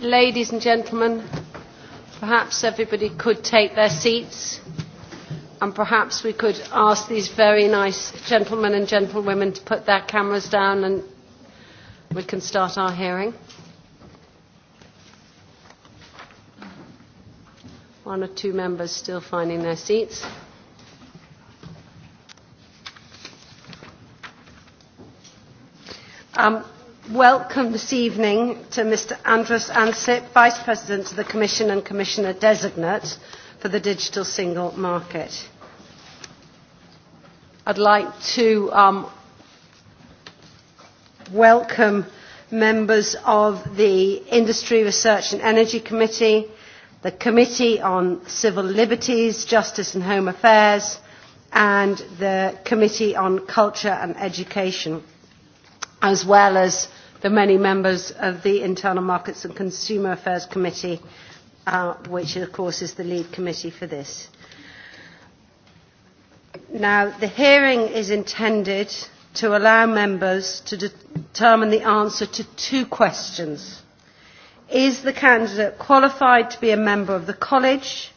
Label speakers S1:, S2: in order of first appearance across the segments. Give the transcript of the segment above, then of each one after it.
S1: Ladies and gentlemen, perhaps everybody could take their seats and perhaps we could ask these very nice gentlemen and gentlewomen to put their cameras down and we can start our hearing. One or two members still finding their seats. Um, welcome this evening to Mr. Andrus Ansip, Vice President of the Commission and Commissioner Designate for the Digital Single Market. I'd like to um, welcome members of the Industry Research and Energy Committee, the Committee on Civil Liberties, Justice and Home Affairs, and the Committee on Culture and Education as well as the many members of the Internal Markets and Consumer Affairs Committee, uh, which of course is the lead committee for this. Now, the hearing is intended to allow members to de determine the answer to two questions. Is the candidate qualified to be a member of the college?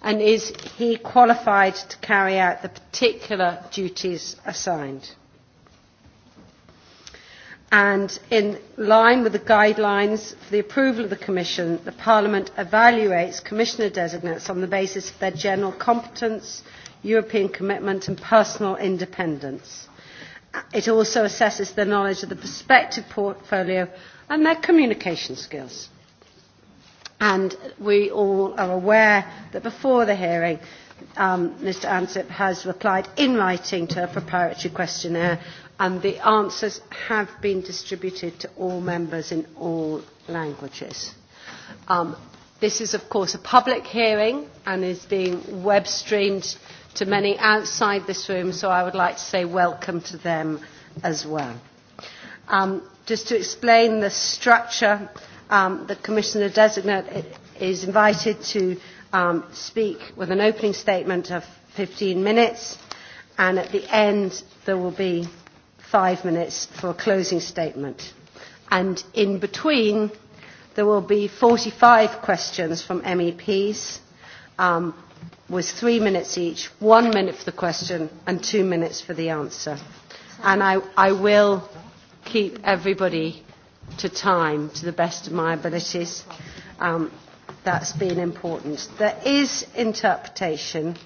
S1: And is he qualified to carry out the particular duties assigned? and in line with the guidelines for the approval of the Commission, the Parliament evaluates Commissioner designates on the basis of their general competence, European commitment and personal independence. It also assesses the knowledge of the prospective portfolio and their communication skills. And we all are aware that before the hearing, um, Mr Ansip has replied in writing to a preparatory questionnaire and the answers have been distributed to all members in all languages. Um, this is, of course, a public hearing and is being web streamed to many outside this room, so I would like to say welcome to them as well. Um, just to explain the structure, um, the Commissioner Designate is invited to um, speak with an opening statement of 15 minutes, and at the end there will be five minutes for a closing statement. And in between, there will be 45 questions from MEPs um, with three minutes each, one minute for the question and two minutes for the answer. And I, I will keep everybody to time to the best of my abilities. Um, that's been important. There is interpretation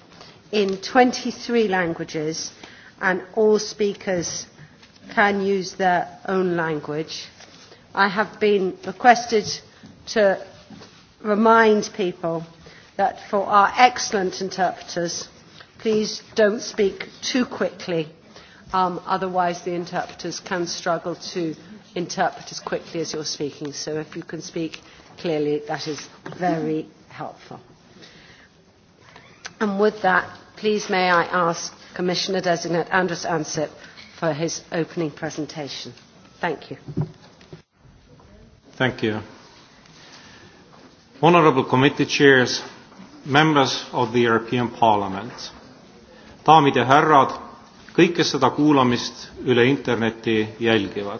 S1: in 23 languages and all speakers can use their own language. I have been requested to remind people that for our excellent interpreters, please don't speak too quickly, um, otherwise the interpreters can struggle to interpret as quickly as you're speaking. So if you can speak clearly, that is very helpful. And with that, please may I ask Commissioner Designate Andrus Ansip for his opening presentation. Thank you.
S2: Thank you. Honourable Committee Chairs, members of the European Parliament, daamid ja härrad, kõik, kes seda kuulamist üle interneti jälgivad.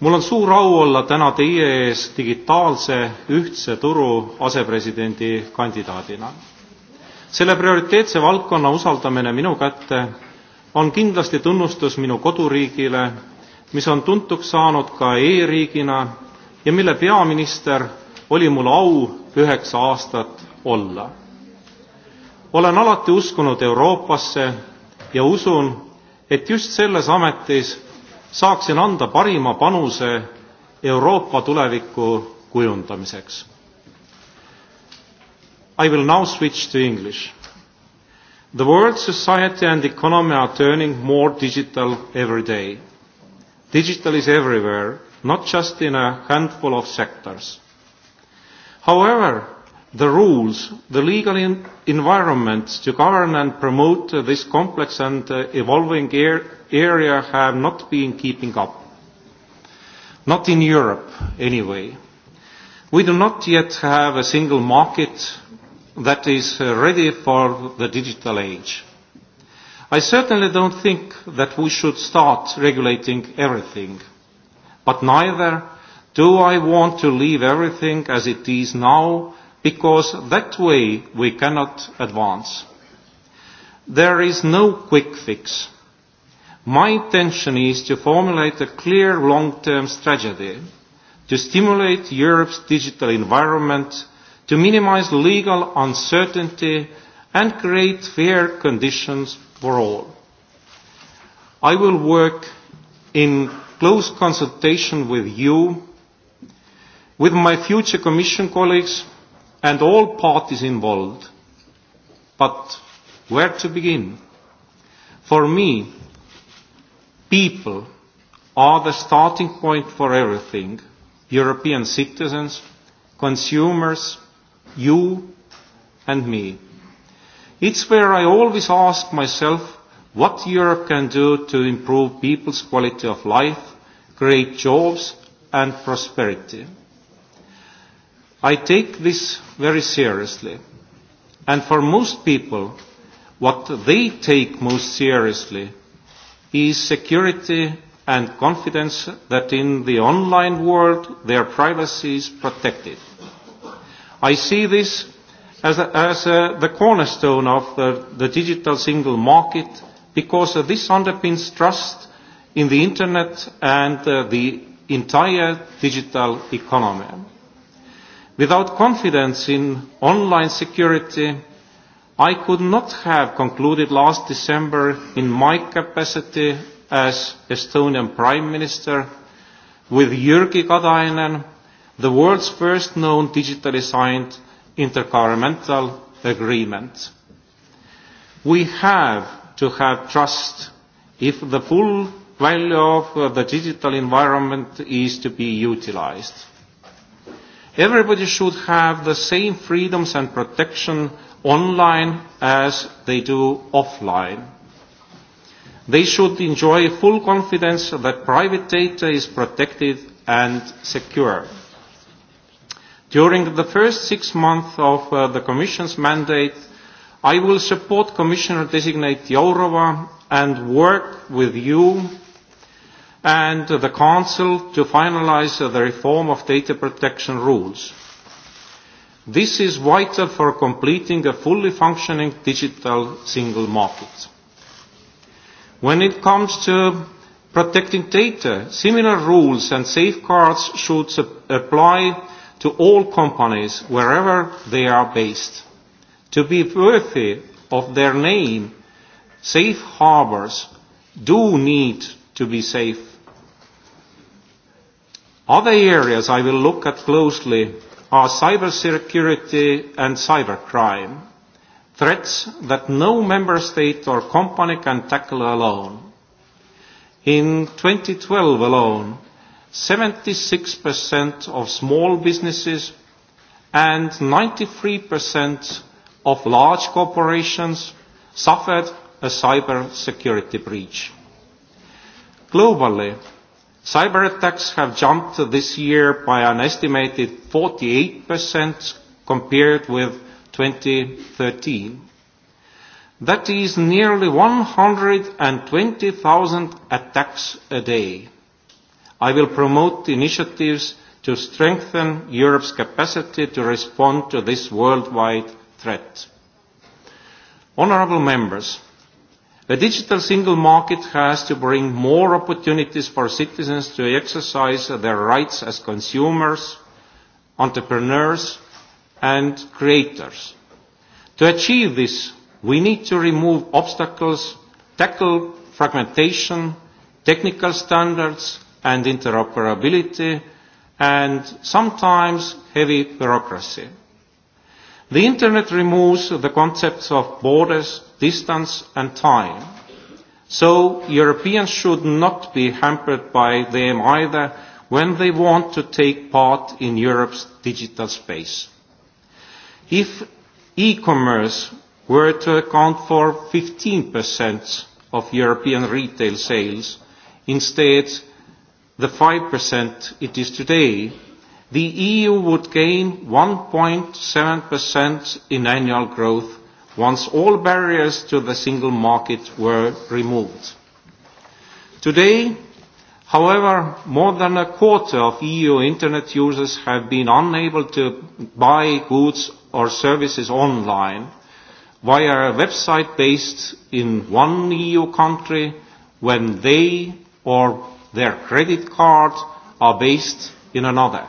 S2: mul on suur au olla täna teie ees digitaalse ühtse turu asepresidendi kandidaadina. selle prioriteetse valdkonna usaldamine minu kätte on kindlasti tunnustus minu koduriigile, mis on tuntuks saanud ka e-riigina ja mille peaminister oli mul au üheksa aastat olla. Olen alati uskunud Euroopasse ja usun, et just selles ametis saaksin anda parima panuse Euroopa tuleviku kujundamiseks. I will now switch to English. The world society and economy are turning more digital every day. Digital is everywhere, not just in a handful of sectors. However, the rules, the legal in to govern and promote uh, this complex and uh, evolving er area have not been keeping up. Not in Europe, anyway. We do not yet have a single market that is uh, ready for the digital age. I certainly don't think that we should start regulating everything, but neither do I want to leave everything as it is now because that way we cannot advance. There is no quick fix. My intention is to formulate a clear long-term strategy to stimulate Europe's digital environment to minimize legal uncertainty and create fair conditions for all. I will work in close consultation with you, with my future Commission colleagues and all parties involved. But where to begin? For me, people are the starting point for everything. European citizens, consumers, you and me. It's where I always ask myself what Europe can do to improve people's quality of life, create jobs and prosperity. I take this very seriously. And for most people, what they take most seriously is security and confidence that in the online world their privacy is protected. I see this as, a, as a, the cornerstone of the, the digital single market because uh, this underpins trust in the internet and uh, the entire digital economy. Without confidence in online security, I could not have concluded last December in my capacity as Estonian Prime Minister with Jyrki Katainen the world's first known digitally signed intergovernmental agreement. We have to have trust if the full value of uh, the digital environment is to be utilized. Everybody should have the same freedoms and protection online as they do offline. They should enjoy full confidence that private data is protected and secure. During the first six months of uh, the Commission's mandate, I will support Commissioner designate Jourova and work with you and the Council to finalize uh, the reform of data protection rules. This is vital for completing a fully functioning digital single market. When it comes to protecting data, similar rules and safeguards should apply to all companies wherever they are based to be worthy of their name safe harbors do need to be safe other areas i will look at closely are cybersecurity and cybercrime threats that no member state or company can tackle alone in 2012 alone 76% of small businesses and 93% of large corporations suffered a cyber security breach. Globally, cyber attacks have jumped this year by an estimated 48% compared with 2013. That is nearly 120,000 attacks a day. I will promote initiatives to strengthen Europe's capacity to respond to this worldwide threat. Honourable members, the digital single market has to bring more opportunities for citizens to exercise their rights as consumers, entrepreneurs and creators. To achieve this, we need to remove obstacles, tackle fragmentation, technical standards, and interoperability and sometimes heavy bureaucracy. The Internet removes the concepts of borders, distance and time. So Europeans should not be hampered by them either when they want to take part in Europe's digital space. If e-commerce were to account for 15% of European retail sales, instead the 5% it is today, the EU would gain 1.7% in annual growth once all barriers to the single market were removed. Today, however, more than a quarter of EU internet users have been unable to buy goods or services online via a website based in one EU country when they or their credit cards are based in another.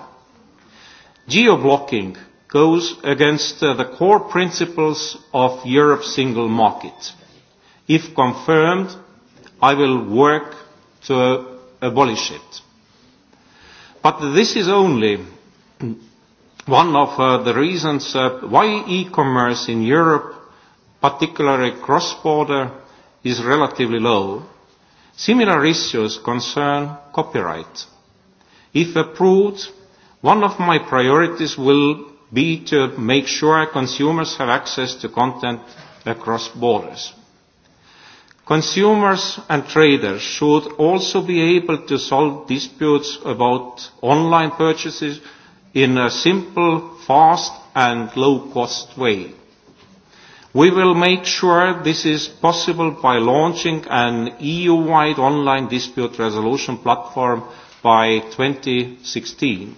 S2: Geo-blocking goes against uh, the core principles of Europe's single market. If confirmed, I will work to uh, abolish it. But this is only one of uh, the reasons uh, why e-commerce in Europe, particularly cross-border, is relatively low Similar issues concern copyright. If approved, one of my priorities will be to make sure consumers have access to content across borders. Consumers and traders should also be able to solve disputes about online purchases in a simple, fast and low-cost way. We will make sure this is possible by launching an EU-wide online dispute resolution platform by 2016.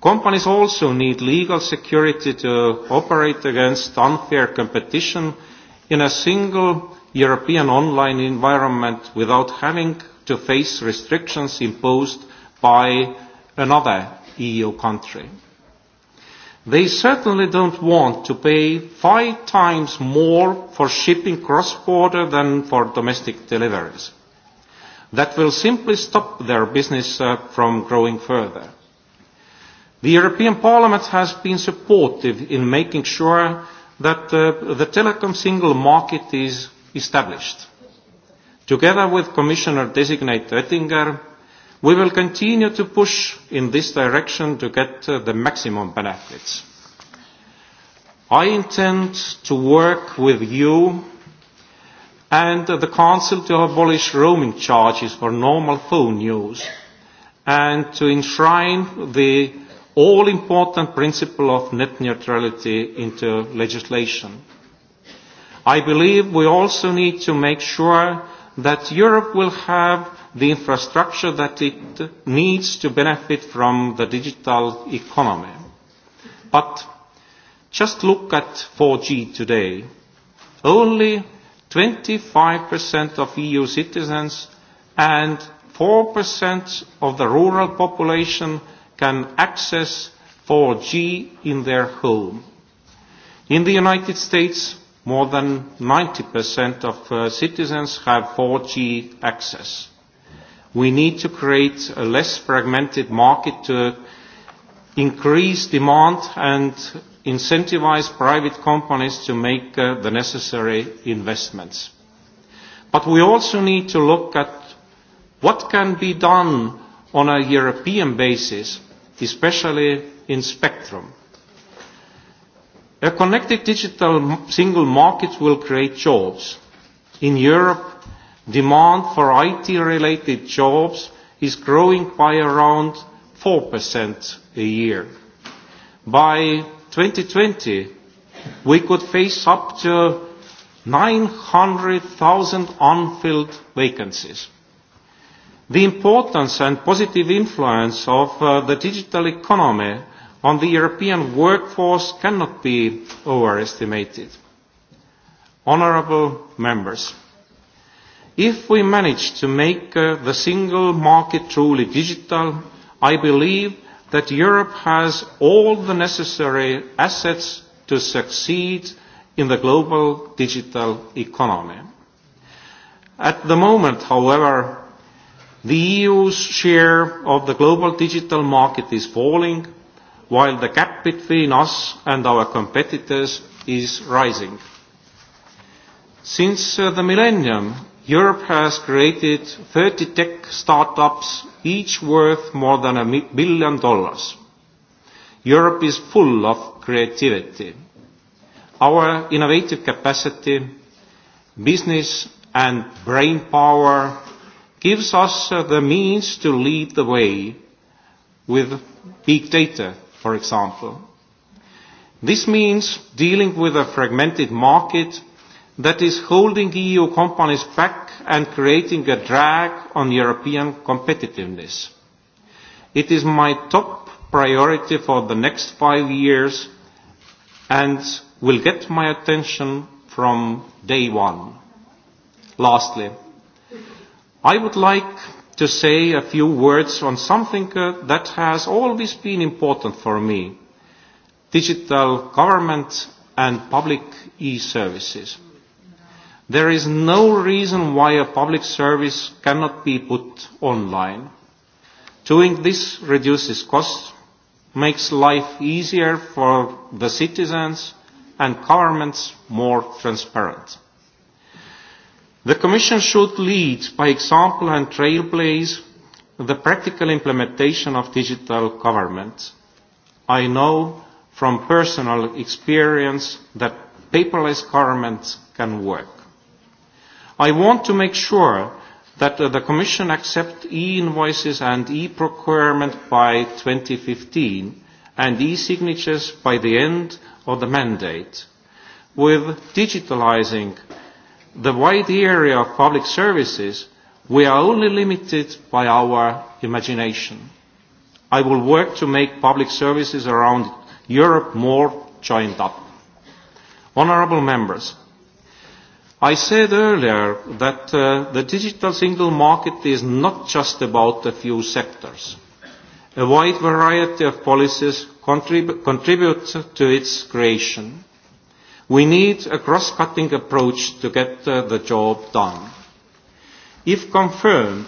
S2: Companies also need legal security to operate against unfair competition in a single European online environment without having to face restrictions imposed by another EU country. They certainly don't want to pay five times more for shipping cross-border than for domestic deliveries. That will simply stop their business uh, from growing further. The European Parliament has been supportive in making sure that uh, the telecom single market is established. Together with Commissioner-designate Oettinger, We will continue to push in this direction to get uh, the maximum benefits. I intend to work with you and uh, the Council to abolish roaming charges for normal phone use and to enshrine the all-important principle of net neutrality into legislation. I believe we also need to make sure that Europe will have the infrastructure that it needs to benefit from the digital economy. But just look at 4G today. Only 25% of EU citizens and 4% of the rural population can access 4G in their home. In the United States, more than 90% of uh, citizens have 4G access. We need to create a less fragmented market to increase demand and incentivize private companies to make uh, the necessary investments. But we also need to look at what can be done on a European basis, especially in spectrum. A connected digital single market will create jobs in Europe Demand for IT-related jobs is growing by around 4% a year. By 2020, we could face up to 900,000 unfilled vacancies. The importance and positive influence of uh, the digital economy on the European workforce cannot be overestimated. Honourable members, If we manage to make uh, the single market truly digital, I believe that Europe has all the necessary assets to succeed in the global digital economy. At the moment, however, the EU's share of the global digital market is falling, while the gap between us and our competitors is rising. Since uh, the millennium, Europe has created 30 tech startups, each worth more than a billion dollars. Europe is full of creativity. Our innovative capacity, business and brain power gives us uh, the means to lead the way with big data, for example. This means dealing with a fragmented market that is holding EU companies back and creating a drag on European competitiveness. It is my top priority for the next five years and will get my attention from day one. Lastly, I would like to say a few words on something uh, that has always been important for me, digital government and public e-services. There is no reason why a public service cannot be put online. Doing this reduces costs, makes life easier for the citizens and governments more transparent. The Commission should lead by example and trailblaze the practical implementation of digital government. I know from personal experience that paperless governments can work. I want to make sure that uh, the Commission accept e-invoices and e-procurement by 2015 and e-signatures by the end of the mandate. With digitalizing the wide area of public services, we are only limited by our imagination. I will work to make public services around Europe more joined up. Honourable members, I said earlier that uh, the digital single market is not just about a few sectors. A wide variety of policies contrib contribute to its creation. We need a cross-cutting approach to get uh, the job done. If confirmed,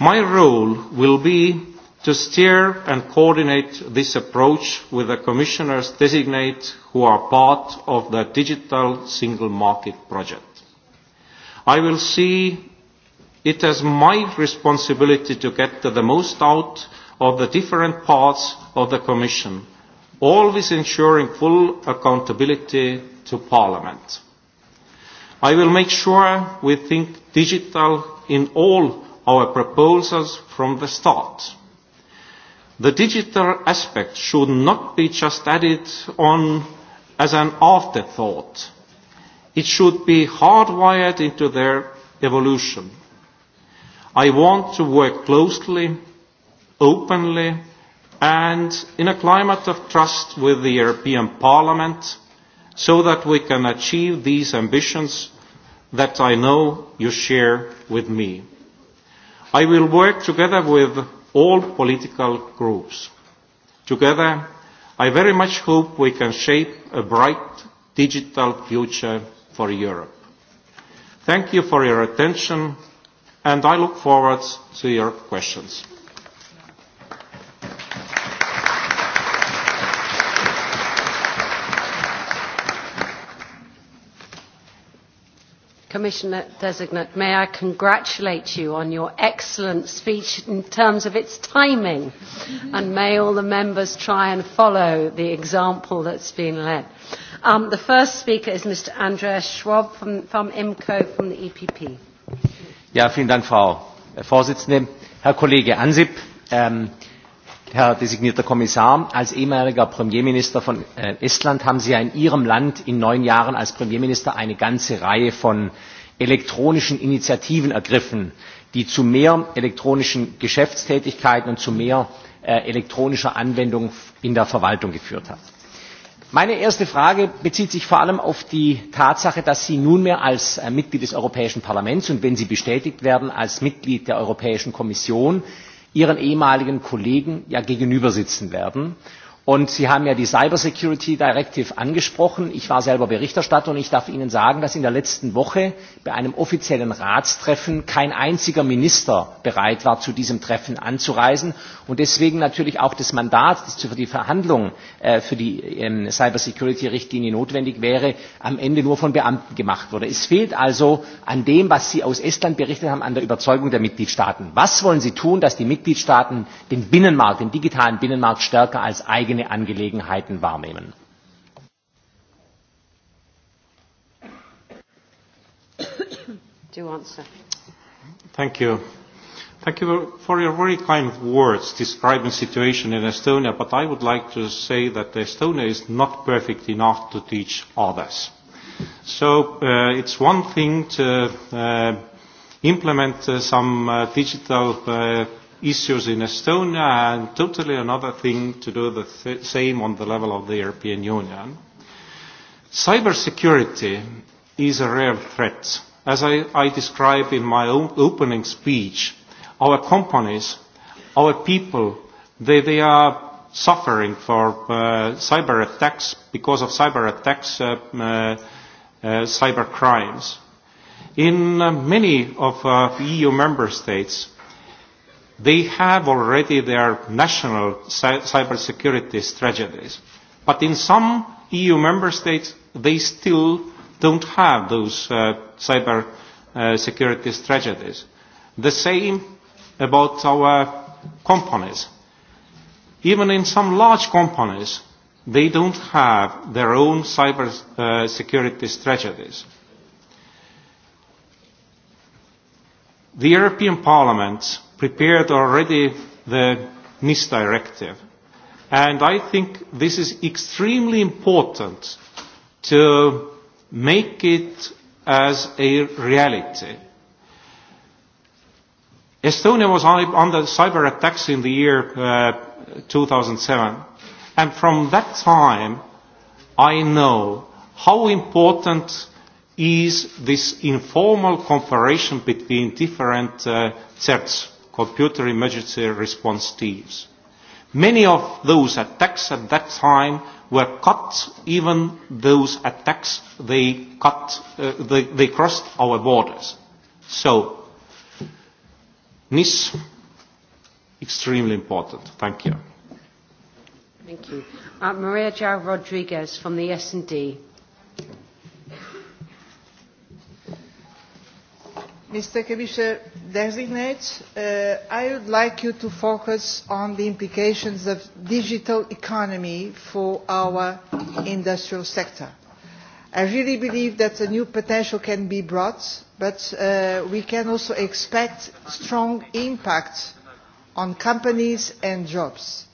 S2: my role will be to steer and coordinate this approach with the commissioners designate who are part of the digital single market project. I will see it as my responsibility to get the most out of the different parts of the Commission, always ensuring full accountability to Parliament. I will make sure we think digital in all our proposals from the start The digital aspect should not be just added on as an afterthought. It should be hardwired into their evolution. I want to work closely, openly, and in a climate of trust with the European Parliament so that we can achieve these ambitions that I know you share with me. I will work together with all political groups. Together, I very much hope we can shape a bright digital future for Europe. Thank you for your attention, and I look forward to your questions.
S1: Commissioner Designate, may I congratulate you on your excellent speech in terms of its timing, mm-hmm. and may all the members try and follow the example that's been led. Um, the first speaker is Mr. Andreas Schwab from, from IMCO from the EPP.
S3: Ja, vielen Dank, Frau Vorsitzende. Herr Kollege Ansip, ähm, Herr designierter Kommissar, als ehemaliger Premierminister von äh, Estland haben Sie ja in Ihrem Land in neun Jahren als Premierminister eine ganze Reihe von elektronischen Initiativen ergriffen, die zu mehr elektronischen Geschäftstätigkeiten und zu mehr äh, elektronischer Anwendung in der Verwaltung geführt hat. Meine erste Frage bezieht sich vor allem auf die Tatsache, dass Sie nunmehr als äh, Mitglied des Europäischen Parlaments und wenn Sie bestätigt werden als Mitglied der Europäischen Kommission ihren ehemaligen Kollegen ja gegenüber sitzen werden. Und Sie haben ja die Cybersecurity Directive angesprochen. Ich war selber Berichterstatter und ich darf Ihnen sagen, dass in der letzten Woche bei einem offiziellen Ratstreffen kein einziger Minister bereit war, zu diesem Treffen anzureisen und deswegen natürlich auch das Mandat, das für die Verhandlungen äh, für die ähm, Cybersecurity Richtlinie notwendig wäre, am Ende nur von Beamten gemacht wurde. Es fehlt also an dem, was Sie aus Estland berichtet haben, an der Überzeugung der Mitgliedstaaten. Was wollen Sie tun, dass die Mitgliedstaaten den Binnenmarkt, den digitalen Binnenmarkt stärker als eigene eigene Angelegenheiten wahrnehmen. Do Thank you.
S2: Thank you for your very kind words describing the situation in Estonia, but I would like to say that Estonia is not perfect enough to teach others. So uh, it's one thing to uh, implement uh, some uh, digital uh, issues in Estonia and totally another thing to do the th same on the level of the European Union. Cybersecurity is a real threat. As I, I described in my own opening speech, our companies, our people, they, they are suffering for uh, cyber attacks because of cyber attacks, uh, uh, uh, cyber crimes. In uh, many of uh, EU member states, They have already their national cybersecurity strategies. But in some EU member states, they still don't have those uh, cyber uh, security strategies. The same about our companies. Even in some large companies, they don't have their own cyber uh, security strategies. The European Parliament prepared already the NIST directive. And I think this is extremely important to make it as a reality. Estonia was under cyber attacks in the year uh, 2007. And from that time, I know how important is this informal cooperation between different uh, CERTs computer emergency response teams. Many of those attacks at that time were cut, even those attacks, they, cut, uh, they, they crossed our borders. So, NIS, extremely important. Thank you.
S1: Thank you. Uh, Maria Joao Rodriguez from the S&D. Mr. Commissioner Designate,
S4: uh, I would like you to focus on the implications of digital economy for our industrial sector. I really believe that a new potential can be brought, but uh, we can also expect strong impact on companies and jobs.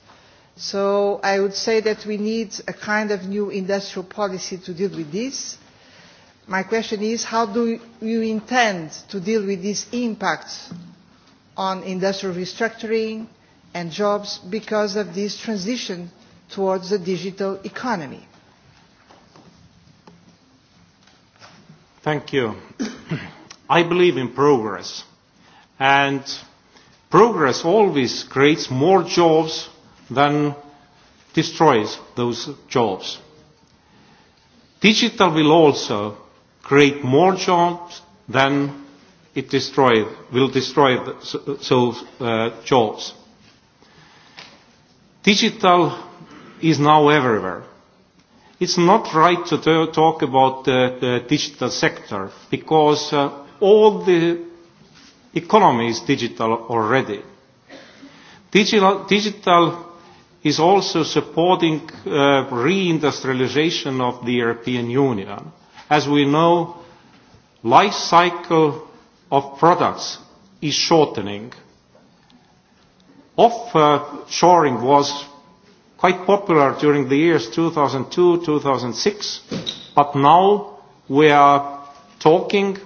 S4: So I would say that we need a kind of new industrial policy to deal with this my question is how do you intend to deal with these impacts on industrial restructuring and jobs because of this transition towards the digital economy?
S2: Thank you. I believe in progress. And progress always creates more jobs than destroys those jobs. Digital will also create more jobs than it destroyed, will destroy those uh, jobs. Digital is now everywhere. It's not right to talk about the, the digital sector because uh, all the economy is digital already. Digital, digital is also supporting uh, reindustrialization of the European Union As we know, life cycle of products is shortening. Offshoring was quite popular during the years 2002-2006, but now we are talking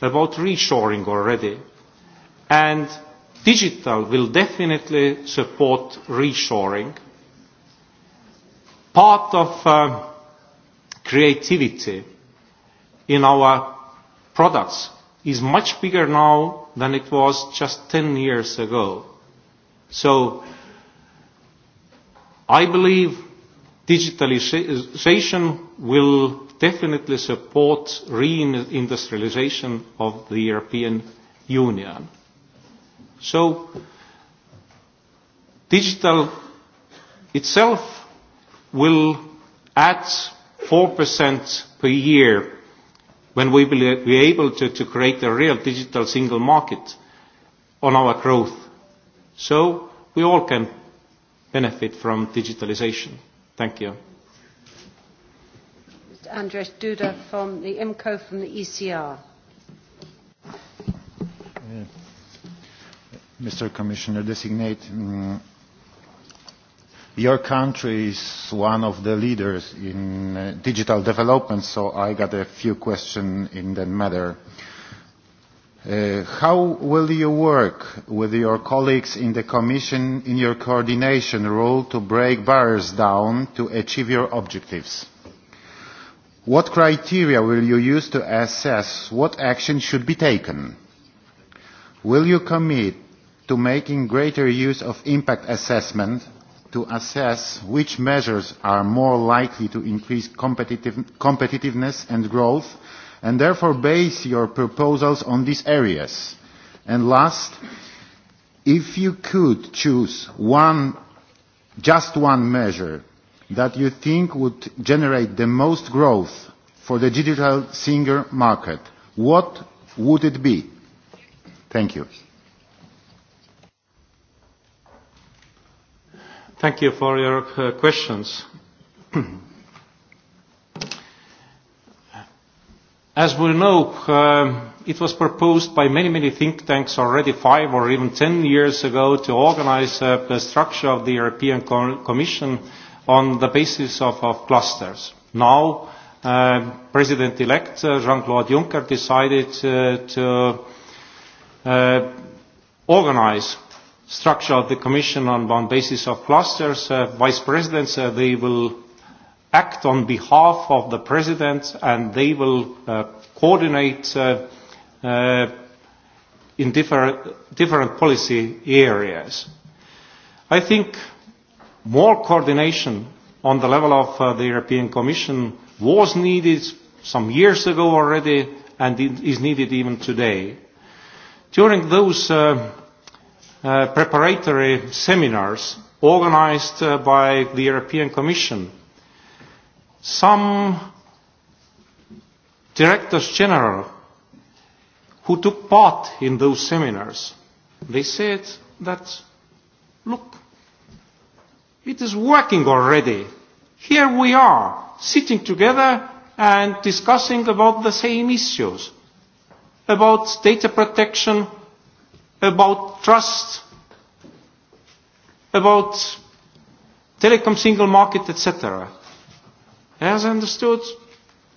S2: about reshoring already. And digital will definitely support reshoring. Part of uh, creativity in our products is much bigger now than it was just 10 years ago. So I believe digitalization will definitely support reindustrialization of the European Union. So digital itself will add 4% per year when we will be able to, to create a real digital single market on our growth. So we all can benefit from digitalization. Thank you.
S1: Mr. Andres Duda from the IMCO from the ECR.
S5: Uh, Mr. Commissioner Designate, um, Your country is one of the leaders in uh, digital development, so I got a few questions in that matter. Uh, how will you work with your colleagues in the Commission in your coordination role to break barriers down to achieve your objectives? What criteria will you use to assess what action should be taken? Will you commit to making greater use of impact assessment to assess which measures are more likely to increase competitive, competitiveness and growth and therefore base your proposals on these areas. And last, if you could choose one, just one measure that you think would generate the most growth for the digital single market, what would it be? Thank you.
S2: Thank you for your uh, questions. As we know, um, it was proposed by many, many think tanks already five or even ten years ago to organize uh, the structure of the European Co Commission on the basis of, of clusters. Now, uh, President-elect uh, Jean-Claude Juncker decided uh, to uh, organize structure of the Commission on, the basis of clusters, uh, vice presidents, uh, they will act on behalf of the president and they will uh, coordinate uh, uh, in different, different policy areas. I think more coordination on the level of uh, the European Commission was needed some years ago already and it is needed even today. During those uh, Uh, preparatory seminars organized uh, by the European Commission. Some directors general who took part in those seminars, they said that, look, it is working already. Here we are, sitting together and discussing about the same issues, about data protection, about trust, about telecom single market, etc. As I understood,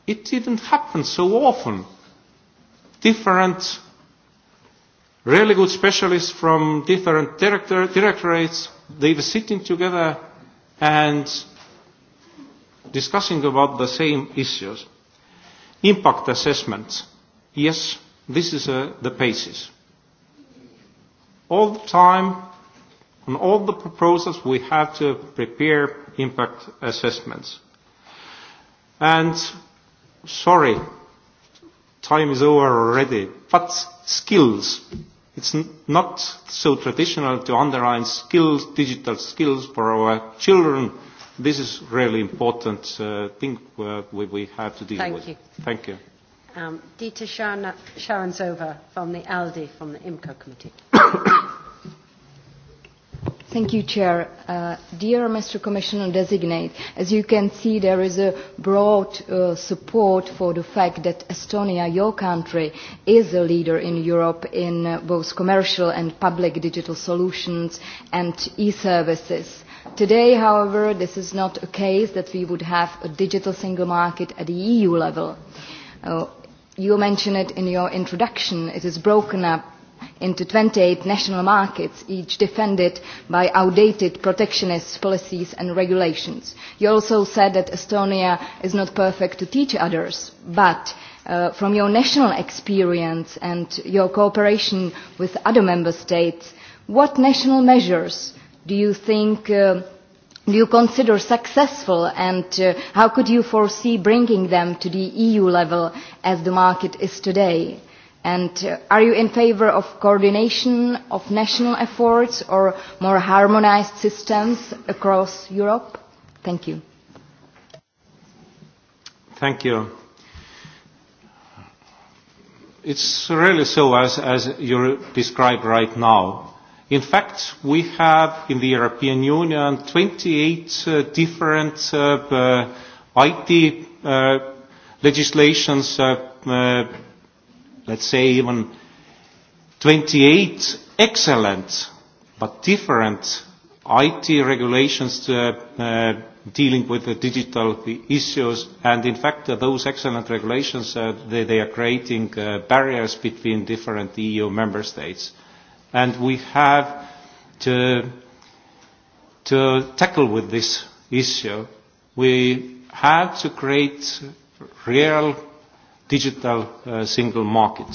S2: it didn't happen so often. Different really good specialists from different director, directorates, they were sitting together and discussing about the same issues. Impact assessment, yes, this is uh, the basis all the time on all the proposals we have to prepare impact assessments. And sorry, time is over already, but skills. It's not so traditional to underline skills, digital skills for our children. This is really important uh, thing uh, we, we have to deal Thank with. You. Thank you.
S6: Um,
S1: Dita Sharon, Sharanzova from the ALDE, from the IMCO committee.
S7: Thank you, Chair. Uh, dear Mr. Commissioner Designate, as you can see, there is a broad uh, support for the fact that Estonia, your country, is a leader in Europe in uh, both commercial and public digital solutions and e-services. Today, however, this is not a case that we would have a digital single market at the EU level. Uh, you mentioned it in your introduction, it is broken up into 28 national markets, each defended by outdated protectionist policies and regulations. You also said that Estonia is not perfect to teach others, but uh, from your national experience and your cooperation with other member states, what national measures do you think uh, Do you consider successful and uh, how could you foresee bringing them to the EU level as the market is today? And uh, are you in favor of coordination of national efforts or more harmonized systems across Europe? Thank you.
S2: Thank you. It's really so as, as you describe right now In fact, we have in the European Union 28 uh, different uh, uh, IT uh, legislations, uh, uh, let's say even 28 excellent but different IT regulations to, uh, uh, dealing with the digital issues and in fact uh, those excellent regulations uh, they, they are creating uh, barriers between different EU member states and we have to, to tackle with this issue. We have to create real digital uh, single market.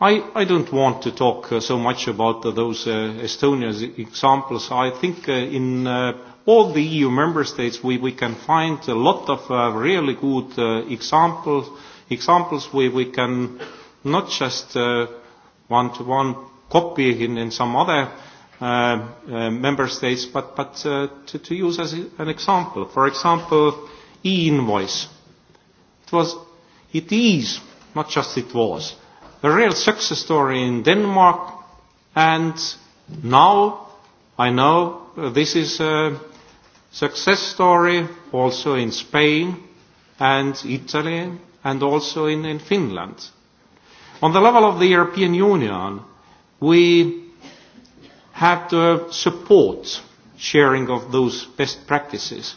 S2: I, I don't want to talk uh, so much about uh, those uh, Estonia's examples. I think uh, in uh, all the EU member states we, we can find a lot of uh, really good uh, examples, examples where we can not just uh, one-to-one -one copy in, in some other uh, uh, member states, but, but uh, to, to use as an example. For example, e-invoice. It was, it is, not just it was, a real success story in Denmark, and now I know this is a success story also in Spain and Italy and also in, in Finland. On the level of the European Union, we have to support sharing of those best practices,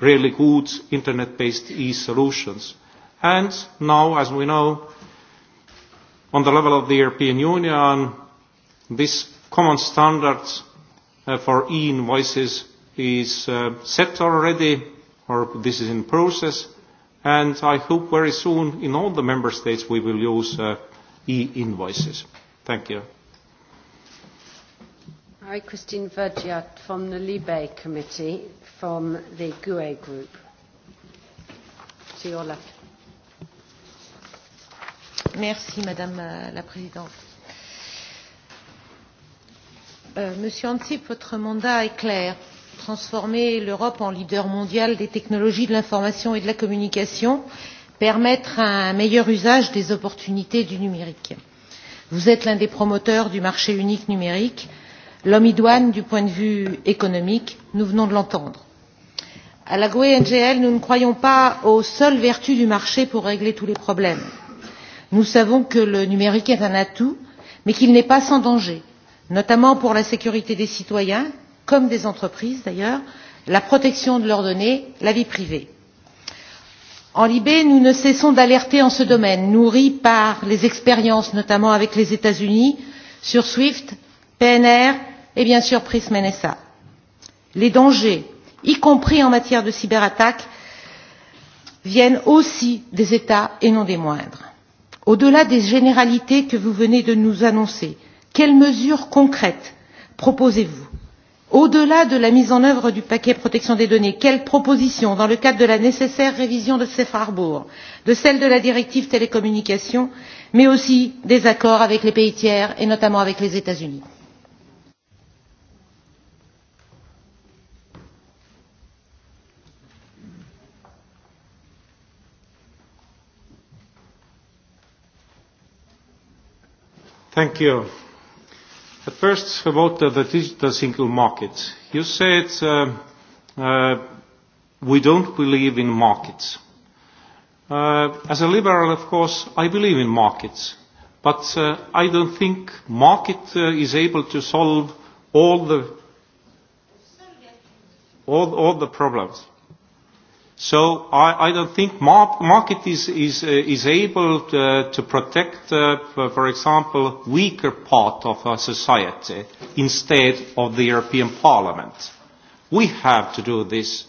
S2: really good internet-based e-solutions. And now, as we know, on the level of the European Union, this common standard uh, for e-invoices is uh, set already, or this is in process, and I hope very soon in all the member states we will use uh, e-invoices. Thank you.
S1: Hi, Christine Vergiat from the Libe Committee from the GUE Group. To your left.
S8: Merci, Madame euh, la Présidente. Euh, Monsieur Ansip, votre mandat est clair. Transformer l'Europe en leader mondial des technologies de l'information et de la communication, permettre un meilleur usage des opportunités du numérique. Vous êtes l'un des promoteurs du marché unique numérique L'homme idoine du point de vue économique, nous venons de l'entendre. À la GOE NGL, nous ne croyons pas aux seules vertus du marché pour régler tous les problèmes. Nous savons que le numérique est un atout, mais qu'il n'est pas sans danger, notamment pour la sécurité des citoyens, comme des entreprises d'ailleurs, la protection de leurs données, la vie privée. En Libye, nous ne cessons d'alerter en ce domaine, nourris par les expériences, notamment avec les États-Unis, sur SWIFT, PNR et bien sûr Prism NSA. Les dangers, y compris en matière de cyberattaque, viennent aussi des États et non des moindres. Au-delà des généralités que vous venez de nous annoncer, quelles mesures concrètes proposez-vous Au-delà de la mise en œuvre du paquet protection des données, quelles propositions, dans le cadre de la nécessaire révision de Safe Harbour, de celle de la directive télécommunications, mais aussi des accords avec les pays tiers et notamment avec les États-Unis
S2: Thank you. At first, about the, digital single market. You said uh, uh, we don't believe in markets. Uh, as a liberal, of course, I believe in markets. But uh, I don't think market uh, is able to solve all the, all, all the problems. So I, I don't think mar market is, is, uh, is able to, uh, to protect, uh, for example, weaker part of our society instead of the European Parliament. We have to do this.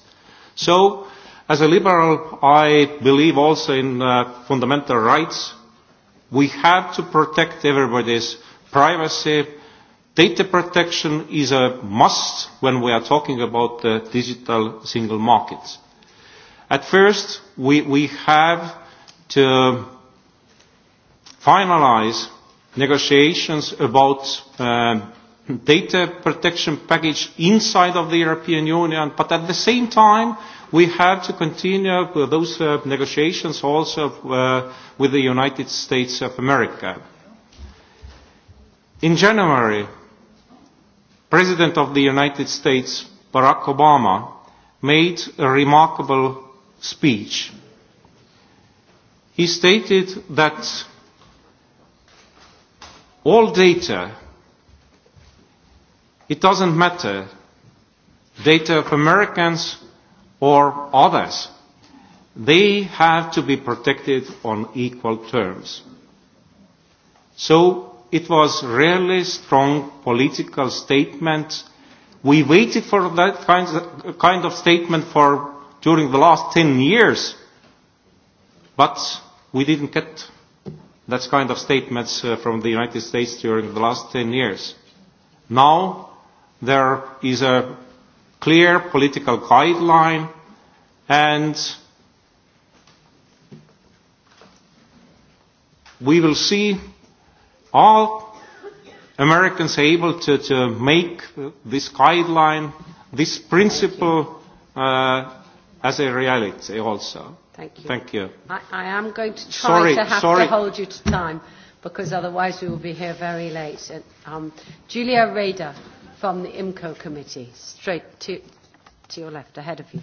S2: So as a liberal, I believe also in uh, fundamental rights. We have to protect everybody's privacy. Data protection is a must when we are talking about the digital single markets. At first, we, we have to finalize negotiations about uh, data protection package inside of the European Union, but at the same time, we have to continue with those uh, negotiations also uh, with the United States of America. In January, President of the United States, Barack Obama, made a remarkable speech. He stated that all data, it doesn't matter, data of Americans or others, they have to be protected on equal terms. So it was really strong political statement. We waited for that kind of statement for during the last 10 years. But we didn't get that kind of statements uh, from the United States during the last 10 years. Now there is a clear political guideline and we will see all Americans able to, to make this guideline, this principle uh, as a reality also. Thank you. Thank you.
S1: I, I am going to try sorry, to have sorry. to hold you to time because otherwise we will be here very late. And, um, Julia Rader from the IMCO committee, straight to, to your left, ahead of you.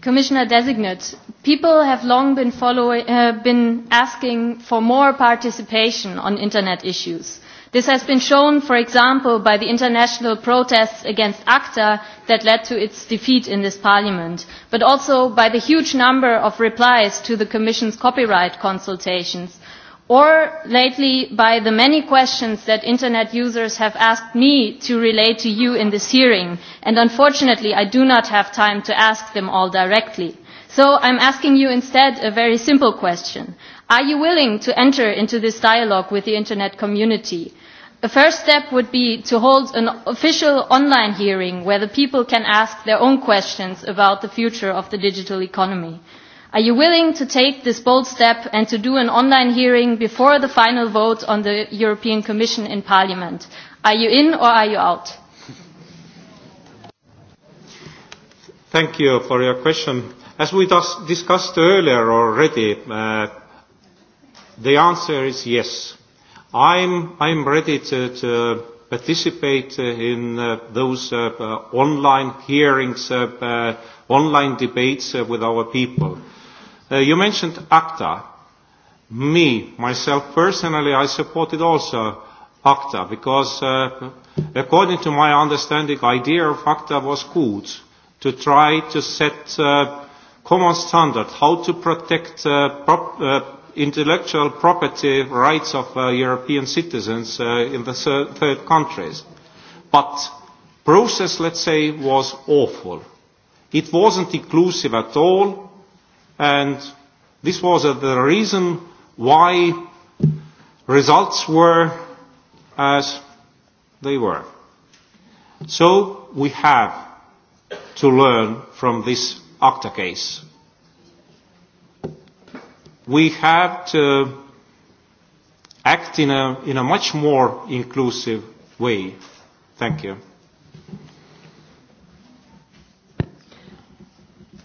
S9: Commissioner designate, people have long been, following, uh, been asking for more participation on internet issues. This has been shown, for example, by the international protests against ACTA that led to its defeat in this parliament, but also by the huge number of replies to the Commission's copyright consultations, or lately by the many questions that Internet users have asked me to relate to you in this hearing, and unfortunately I do not have time to ask them all directly. So I'm asking you instead a very simple question. Are you willing to enter into this dialogue with the Internet community? A first step would be to hold an official online hearing where the people can ask their own questions about the future of the digital economy. Are you willing to take this bold step and to do an online hearing before the final vote on the European Commission in Parliament? Are you in or are you out?
S2: Thank you for your question. As we discussed earlier already, uh, The answer is yes. I'm, I'm ready to, to participate uh, in uh, those uh, uh, online hearings, uh, uh, online debates uh, with our people. Uh, you mentioned ACTA. Me, myself personally, I supported also ACTA because uh, according to my understanding, the idea of ACTA was good to try to set uh, common standard, how to protect uh, prop, uh, intellectual property rights of uh, European citizens uh, in the third countries. But process, let's say, was awful. It wasn't inclusive at all, and this was uh, the reason why results were as they were. So we have to learn from this ACTA case we have to act in a, in a much more inclusive way. Thank you.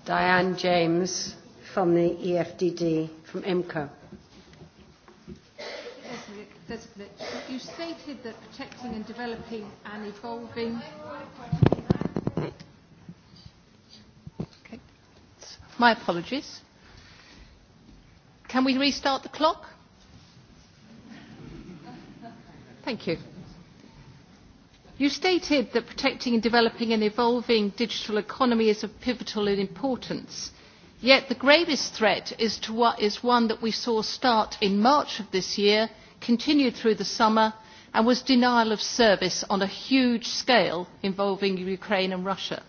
S1: Diane James from the EFDD from IMCO.
S10: You stated that protecting and developing and evolving. Okay. My apologies. Can we restart the clock? Thank you. You stated that protecting and developing an evolving digital economy is of pivotal importance. Yet the gravest threat is, to what is one that we saw start in March of this year, continued through the summer, and was denial of service on a huge scale involving Ukraine and Russia.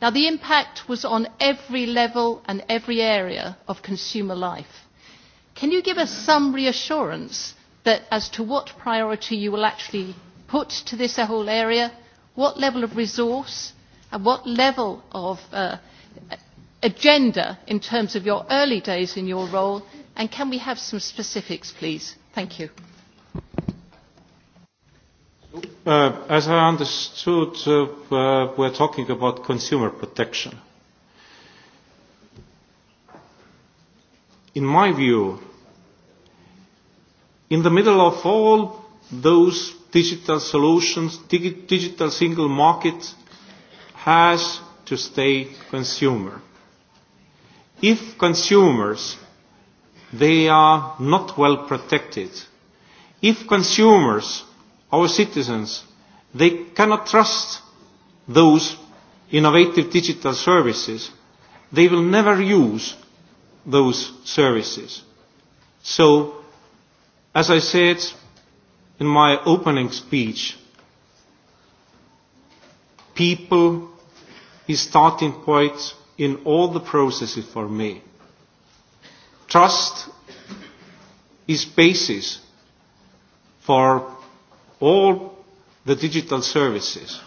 S10: Now the impact was on every level and every area of consumer life Can you give us some reassurance that as to what priority you will actually put to this whole area, what level of resource and what level of uh, agenda in terms of your early days in your role and can we have some specifics please? Thank you.
S2: Uh, as I understood, uh, uh, we're talking about consumer protection. In my view, in the middle of all those digital solutions, digital single market has to stay consumer. If consumers, they are not well protected, if consumers, our citizens, they cannot trust those innovative digital services, they will never use those services. So As I said in my opening speech, people is starting point in all the processes for me. Trust is basis for all the digital services.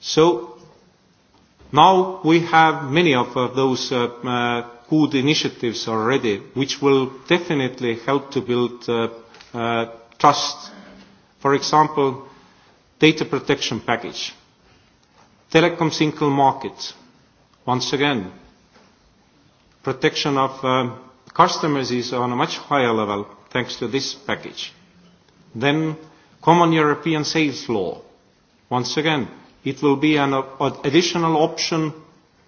S2: So now we have many of uh, those uh, uh, good initiatives already, which will definitely help to build uh, uh, trust. For example, data protection package, telecom single market, once again, protection of um, customers is on a much higher level thanks to this package. Then common European sales law, once again, it will be an, an uh, additional option,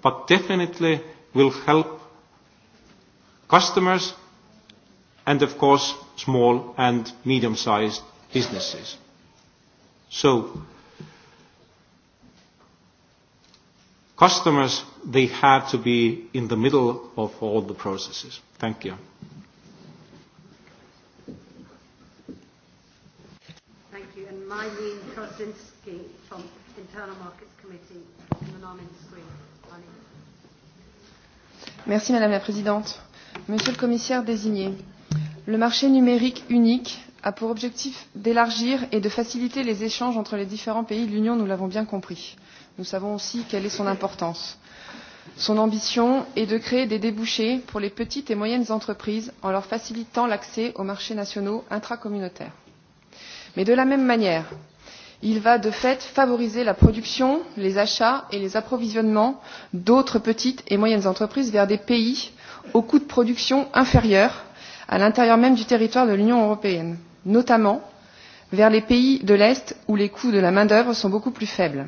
S2: but definitely will help customers and of course small and medium-sized businesses. So customers, they have to be in the middle of all the processes. Thank you.
S1: Thank you. And from Internal Markets Committee, in the Screen.
S11: Merci Madame la Présidente. Monsieur le commissaire désigné, le marché numérique unique a pour objectif d'élargir et de faciliter les échanges entre les différents pays de l'Union, nous l'avons bien compris. Nous savons aussi quelle est son importance. Son ambition est de créer des débouchés pour les petites et moyennes entreprises en leur facilitant l'accès aux marchés nationaux intracommunautaires. Mais de la même manière, il va de fait favoriser la production, les achats et les approvisionnements d'autres petites et moyennes entreprises vers des pays aux coûts de production inférieurs à l'intérieur même du territoire de l'Union européenne, notamment vers les pays de l'Est où les coûts de la main-d'œuvre sont beaucoup plus faibles.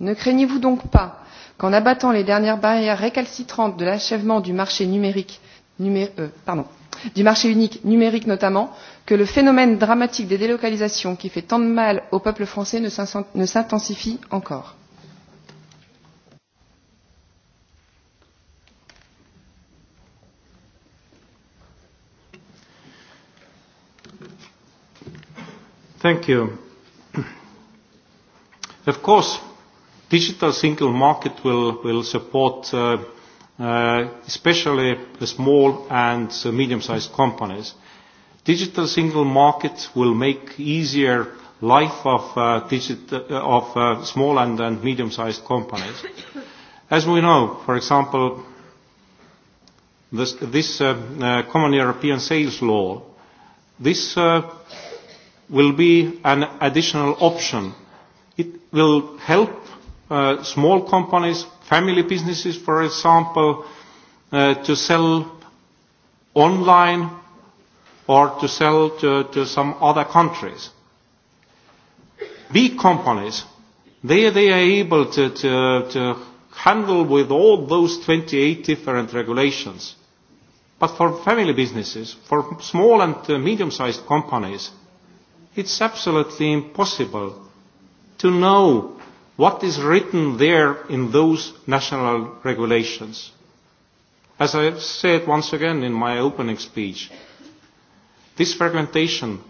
S11: Ne craignez-vous donc pas qu'en abattant les dernières barrières récalcitrantes de l'achèvement du marché numérique, numé, euh, pardon, du marché unique numérique notamment, que le phénomène dramatique des délocalisations qui fait tant de mal au peuple français ne s'intensifie encore.
S2: Thank you. of course, digital single market will, will support uh, uh, especially the small and medium-sized companies. Digital single market will make easier life of, uh, digital, uh, of uh, small and, and medium-sized companies. As we know, for example, this, this uh, uh, common European sales law, this uh, will be an additional option. It will help uh, small companies, family businesses, for example, uh, to sell online or to sell to, to some other countries. Big companies, they, they are able to, to, to handle with all those 28 different regulations. But for family businesses, for small and uh, medium-sized companies, it's absolutely impossible to know what is written there in those national regulations. As I said once again in my opening speech, this fragmentation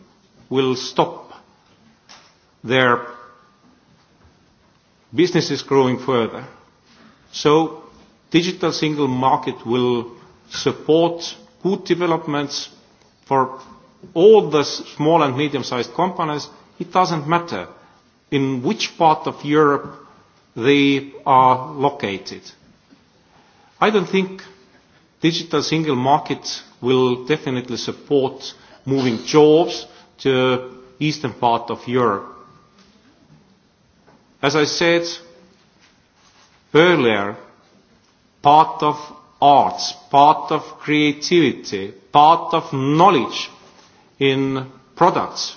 S2: will stop their businesses growing further. So digital single market will support good developments for all the small and medium-sized companies, it doesn't matter in which part of Europe they are located. I don't think digital single market will definitely support moving jobs to eastern part of Europe. As I said earlier, part of arts, part of creativity, part of knowledge in products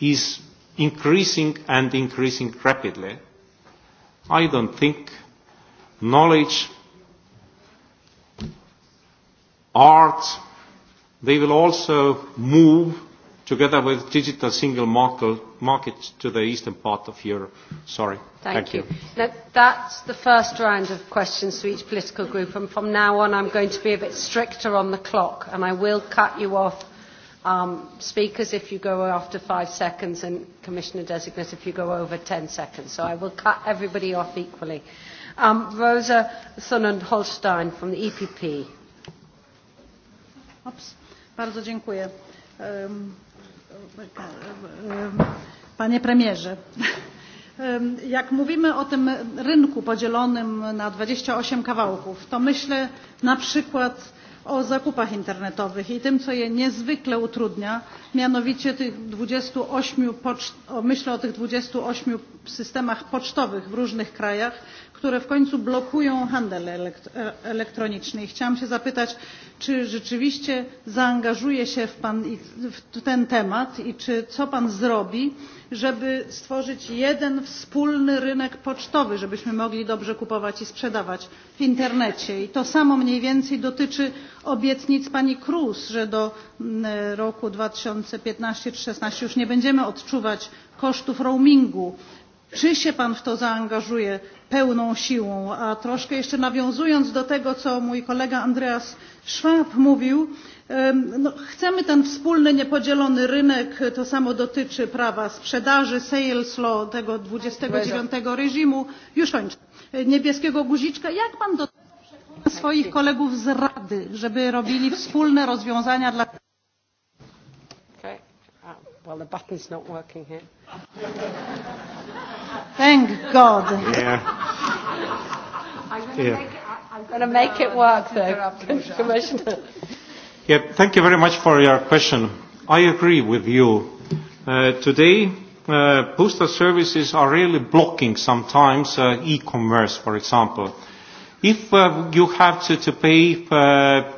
S2: is increasing and increasing rapidly, I don't think knowledge, art, they will also move together with digital single market to the eastern part of Europe. Sorry. Thank, Thank you. you.
S1: Now, that's the first round of questions to each political group, and from now on I'm going to be a bit stricter on the clock, and I will cut you off Um, speakers, if you go after five seconds, and Commissioner Designate, if you go over ten seconds. So I will cut everybody off equally. Um, Rosa Thunen-Holstein from the EPP.
S12: Oops. Bardzo dziękuję. Um, um, panie premierze, um, jak mówimy o tym rynku podzielonym na 28 kawałków, to myślę na przykład o zakupach internetowych i tym, co je niezwykle utrudnia, mianowicie tych 28, poczt, myślę o tych 28 systemach pocztowych w różnych krajach, które w końcu blokują handel e- elektroniczny. I chciałam się zapytać, czy rzeczywiście zaangażuje się w Pan w ten temat i czy co Pan zrobi, żeby stworzyć jeden wspólny rynek pocztowy, żebyśmy mogli dobrze kupować i sprzedawać w internecie. I to samo mniej więcej dotyczy obietnic Pani Cruz, że do mm, e, roku 2015 czy 2016 już nie będziemy odczuwać kosztów roamingu Czy się Pan w to zaangażuje pełną siłą? A troszkę jeszcze nawiązując do tego, co mój kolega Andreas Schwab mówił, no, chcemy ten wspólny, niepodzielony rynek, to samo dotyczy prawa sprzedaży, sales law tego 29 reżimu, już kończę, niebieskiego guziczka. Jak Pan do swoich kolegów z Rady, żeby robili wspólne rozwiązania dla
S1: Well, the button's not working here.
S13: Thank
S14: God.
S1: Yeah. I'm going yeah. to make it work, though, Commissioner.
S2: Yeah, thank you very much for your question. I agree with you. Uh, today, uh, postal services are really blocking sometimes uh, e-commerce, for example. If uh, you have to, to pay uh,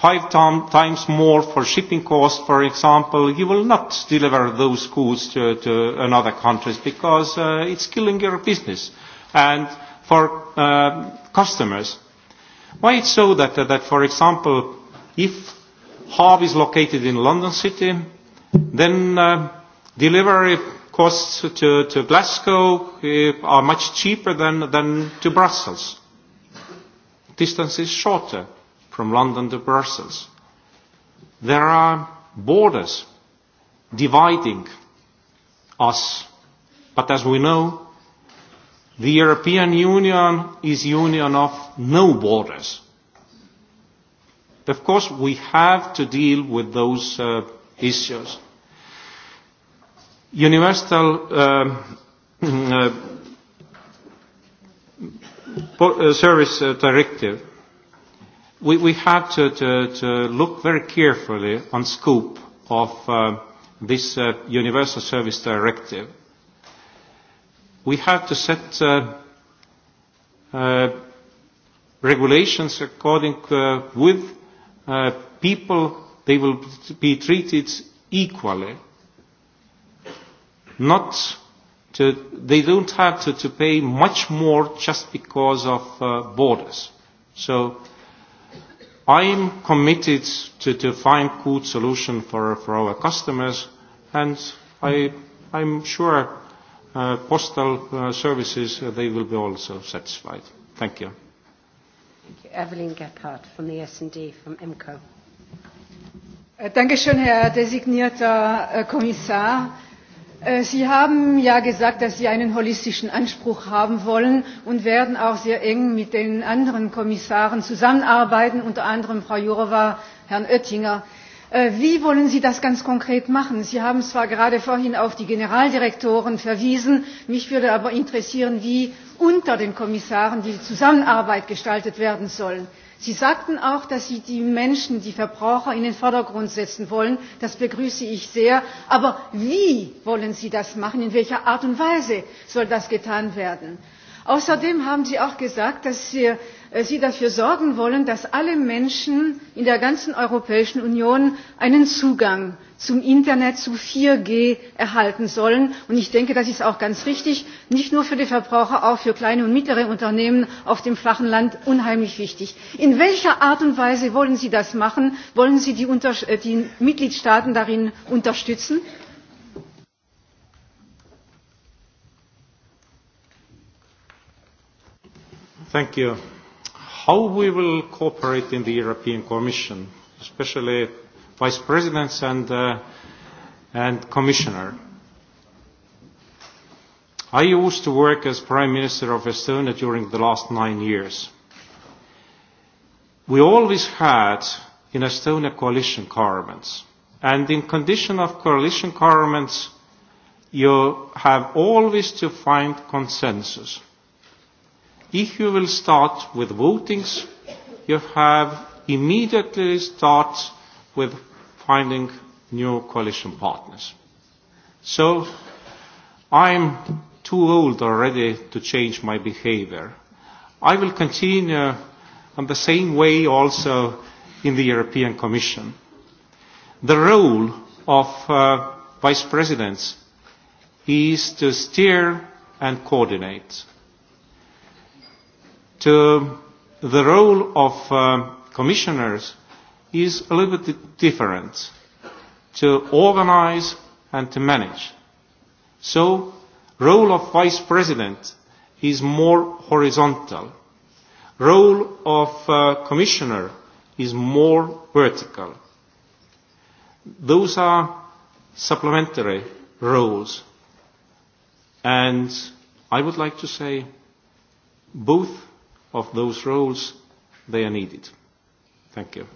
S2: five times more for shipping costs, for example, you will not deliver those goods to, to another country because uh, it's killing your business and for uh, customers. Why it's so that, uh, that, for example, if hub is located in London City, then uh, delivery costs to, to Glasgow uh, are much cheaper than, than to Brussels. Distance is shorter from London to Brussels. There are borders dividing us. But as we know, the European Union is union of no borders. Of course, we have to deal with those uh, issues. Universal um, uh, uh, Service uh, Directive we, we have to, to, to look very carefully on scope of uh, this uh, Universal Service Directive. We have to set uh, uh, regulations according uh, with uh, people, they will be treated equally. Not to, they don't have to, to pay much more just because of uh, borders. So I'm committed to, to find good solution for, for our customers and I, I'm sure uh, postal uh, services, uh, they will be also satisfied. Thank you.
S1: Thank you. Evelyn Gephardt from the S&D from IMCO. Dankeschön, Herr
S15: designierter äh, Kommissar. Äh, Sie haben ja gesagt, dass Sie einen holistischen Anspruch haben wollen und werden auch sehr eng mit den anderen Kommissaren zusammenarbeiten, unter anderem Frau Jourova, Herrn Oettinger. Äh, wie wollen Sie das ganz konkret machen? Sie haben zwar gerade vorhin auf die Generaldirektoren verwiesen, mich würde aber interessieren, wie unter den Kommissaren die Zusammenarbeit gestaltet werden soll. Sie sagten auch, dass Sie die Menschen, die Verbraucher in den Vordergrund setzen wollen. Das begrüße ich sehr. Aber wie wollen Sie das machen? In welcher Art und Weise soll das getan werden? Außerdem haben Sie auch gesagt, dass Sie Äh, Sie dafür sorgen wollen, dass alle Menschen in der ganzen Europäischen Union einen Zugang zum Internet, zu 4G erhalten sollen. Und ich denke, das ist auch ganz richtig, nicht nur für die Verbraucher, auch für kleine und mittlere Unternehmen auf dem flachen Land unheimlich wichtig. In welcher Art und Weise wollen Sie das machen? Wollen Sie die, Unter äh, die Mitgliedstaaten darin unterstützen?
S2: Thank you how we will cooperate in the European Commission, especially vice presidents and, uh, and commissioner. I used to work as Prime Minister of Estonia during the last nine years. We always had in Estonia coalition governments. And in condition of coalition governments, you have always to find consensus. If you will start with votings, you have immediately start with finding new coalition partners. So I'm too old already to change my behavior. I will continue on the same way also in the European Commission. The role of uh, vice presidents is to steer and coordinate to the role of uh, commissioners is a little bit different to organize and to manage. So role of vice president is more horizontal. Role of uh, commissioner is more vertical. Those are supplementary roles. And I would like to say both of those roles, they are needed. Thank you.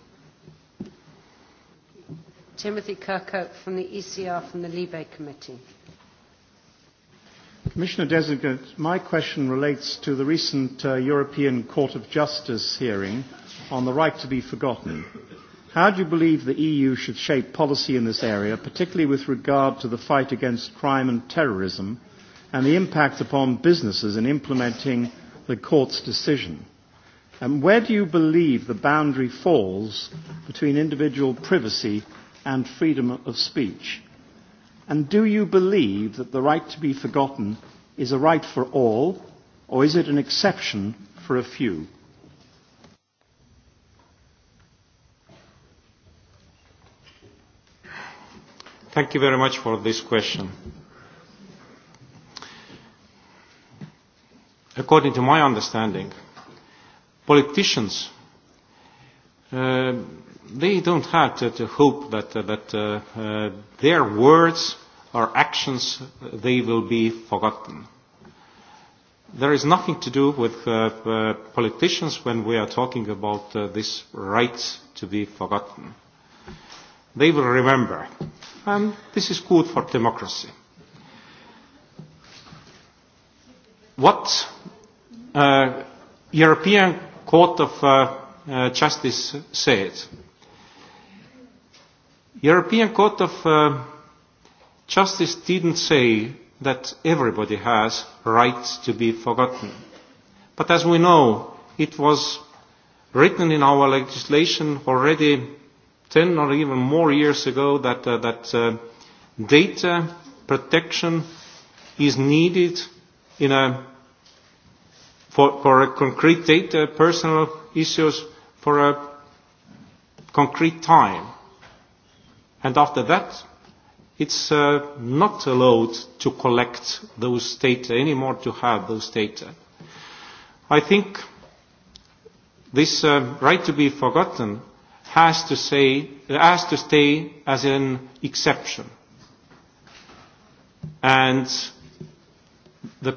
S1: Timothy Kirkhope from the ECR from the Libe Committee.
S2: Commissioner Designate,
S16: my question relates to the recent uh, European Court of Justice hearing on the right to be forgotten. How do you believe the EU should shape policy in this area, particularly with regard to the fight against crime and terrorism, and the impact upon businesses in implementing the court's decision? And where do you believe the boundary falls between individual privacy and freedom of speech? And do you believe that the right to be forgotten is a right for all, or is it an exception for a few?
S2: Thank you very much for this question. according to my understanding, politicians, uh, they don't have to, to hope that, uh, that uh, uh, their words or actions, they will be forgotten. There is nothing to do with uh, uh, politicians when we are talking about uh, this right to be forgotten. They will remember. And this is good for democracy. what uh, European Court of uh, uh, Justice said. European Court of uh, Justice didn't say that everybody has rights to be forgotten. But as we know, it was written in our legislation already 10 or even more years ago that, uh, that uh, data protection is needed in a, for, for a concrete data, personal issues for a concrete time. And after that, it's uh, not allowed to collect those data anymore, to have those data. I think this uh, right to be forgotten has to, say, has to stay as an exception. And The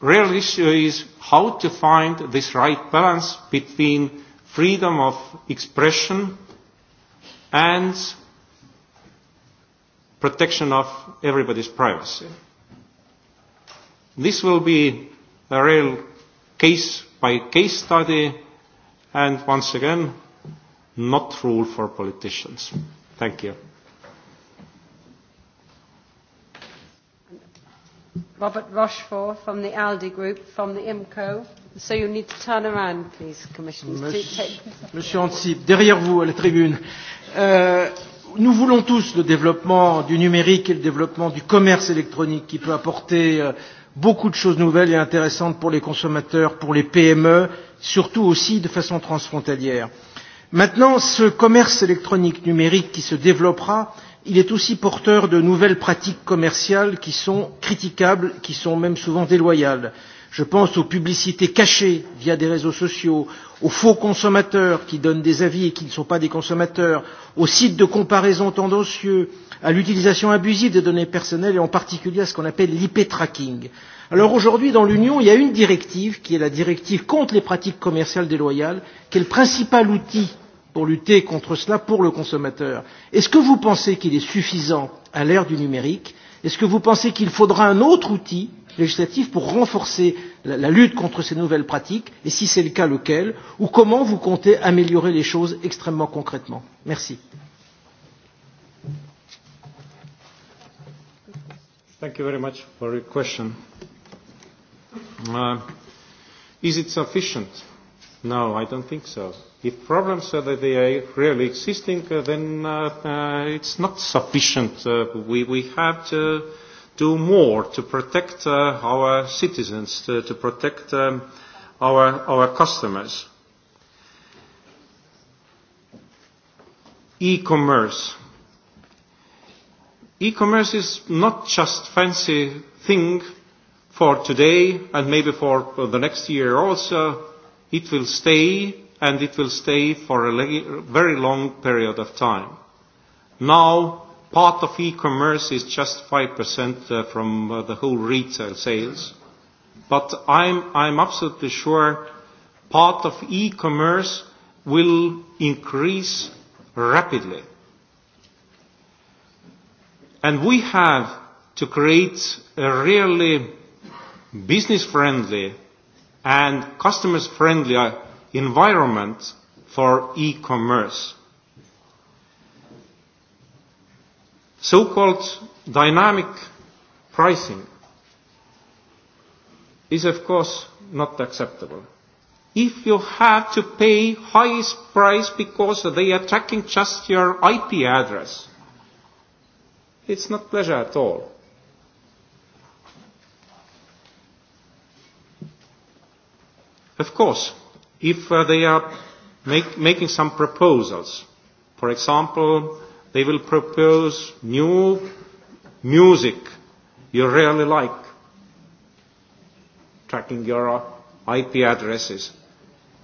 S2: real issue is how to find this right balance between freedom of expression and protection of everybody's privacy. This will be a real case by case study and once again not rule for politicians. Thank you.
S1: Robert Rochefort from the ALDI group, from the IMCO. So you need to turn around, please, Commissioner. Monsieur,
S17: Monsieur Antip, derrière vous, à la tribune. Euh, nous voulons tous le développement du numérique et le développement du commerce électronique qui peut apporter euh, beaucoup de choses nouvelles et intéressantes pour les consommateurs, pour les PME, surtout aussi de façon transfrontalière. Maintenant, ce commerce électronique numérique qui se développera Il est aussi porteur de nouvelles pratiques commerciales qui sont critiquables, qui sont même souvent déloyales. Je pense aux publicités cachées via des réseaux sociaux, aux faux consommateurs qui donnent des avis et qui ne sont pas des consommateurs, aux sites de comparaison tendancieux, à l'utilisation abusive des données personnelles et en particulier à ce qu'on appelle l'IP-tracking. Alors aujourd'hui, dans l'Union, il y a une directive qui est la directive contre les pratiques commerciales déloyales, qui est le principal outil pour lutter contre cela pour le consommateur. Est-ce que vous pensez qu'il est suffisant à l'ère du numérique Est-ce que vous pensez qu'il faudra un autre outil législatif pour renforcer la, la lutte contre ces nouvelles pratiques Et si c'est le cas, lequel Ou comment vous comptez améliorer les choses extrêmement concrètement Merci.
S2: Thank you very much for your question. Uh, is it sufficient? No, I don't think so. If problems uh, that they are really existing, uh, then uh, uh, it's not sufficient. Uh, we, we have to do more to protect uh, our citizens, to, to protect um, our, our customers. E-commerce. E-commerce is not just fancy thing for today and maybe for the next year also. It will stay and it will stay for a very long period of time. Now, part of e-commerce is just 5% uh, from uh, the whole retail sales, but I'm, I'm absolutely sure part of e-commerce will increase rapidly. And we have to create a really business-friendly and customers-friendly environment for e-commerce. So-called dynamic pricing is of course not acceptable. If you have to pay highest price because they are tracking just your IP address, it's not pleasure at all. Of course, if uh, they are make, making some proposals. For example, they will propose new music you really like, tracking your IP addresses.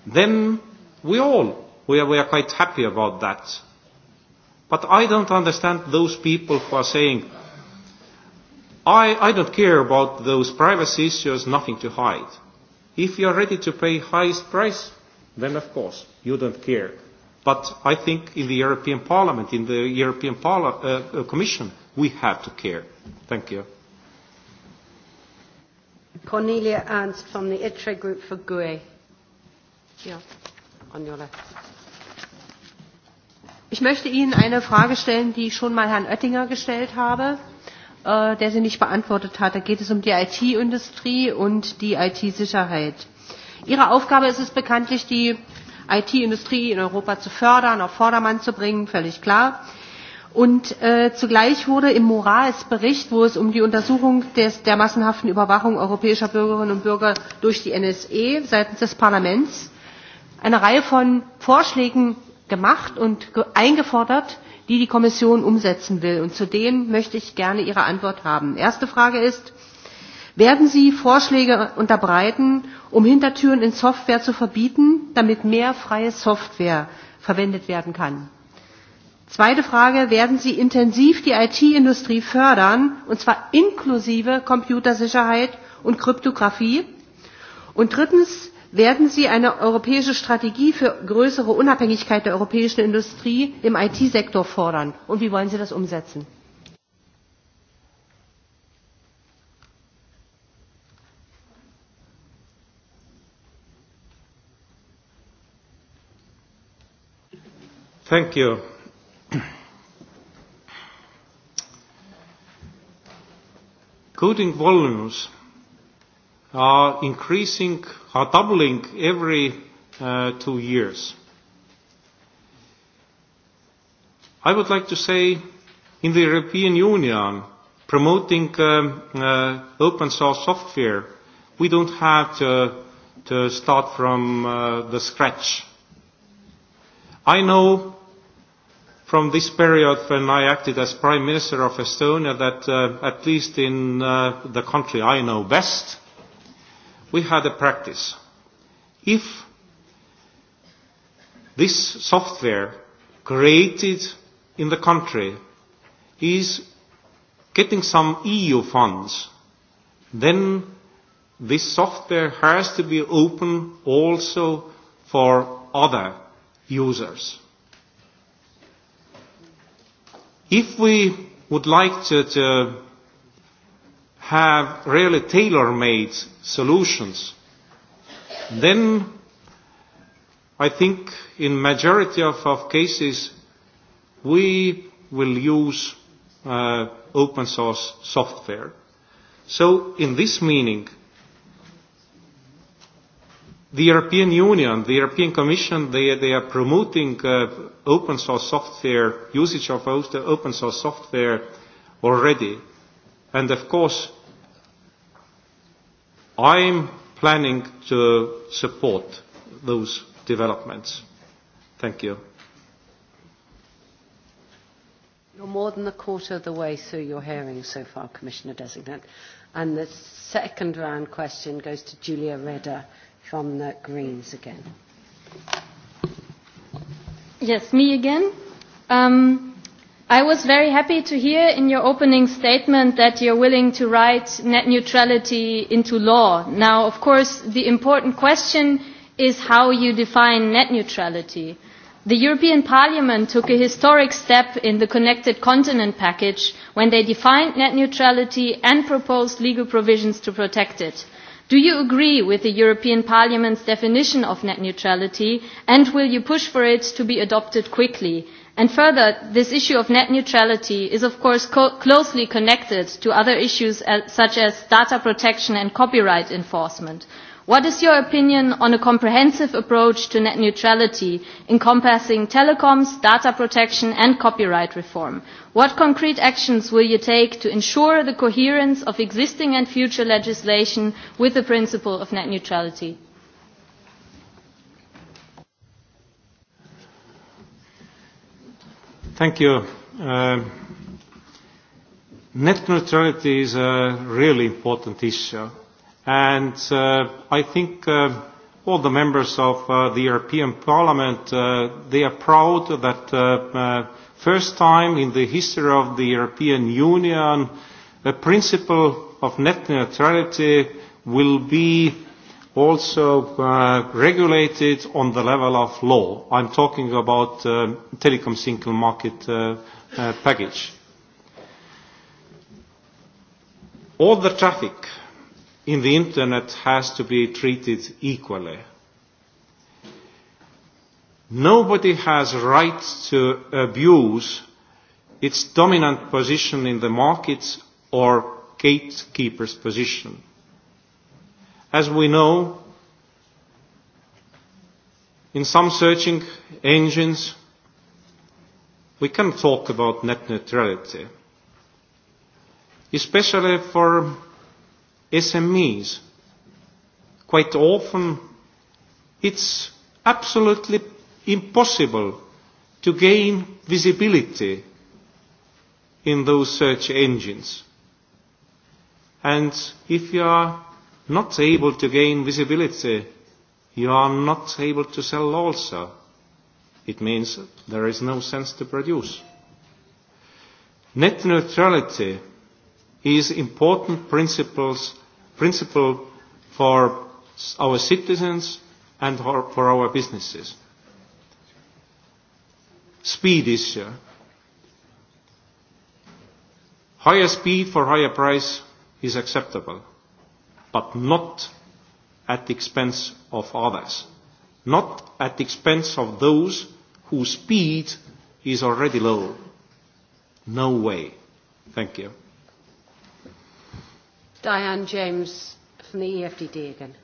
S2: Then we all, we are, we are quite happy about that. But I don't understand those people who are saying, I, I don't care about those privacy issues, nothing to hide. If you are ready to pay highest price, then of course you don't care. But I think in the European Parliament, in the European Parla uh, Commission, we have to care. Thank you.
S18: Cornelia
S1: Ernst from the ITRE Group for GUE. Yeah, on your left.
S18: Ich möchte Ihnen eine Frage stellen, die ich schon mal Herrn Oettinger gestellt habe. Äh, der sie nicht beantwortet hat. Da geht es um die IT-Industrie und die IT-Sicherheit. Ihre Aufgabe ist es bekanntlich, die IT-Industrie in Europa zu fördern, auf Vordermann zu bringen, völlig klar. Und äh, zugleich wurde im Moraes-Bericht, wo es um die Untersuchung des, der massenhaften Überwachung europäischer Bürgerinnen und Bürger durch die NSE seitens des Parlaments, eine Reihe von Vorschlägen gemacht und eingefordert, die die Kommission umsetzen will. Und zu dem möchte ich gerne Ihre Antwort haben. Erste Frage ist, werden Sie Vorschläge unterbreiten, um Hintertüren in Software zu verbieten, damit mehr freie Software verwendet werden kann? Zweite Frage, werden Sie intensiv die IT-Industrie fördern, und zwar inklusive Computersicherheit und Kryptographie? Und drittens, Werden Sie eine europäische Strategie für größere Unabhängigkeit der europäischen Industrie im IT-Sektor fordern? Und wie wollen Sie das umsetzen?
S2: Thank you. Coding volumes are increasing, are doubling every uh, two years. I would like to say in the European Union, promoting um, uh, open source software, we don't have to, to start from uh, the scratch. I know from this period when I acted as Prime Minister of Estonia that uh, at least in uh, the country I know best, we had a practice. If this software created in the country is getting some EU funds, then this software has to be open also for other users. If we would like to, to have really tailor-made solutions, then I think in majority of, of cases we will use uh, open source software. So in this meaning, the European Union, the European Commission, they, they are promoting uh, open source software, usage of open source software already. And of course, I'm planning to support those developments. Thank you.
S1: You're more than a quarter of the way through your hearing so far, Commissioner Designate. And the second round question goes to Julia Redder from the Greens again.
S9: Yes, me again. Um, I was very happy to hear in your opening statement that you're willing to write net neutrality into law. Now, of course, the important question is how you define net neutrality. The European Parliament took a historic step in the Connected Continent package when they defined net neutrality and proposed legal provisions to protect it. Do you agree with the European Parliament's definition of net neutrality and will you push for it to be adopted quickly? And further, this issue of net neutrality is of course co closely connected to other issues as, uh, such as data protection and copyright enforcement. What is your opinion on a comprehensive approach to net neutrality encompassing telecoms, data protection and copyright reform? What concrete actions will you take to ensure the coherence of existing and future legislation with the principle of net neutrality?
S2: Thank you. Uh, net neutrality is a really important issue. And uh, I think uh, all the members of uh, the European Parliament, uh, they are proud that uh, uh, first time in the history of the European Union, the principle of net neutrality will be also uh, regulated on the level of law. I'm talking about uh, telecom single market uh, uh, package. All the traffic in the internet has to be treated equally. Nobody has right to abuse its dominant position in the market or gatekeeper's position As we know, in some searching engines, we can talk about net neutrality, especially for SMEs. Quite often, it's absolutely impossible to gain visibility in those search engines. And if you are not able to gain visibility, you are not able to sell also. It means there is no sense to produce. Net neutrality is important principles, principle for our citizens and for our businesses. Speed issue. Uh, higher speed for higher price is acceptable but not at the expense of others, not at the expense of those whose speed is already low. No way. Thank you.
S1: Diane James from the EFDD again.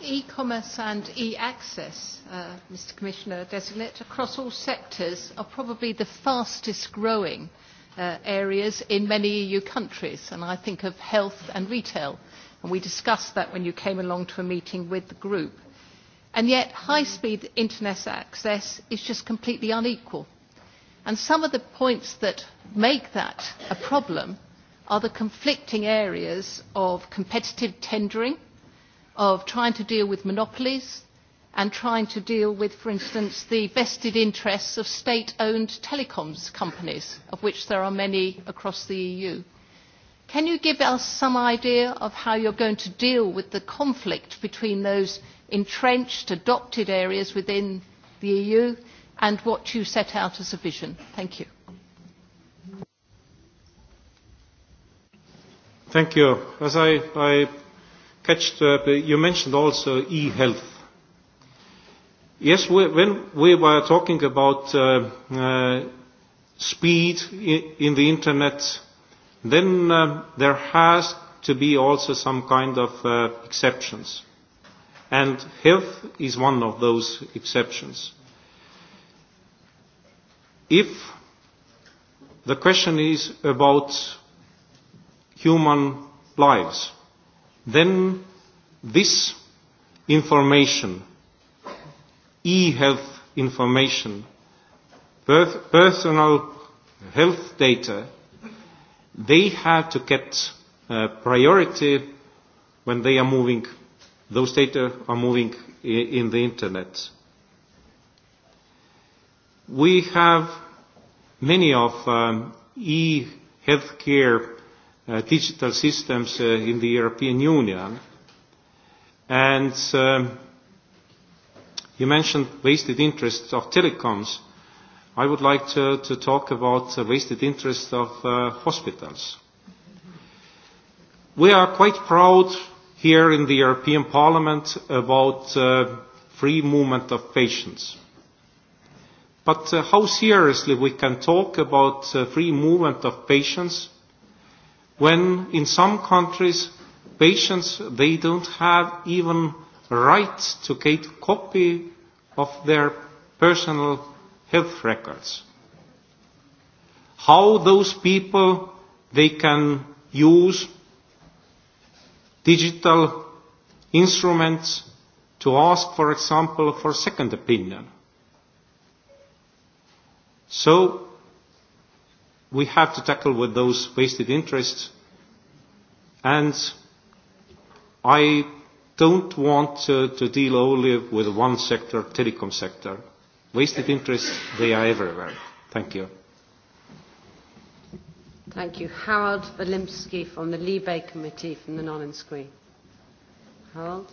S10: E-commerce and e-access, uh, Mr Commissioner Designate, across all sectors are probably the fastest growing uh, areas in many EU countries, and I think of health and retail, and we discussed that when you came along to a meeting with the group. And yet high-speed internet access is just completely unequal. And some of the points that make that a problem are the conflicting areas of competitive tendering, of trying to deal with monopolies, and trying to deal with, for instance, the vested interests of state-owned telecoms companies, of which there are many across the EU. Can you give us some idea of how you're going to deal with the conflict between those entrenched, adopted areas within the EU and what you set out as a vision? Thank you.
S2: Thank you. As I, I catched, uh, you mentioned also e-health Yes, we, when we were talking about uh, uh, speed in the internet, then uh, there has to be also some kind of uh, exceptions. And health is one of those exceptions. If the question is about human lives, then this information e-health information, personal health data, they have to get a uh, priority when they are moving, those data are moving in the internet. We have many of um, e-healthcare uh, digital systems uh, in the European Union and um, You mentioned wasted interests of telecoms. I would like to, to talk about uh, wasted interests of uh, hospitals. We are quite proud here in the European Parliament about uh, free movement of patients. But uh, how seriously we can talk about uh, free movement of patients when in some countries patients, they don't have even right to get copy of their personal health records. How those people they can use digital instruments to ask, for example, for second opinion. So we have to tackle with those wasted interests and I don't want to, to deal only with one sector, telecom sector. Wasted interests they are everywhere. Thank you.
S1: Thank you. Harold Olimpsky from the Libe Committee from the non screen.
S19: Harold?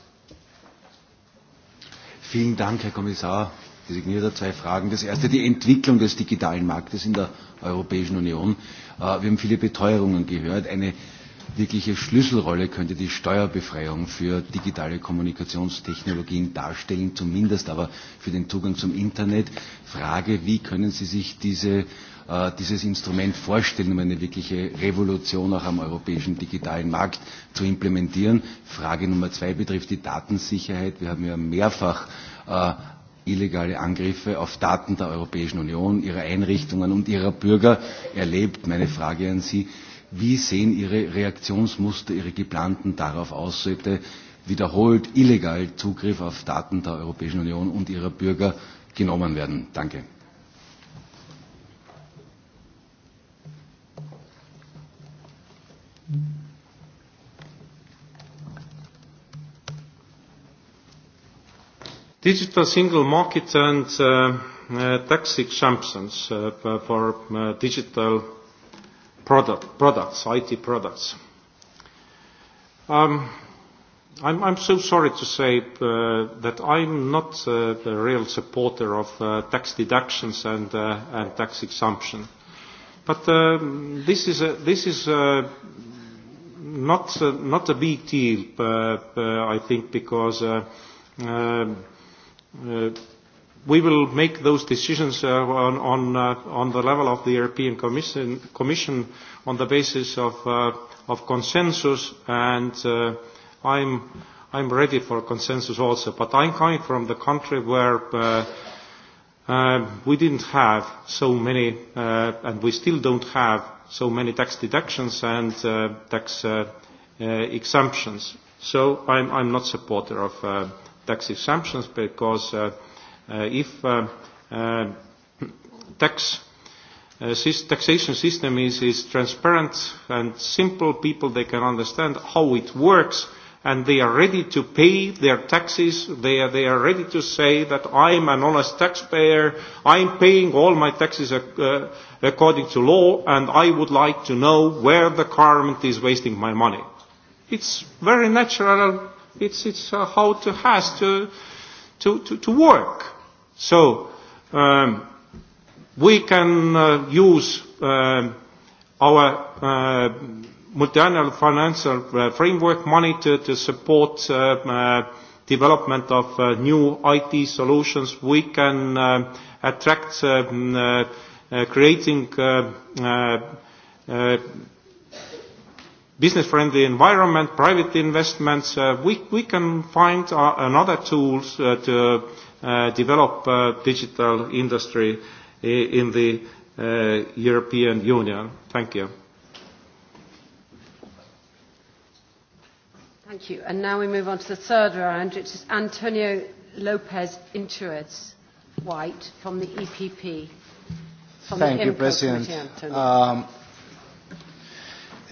S3: Vielen Dank, Herr Kommissar. Designierter zwei Fragen. Das erste, die Entwicklung des digitalen Marktes in der Europäischen Union. Äh, wir haben viele Beteuerungen gehört. Eine wirkliche Schlüsselrolle könnte die Steuerbefreiung für digitale Kommunikationstechnologien darstellen, zumindest aber für den Zugang zum Internet. Frage, wie können Sie sich diese, äh, dieses Instrument vorstellen, um eine wirkliche Revolution auch am europäischen digitalen Markt zu implementieren? Frage Nummer zwei betrifft die Datensicherheit. Wir haben ja mehrfach äh, illegale Angriffe auf Daten der Europäischen Union, ihrer Einrichtungen und ihrer Bürger erlebt. Meine Frage an Sie, Wie sehen Ihre Reaktionsmuster, Ihre geplanten darauf aus, hätte wiederholt illegal Zugriff auf Daten der Europäischen Union und ihrer Bürger genommen werden? Danke.
S2: Digital Single Market and uh, uh, tax exemptions uh, for uh, digital product, products, IT products. Um, I'm, I'm so sorry to say uh, that I'm not uh, a real supporter of uh, tax deductions and, uh, and tax exemption. But um, this is, a, this is a, not, a, uh, not a big deal, uh, uh, I think, because uh, um, uh, uh, we will make those decisions uh, on, on, uh, on the level of the European Commission, Commission on the basis of, uh, of consensus and uh, I'm, I'm ready for consensus also. But I'm coming from the country where uh, uh, we didn't have so many uh, and we still don't have so many tax deductions and uh, tax uh, uh, exemptions. So I'm, I'm not supporter of uh, tax exemptions because uh, uh, if uh, uh, tax uh, taxation system is, is transparent and simple, people they can understand how it works and they are ready to pay their taxes, they are, they are ready to say that I'm an honest taxpayer, I'm paying all my taxes ac uh, according to law and I would like to know where the government is wasting my money. It's very natural, it's, it's uh, how it has to, to, to, to work. So um, we can uh, use uh, our uh, multi-annual financial uh, framework money to, to support uh, uh, development of uh, new IT solutions. We can uh, attract um, uh, uh, creating uh, uh, uh, business-friendly environment, private investments. Uh, we, we can find uh, another tools uh, to uh, develop uh, digital industry in the uh, European Union. Thank you.
S1: Thank you. And now we move on to the third round, which is Antonio Lopez Intuits White from the EPP. From Thank the you, President. Committee, um,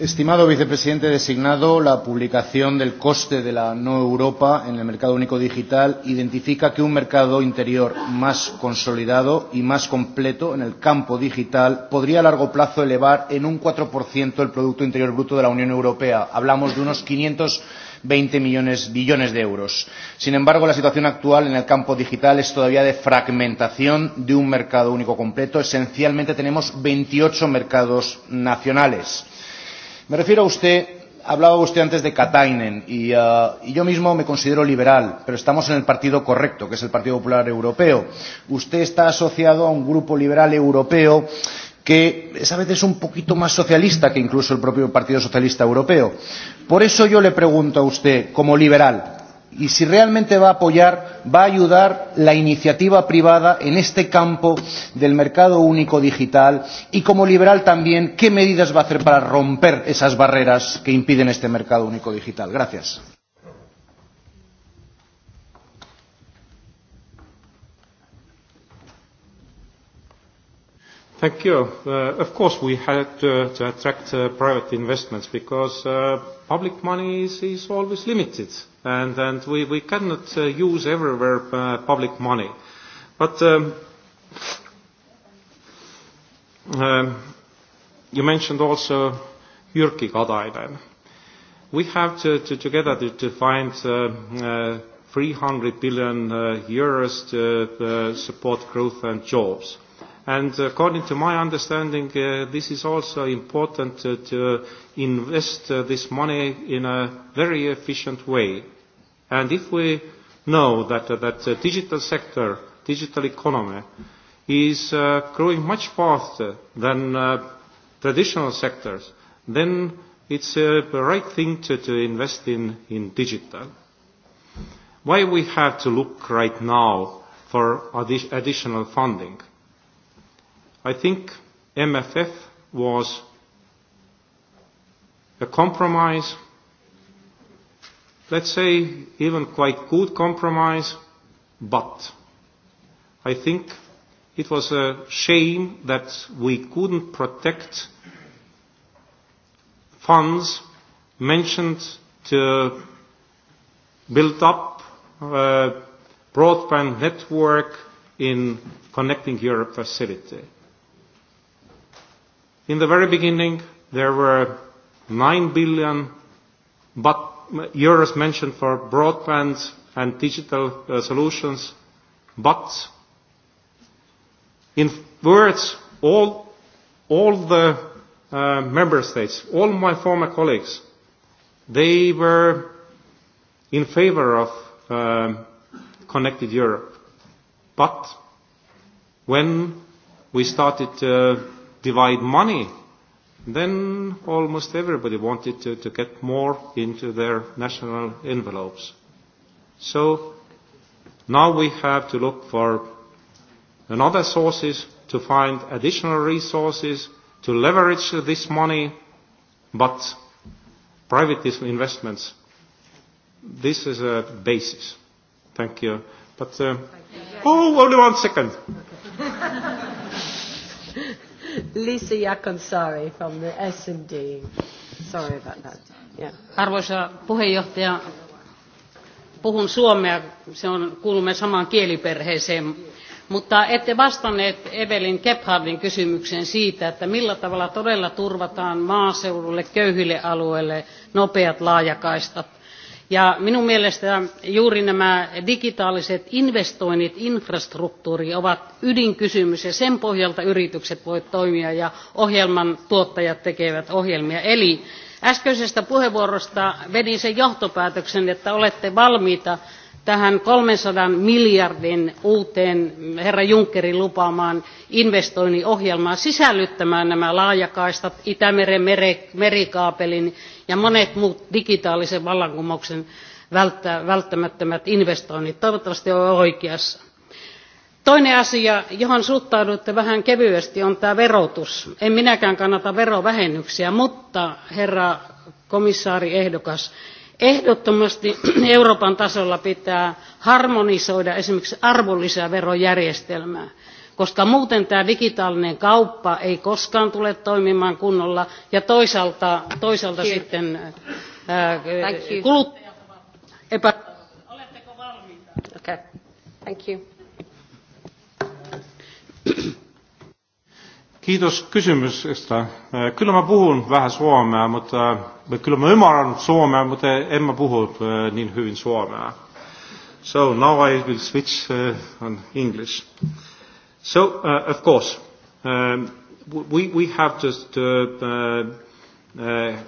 S20: Estimado vicepresidente designado, la publicación del coste de la no Europa en el mercado único digital identifica que un mercado interior más consolidado y más completo en el campo digital podría a largo plazo elevar en un 4% el Producto Interior Bruto de la Unión Europea. Hablamos de unos 500 20 millones, billones de euros. Sin embargo, la situación actual en el campo digital es todavía de fragmentación de un mercado único completo. Esencialmente tenemos 28 mercados nacionales. Me refiero a usted, hablaba usted antes de Katainen, y, uh, y yo mismo me considero liberal, pero estamos en el partido correcto, que es el Partido Popular Europeo. Usted está asociado a un grupo liberal europeo que es a veces un poquito más socialista que incluso el propio Partido Socialista Europeo. Por eso yo le pregunto a usted, como liberal, y si realmente va a apoyar, va a ayudar la iniciativa privada en este campo del mercado único digital y como liberal también, ¿qué medidas va a hacer para romper esas barreras que impiden este mercado único digital? Gracias.
S2: Thank you. Uh, of course, we had to, to attract uh, private investments because uh, public money is, is always limited. Uh, and, and we, we cannot uh, use everywhere uh, public money. But um, um, you mentioned also Jyrki Katainen. We have to, to together to, to find uh, uh, 300 billion uh, euros to uh, support growth and jobs. And according to my understanding, uh, this is also important uh, to invest uh, this money in a very efficient way. And if we know that uh, that uh, digital sector, digital economy, is uh, growing much faster than uh, traditional sectors, then it's uh, the right thing to, to invest in, in digital. Why we have to look right now for addi additional funding? I think MFF was a compromise, let's say even quite good compromise, but I think it was a shame that we couldn't protect funds mentioned to build up a uh, broadband network in Connecting Europe facility. In the very beginning, there were 9 billion but euros mentioned for broadband and digital uh, solutions, but in words, all, all the uh, member states, all my former colleagues, they were in favor of uh, connected Europe. But when we started uh, divide money, then almost everybody wanted to, to get more into their national envelopes. So now we have to look for another sources to find additional resources to leverage this money, but private investments, this is a basis. Thank you. But, uh, oh, only one
S6: second.
S1: Lisa Yakonsari
S6: from the S&D. Sorry about that. Yeah. Arvoisa puheenjohtaja, puhun suomea, se on, kuulumme samaan kieliperheeseen, mutta ette vastanneet Evelin Kephardin kysymykseen siitä, että millä tavalla todella turvataan maaseudulle, köyhille alueille nopeat laajakaistat Ja minun mielestä juuri nämä digitaaliset investoinnit, infrastruktuuri ovat ydinkysymys ja sen pohjalta yritykset voivat toimia ja ohjelman tuottajat tekevät ohjelmia. Eli äskeisestä puheenvuorosta vedin sen johtopäätöksen, että olette valmiita tähän 300 miljardin uuteen herra Junckerin lupaamaan investoinnin ohjelmaan sisällyttämään nämä laajakaistat, Itämeren merikaapelin ja monet muut digitaalisen vallankumouksen välttä, välttämättömät investoinnit. Toivottavasti on oikeassa. Toinen asia, johon suhtaudutte vähän kevyesti, on tämä verotus. En minäkään kannata verovähennyksiä, mutta herra komissaari ehdokas, ehdottomasti Euroopan tasolla pitää harmonisoida esimerkiksi arvonlisäverojärjestelmää. verojärjestelmää koska muuten tämä digitaalinen kauppa ei koskaan tule toimimaan kunnolla ja toisaalta, toisaalta sitten kuluttajat ovat epä... Oletteko valmiita? Okay. Thank you.
S2: Kiitos kysymyksestä. Kyllä mä puhun vähän suomea, mutta kyllä mä ymmärrän suomea, mutta en mä puhu niin hyvin suomea. So now I will switch uh, on English. So, uh, of course, um, we, we have just uh, uh, uh,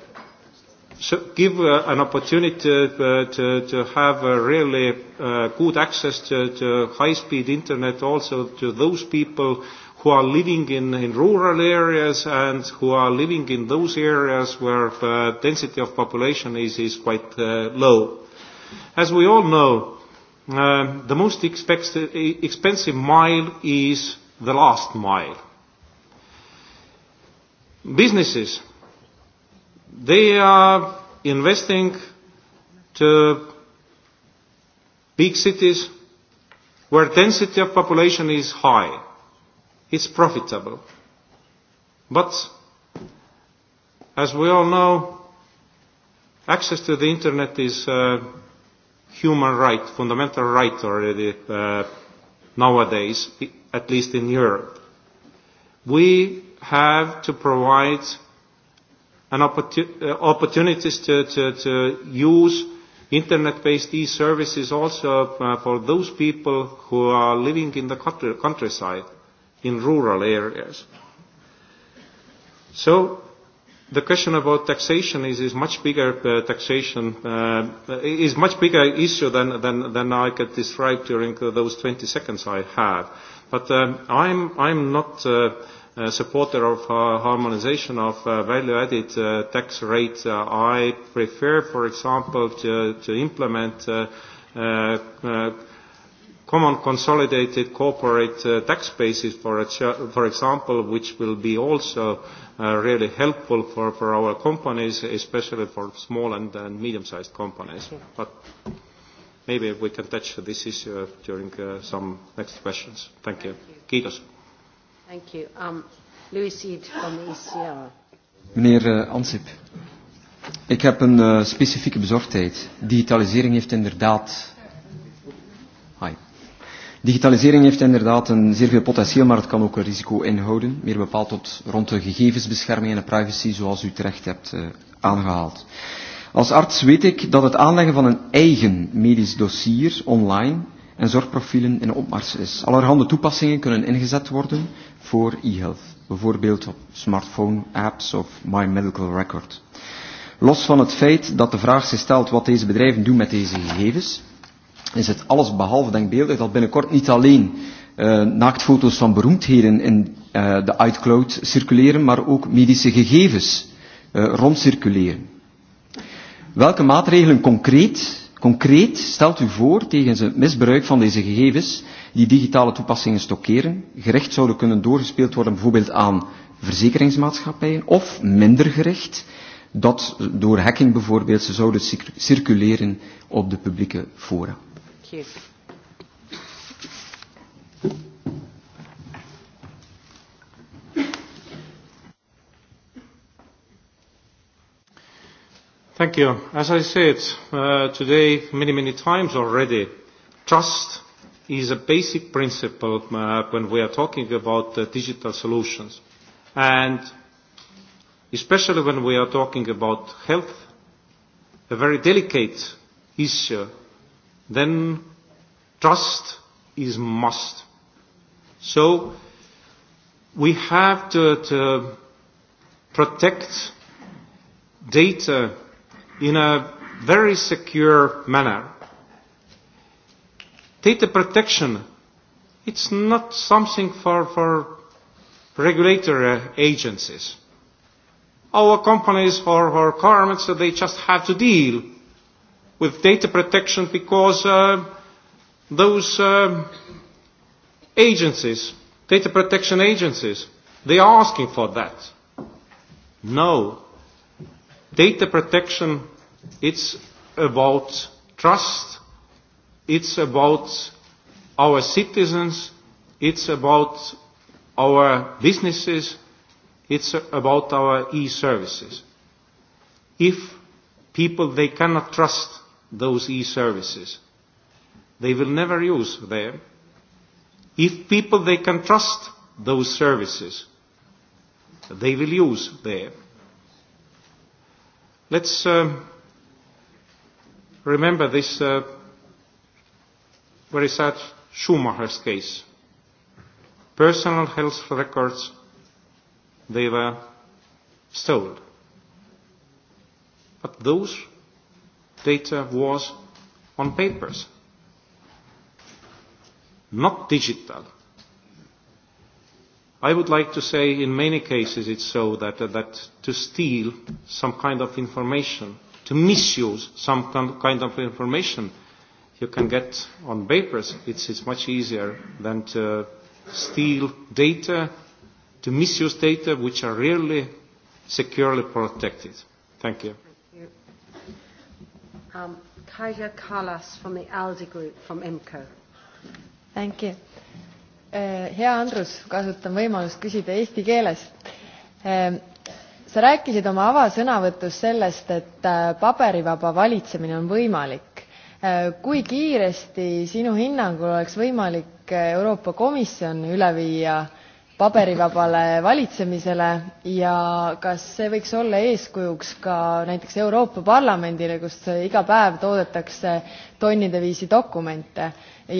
S2: so give uh, an opportunity uh, to, to have uh, really uh, good access to, to high-speed internet also to those people who are living in, in rural areas and who are living in those areas where the density of population is, is quite uh, low. As we all know, Uh, the most expensive mile is the last mile. Businesses, they are investing to big cities where density of population is high. It's profitable. But as we all know, access to the internet is uh, human right, fundamental right already uh, nowadays, at least in Europe. We have to provide an opportun uh, opportunities to, to, to use internet-based e-services also uh, for those people who are living in the country countryside, in rural areas. So the question about taxation is, is much bigger uh, taxation uh, is much bigger issue than, than, than I could describe during those 20 seconds I had. But um, I'm, I'm not uh, a supporter of uh, harmonization of uh, value-added uh, tax rate. Uh, I prefer, for example, to, to implement uh, uh, uh, common consolidated corporate uh, tax basis, for, a, for example, which will be also uh, uh, really helpful for, for our companies, especially for small and, and medium-sized companies. But maybe we can touch this issue during uh, some next questions. Thank you. Thank you. Kiitos.
S1: Thank you. Um, Louis Seed from the ECR.
S21: Meneer uh, Ansip, ik heb een uh, specifieke bezorgdheid. Digitalisering heeft inderdaad Digitalisering heeft inderdaad een zeer veel potentieel, maar het kan ook een risico inhouden, meer bepaald tot rond de gegevensbescherming en de privacy, zoals u terecht hebt uh, aangehaald. Als arts weet ik dat het aanleggen van een eigen medisch dossier online en zorgprofielen in opmars is. Allerhande toepassingen kunnen ingezet worden voor e-health, bijvoorbeeld op smartphone-apps of My Medical Record. Los van het feit dat de vraag zich stelt wat deze bedrijven doen met deze gegevens, is het alles behalve denkbeeldig dat binnenkort niet alleen uh, naaktfoto's van beroemdheden in uh, de iCloud circuleren, maar ook medische gegevens uh, rondcirculeren. Welke maatregelen concreet, concreet stelt u voor tegen het misbruik van deze gegevens die digitale toepassingen stockeren, gerecht zouden kunnen doorgespeeld worden bijvoorbeeld aan verzekeringsmaatschappijen of minder gerecht, dat door hacking bijvoorbeeld ze zouden circuleren op de publieke fora?
S2: Thank you. As I said uh, today many, many times already, trust is a basic principle uh, when we are talking about uh, digital solutions. And especially when we are talking about health, a very delicate issue then trust is must. So we have to, to protect data in a very secure manner. Data protection, it's not something for, for regulatory agencies. Our companies or our governments, they just have to deal with data protection because uh, those uh, agencies, data protection agencies, they are asking for that. No. Data protection, it's about trust, it's about our citizens, it's about our businesses, it's about our e-services. If people, they cannot trust those e-services. They will never use them if people they can trust those services. They will use them. Let's uh, remember this uh, very sad Schumacher's case. Personal health records, they were stolen. But those data was on papers, not digital. I would like to say in many cases it's so that, uh, that to steal some kind of information, to misuse some kind of information you can get on papers, it's, it's much easier than to steal data, to misuse data which are really securely protected. Thank you
S1: um, Kaja
S22: Kalas from the ALDE group from IMCO. Thank you. Uh, hea Andrus, kasutan võimalust küsida eesti keeles. Uh, sa rääkisid oma avasõnavõtus sellest, et eh, paperivaba valitsemine on võimalik. Kui kiiresti sinu hinnangul oleks võimalik Euroopa Komisjon üle viia paberivabale valitsemisele ja kas see võiks olla eeskujuks ka näiteks Euroopa Parlamendile, kus iga päev toodetakse tonnide viisi dokumente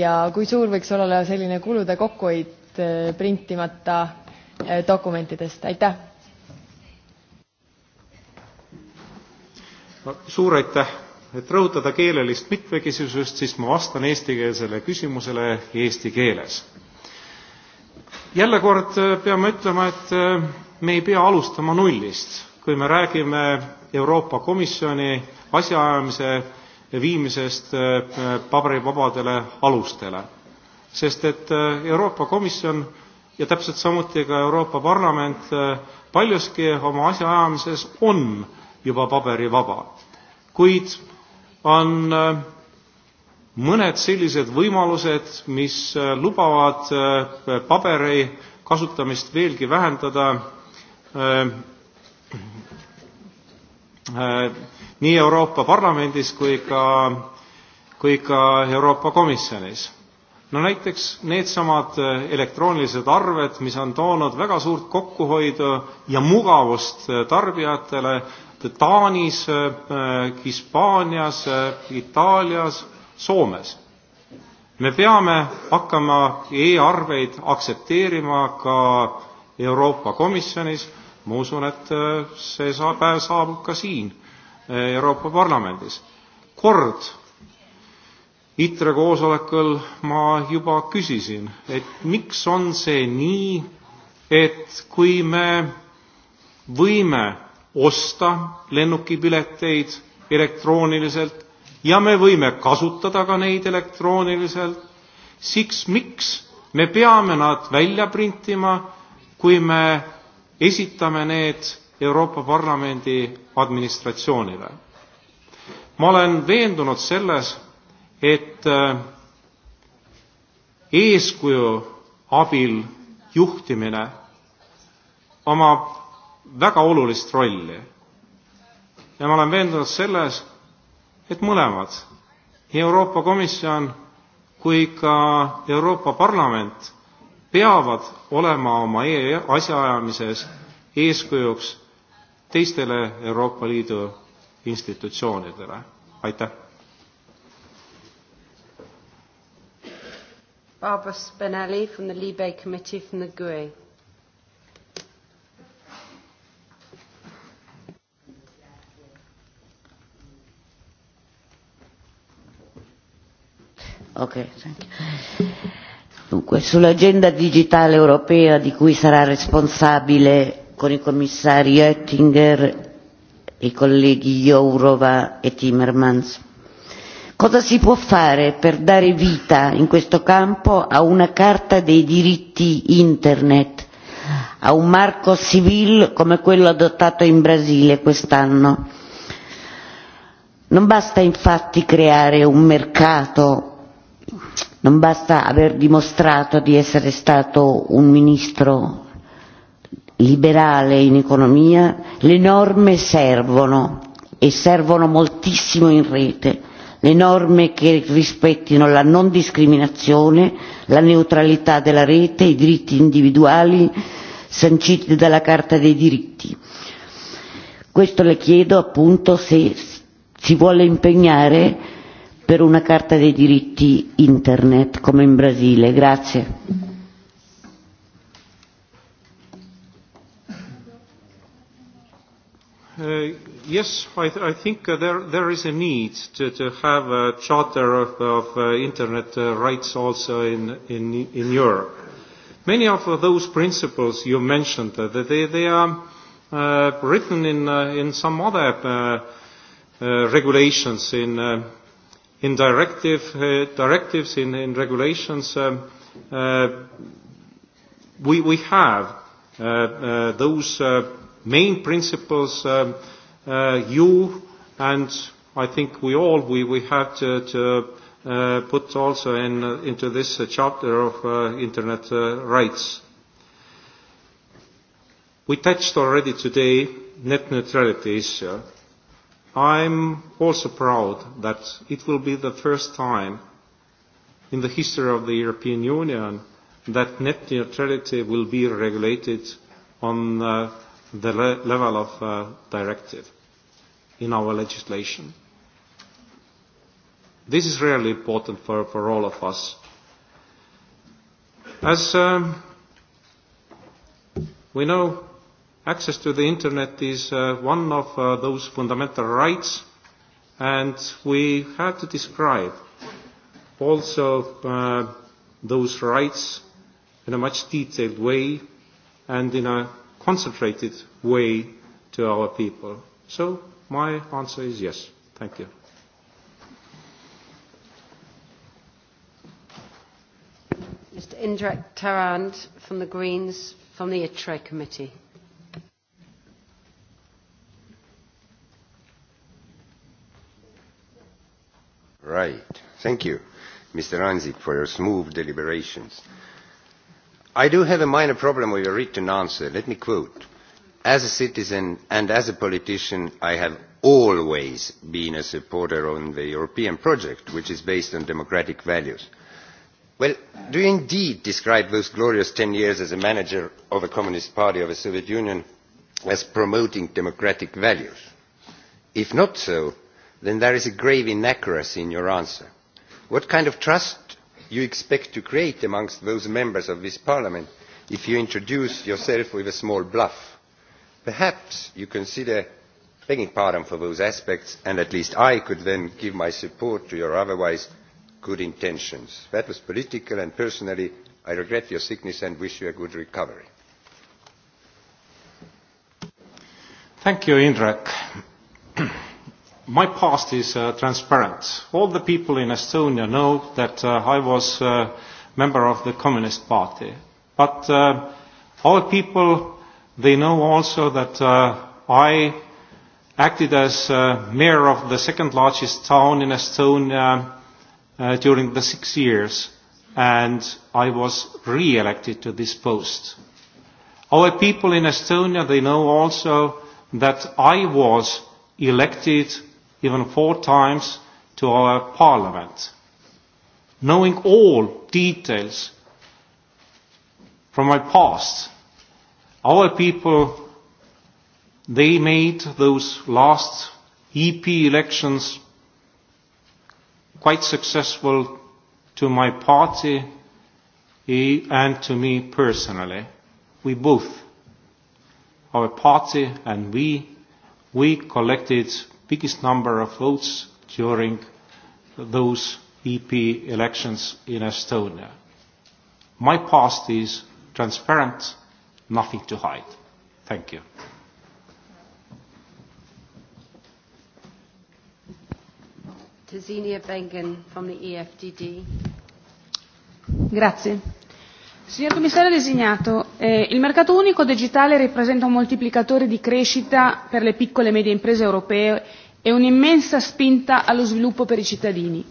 S22: ja kui suur võiks olla selline kulude kokkuhoid eh, printimata eh, dokumentidest, aitäh.
S2: suur aitäh, et rõhutada keelelist mitmekesisust, siis ma vastan eestikeelsele küsimusele eesti keeles jälle kord äh, peame ütlema, et äh, me ei pea alustama nullist, kui me räägime Euroopa Komisjoni asjaajamise viimisest äh, paberivabadele alustele. sest et Euroopa Komisjon ja täpselt samuti ka Euroopa Parlament paljuski oma asjaajamises on juba paberivaba, kuid on mõned sellised võimalused, mis äh, lubavad äh, paberi kasutamist veelgi vähendada äh, nii Euroopa Parlamendis kui ka, kui ka Euroopa Komisjonis. No näiteks needsamad elektroonilised arved, mis on toonud väga suurt kokkuhoidu ja mugavust tarbijatele Taanis, Hispaanias, Itaalias, Soomes. me peame hakkama e-arveid aktsepteerima ka Euroopa Komisjonis, ma usun, et eh, see saab, päev saabub ka siin eh, Euroopa Parlamendis. kord ITRE koosolekul ma juba küsisin, et miks on see nii, et kui me võime osta lennukipileteid elektrooniliselt, ja me võime kasutada ka neid elektrooniliselt, siks miks me peame nad välja printima, kui me esitame need Euroopa Parlamendi administratsioonile. ma olen veendunud selles, et äh, eeskuju abil juhtimine omab väga olulist rolli. ja ma olen veendunud selles, et mõlemad, nii Euroopa Komisjon kui ka Euroopa Parlament peavad olema oma e asjaajamises eeskujuks teistele Euroopa Liidu institutsioonidele. Aitäh!
S1: Barbara Spinelli from the Libe Committee from the GUE.
S23: Ok, thank you. Dunque, sull'agenda digitale europea di cui sarà responsabile con i commissari Oettinger, i colleghi Jourova e Timmermans, cosa si può fare per dare vita in questo campo a una carta dei diritti internet, a un marco civil come quello adottato in Brasile quest'anno? Non basta infatti creare un mercato non basta aver dimostrato di essere stato un ministro liberale in economia, le norme servono e servono moltissimo in rete, le norme che rispettino la non discriminazione, la neutralità della rete, i diritti individuali sanciti dalla Carta dei diritti. Questo le chiedo appunto se si vuole impegnare per una carta dei diritti internet come in Brasile. Grazie.
S2: Uh, yes, I, th I think uh, there, there is a need to, to have a charter of, of uh, Internet uh, rights also in, in, in Europe. Many of those principles you mentioned, uh, they, they are uh, written in, uh, in some other uh, uh, regulations in, uh, in directive, uh, directives, in, in regulations, um, uh, we, we have uh, uh, those uh, main principles um, uh, you and I think we all, we, we have to, to uh, put also in, uh, into this uh, chapter of uh, Internet uh, rights. We touched already today net neutrality issue. I'm also proud that it will be the first time in the history of the European Union that net neutrality will be regulated on uh, the le level of uh, directive in our legislation. This is really important for, for all of us. As um, we know, Access to the Internet is uh, one of uh, those fundamental rights, and we have to describe also uh, those rights in a much detailed way and in a concentrated way to our people. So my answer is yes. Thank you.
S1: Mr. Indrek Tarand from the Greens from the ITRE Committee.
S24: Right. Thank you, Mr. Anzik, for your smooth deliberations. I do have a minor problem with your written answer. Let me quote. As a citizen and as a politician, I have always been a supporter on the European project, which is based on democratic values. Well, do you indeed describe those glorious ten years as a manager of a Communist Party of the Soviet Union as promoting democratic values? If not so, then there is a grave inaccuracy in your answer. What kind of trust you expect to create amongst those members of this parliament if you introduce yourself with a small bluff? Perhaps you consider begging pardon for those aspects, and at least I could then give my support to your otherwise good intentions. That was political, and personally, I regret your sickness and wish you a good recovery.
S5: Thank
S2: you, Indrak. my past is uh, transparent. All the people in Estonia know that uh, I was a uh, member of the Communist Party. But uh, all people, they know also that uh, I acted as uh, mayor of the second largest town in Estonia uh, during the six years, and I was re-elected to this post. Our people in Estonia, they know also that I was elected even four times to our parliament, knowing all details from my past. Our people, they made those last EP elections quite successful to my party and to me personally. We both, our party and we, we collected biggest number of votes during those EP elections in Estonia. My past is transparent, nothing to hide. Thank you.
S1: Tazinia Bengen from the EFDD.
S14: Grazie. Signor Commissario designato, eh, il mercato unico digitale rappresenta un moltiplicatore di crescita per le piccole e medie imprese europee e un'immensa spinta allo sviluppo per i cittadini.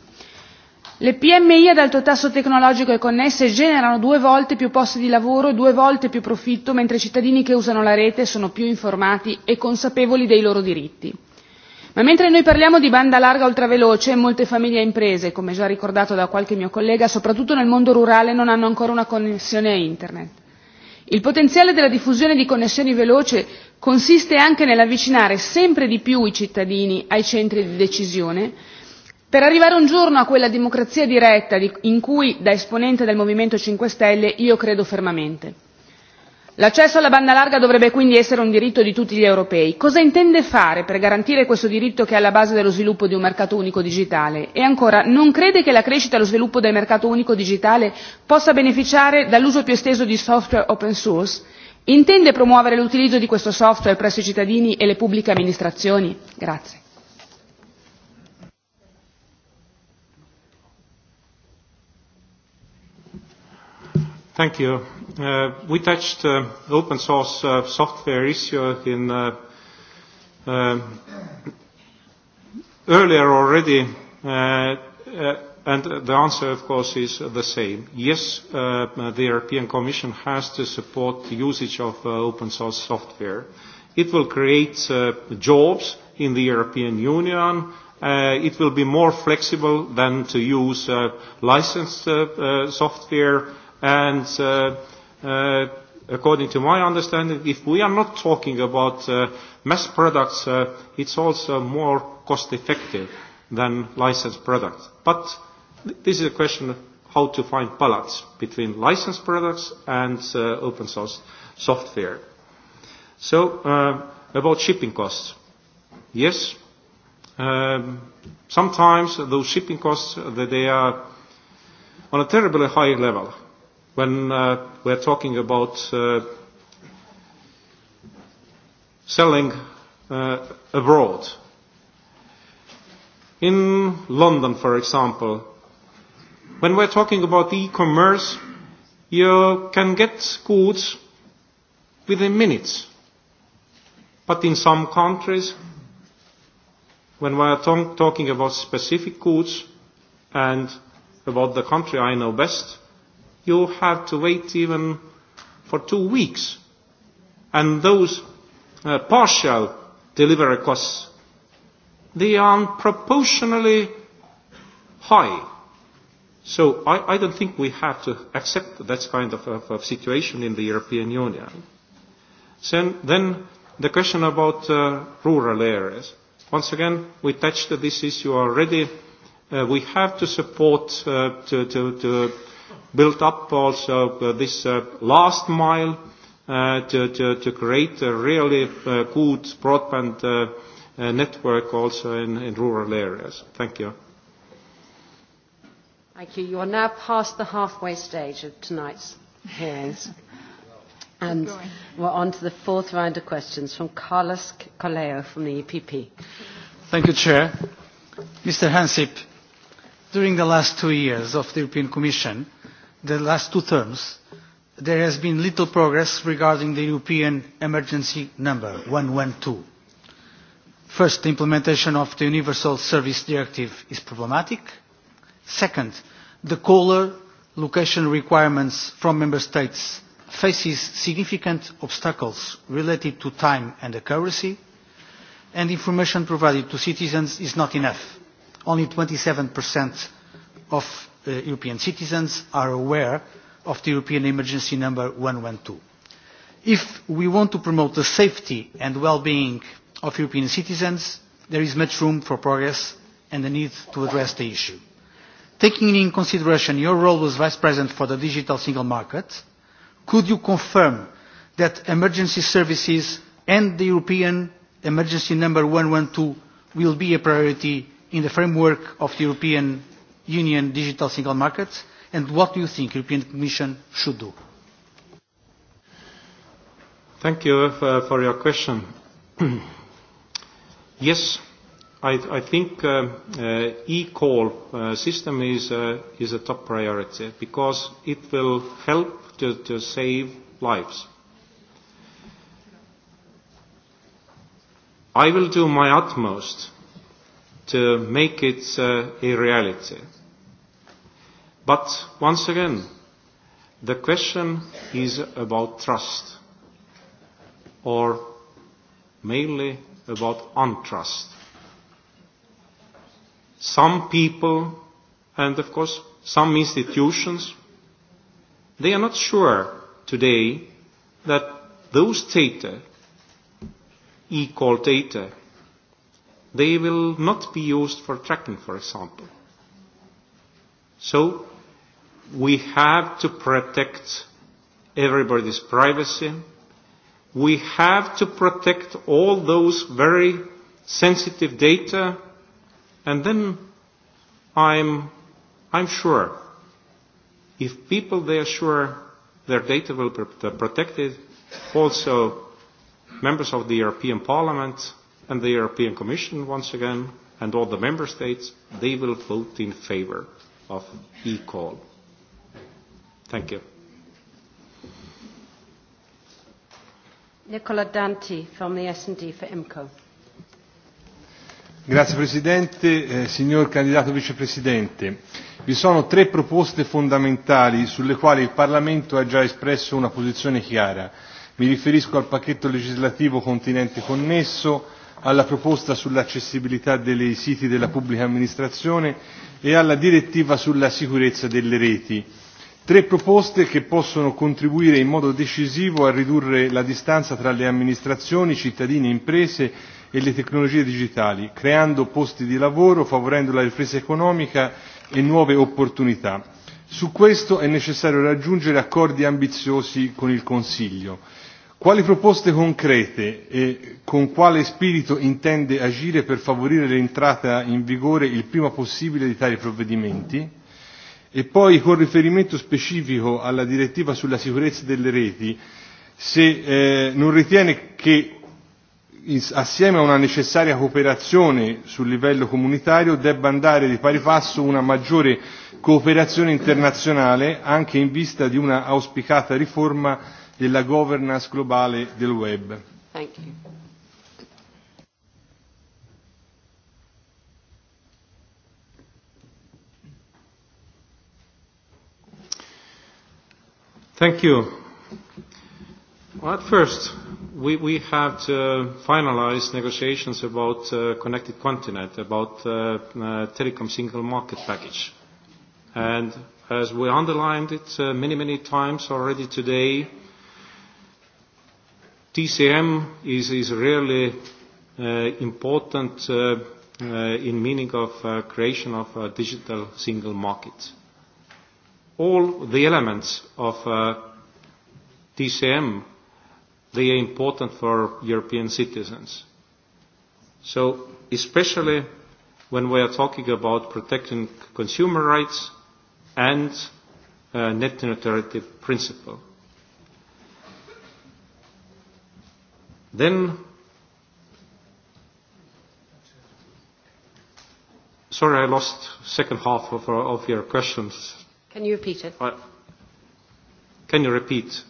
S14: Le PMI ad alto tasso tecnologico e connesse generano due volte più posti di lavoro e due volte più profitto, mentre i cittadini che usano la rete sono più informati e consapevoli dei loro diritti. Ma mentre noi parliamo di banda larga ultraveloce, molte famiglie e imprese, come già ricordato da qualche mio collega, soprattutto nel mondo rurale, non hanno ancora una connessione a Internet. Il potenziale della diffusione di connessioni veloce consiste anche nell'avvicinare sempre di più i cittadini ai centri di decisione, per arrivare un giorno a quella democrazia diretta in cui, da esponente del Movimento 5 Stelle, io credo fermamente. L'accesso alla banda larga dovrebbe quindi essere un diritto di tutti gli europei. Cosa intende fare per garantire questo diritto che è alla base dello sviluppo di un mercato unico digitale? E ancora, non crede che la crescita e lo sviluppo del mercato unico digitale possa beneficiare dall'uso più esteso di software open source? Intende promuovere l'utilizzo di questo software presso i cittadini e le pubbliche amministrazioni? Grazie.
S2: Thank you. Uh, we touched uh, open source uh, software issue in uh, uh, earlier already, uh, uh, and the answer, of course, is the same. Yes, uh, the European Commission has to support the usage of uh, open source software. It will create uh, jobs in the European Union. Uh, it will be more flexible than to use uh, licensed uh, uh, software and uh, Uh, according to my understanding, if we are not talking about uh, mass products, uh, it's also more cost effective than licensed products. But this is a question of how to find balance between licensed products and uh, open source software. So, uh, about shipping costs. Yes, um, sometimes those shipping costs, they are on a terribly high level when uh, we're talking about uh, selling uh, abroad. In London, for example, when we're talking about e-commerce, you can get goods within minutes. But in some countries, when we're talking about specific goods and about the country I know best, you have to wait even for two weeks. And those uh, partial delivery costs, they are proportionally high. So I, I don't think we have to accept that kind of, of, of situation in the European Union. Then, then the question about uh, rural areas. Once again, we touched this issue already. Uh, we have to support uh, to, to, to built up also uh, this uh, last mile uh, to, to, to create a really uh, good broadband uh, uh, network also in, in rural areas. Thank you.
S1: Thank you. You are now past the halfway stage of tonight's hearings. And we're on to the fourth round of questions from Carlos Coleo
S13: from the EPP. Thank you, Chair. Mr. Hansip, during the last two years of the European Commission, the last two terms, there has been little progress regarding the European emergency number 112. First, the implementation of the Universal Service Directive is problematic. Second, the caller location requirements from Member States faces significant obstacles related to time and accuracy, and information provided to citizens is not enough. Only 27% of uh, European citizens are aware of the European emergency number 112. If we want to promote the safety and well-being of European citizens, there is much room for progress and the need to address the issue. Taking in consideration your role as Vice President for the Digital Single Market, could you confirm that emergency services and the European emergency number 112 will be a priority in the framework of the European Union digital single market? And what do you think European Commission should do?
S2: Thank you for, uh, for your question. yes, I, I think uh, uh, e-call uh, system is, uh, is a top priority because it will help to, to save lives. I will do my utmost to make it uh, a reality. But once again, the question is about trust, or mainly about untrust. Some people, and of course some institutions, they are not sure today that those data, equal data, They will not be used for tracking, for example. So we have to protect everybody's privacy. We have to protect all those very sensitive data. And then I'm, I'm sure if people they are sure their data will be protected, also members of the European Parliament and the European Commission once again and all the member states, they will vote in favor of e-call. Thank you.
S1: Nicola Danti from the S&D for IMCO.
S25: Grazie Presidente, eh, signor candidato Vicepresidente. Vi sono tre proposte fondamentali sulle quali il Parlamento ha già espresso una posizione chiara. Mi riferisco al pacchetto legislativo continente connesso, alla proposta sull'accessibilità dei siti della pubblica amministrazione e alla direttiva sulla sicurezza delle reti. Tre proposte che possono contribuire in modo decisivo a ridurre la distanza tra le amministrazioni, cittadini e imprese e le tecnologie digitali, creando posti di lavoro, favorendo la ripresa economica e nuove opportunità. Su questo è necessario raggiungere accordi ambiziosi con il Consiglio. Quali proposte concrete e con quale spirito intende agire per favorire l'entrata in vigore il prima possibile di tali provvedimenti? E poi con riferimento specifico alla direttiva sulla sicurezza delle reti, se eh, non ritiene che assieme a una necessaria cooperazione sul livello comunitario debba andare di pari passo una maggiore cooperazione internazionale anche in vista di una auspicata riforma della governance globale del web.
S1: Thank you.
S2: Thank you. Well, at first, we, we have to finalize negotiations about uh, Connected Continent, about uh, uh, telecom single market package. And as we underlined it uh, many, many times already today, TCM is, is really uh, important uh, uh, in meaning of uh, creation of a digital single market. All the elements of uh, TCM, they are important for European citizens. So especially when we are talking about protecting consumer rights and uh, net neutrality principle. Then, sorry, I lost second half of, of your questions.
S1: Can you repeat it? I,
S2: can you repeat?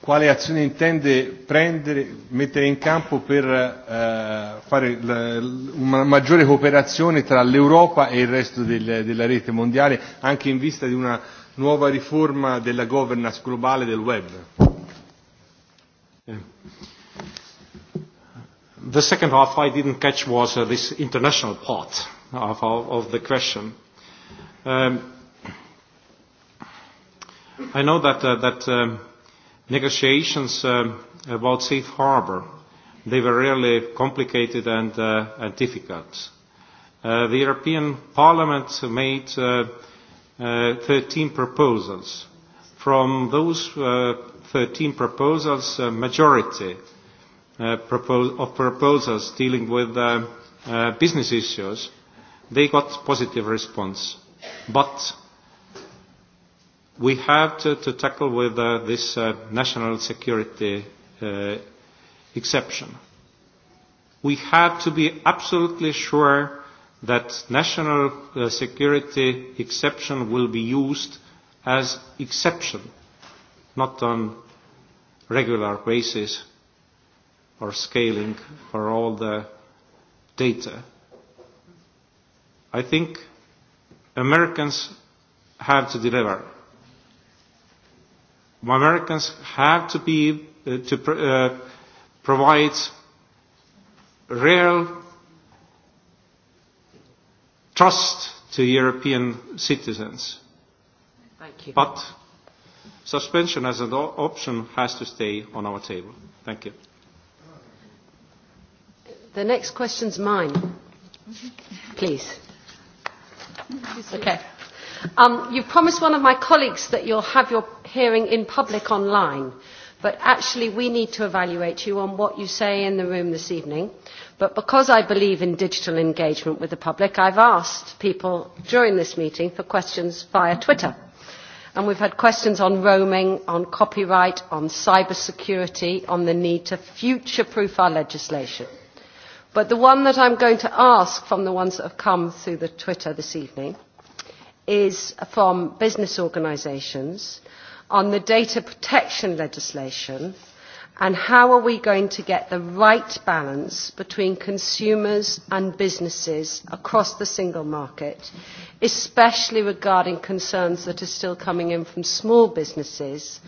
S25: Quale azione intende prendere, mettere in campo per uh, fare l, una maggiore cooperazione tra l'Europa e il resto del, della rete mondiale, anche in vista di una nuova riforma della governance globale del web?
S2: The second half I didn't catch was uh, this international part of, of the question. Um, I know that, uh, that um, negotiations um, about safe harbor, they were really complicated and, uh, and difficult. Uh, the European Parliament made uh, uh, 13 proposals From those uh, 13 proposals, a majority uh, of proposals dealing with uh, uh, business issues, they got positive response. But we have to, to tackle with uh, this uh, national security uh, exception. We have to be absolutely sure that national uh, security exception will be used as exception, not on regular basis or scaling for all the data. I think Americans have to deliver. Americans have to be uh, to pr uh, provide real trust to European citizens you. But suspension as an option has to stay on our table. Thank you.
S1: The next question's mine. Please. Okay. Um, you promised one of my colleagues that you'll have your hearing in public online, but actually we need to evaluate you on what you say in the room this evening. But because I believe in digital engagement with the public, I've asked people during this meeting for questions via Twitter. And we've had questions on roaming, on copyright, on cybersecurity, on the need to future-proof our legislation. But the one that I'm going to ask from the ones that have come through the Twitter this evening is from business organisations on the data protection legislation And how are we going to get the right balance between consumers and businesses across the single market, especially regarding concerns that are still coming in from small businesses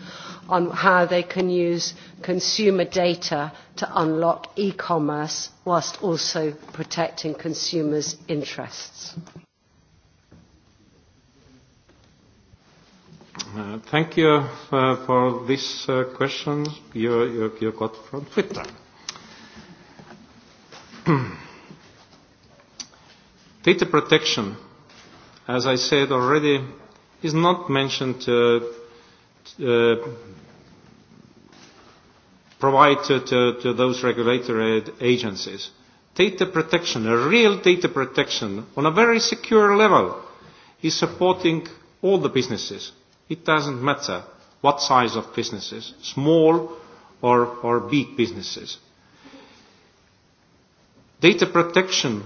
S1: on how they can use consumer data to unlock e-commerce whilst also protecting consumers' interests?
S2: Uh, thank you uh, for this uh, question you, you, you got from Twitter. Data protection, as I said already, is not mentioned uh, uh, provided to, to those regulatory agencies. Data protection, a real data protection on a very secure level is supporting all the businesses It doesn't matter what size of businesses, small or, or big businesses. Data protection,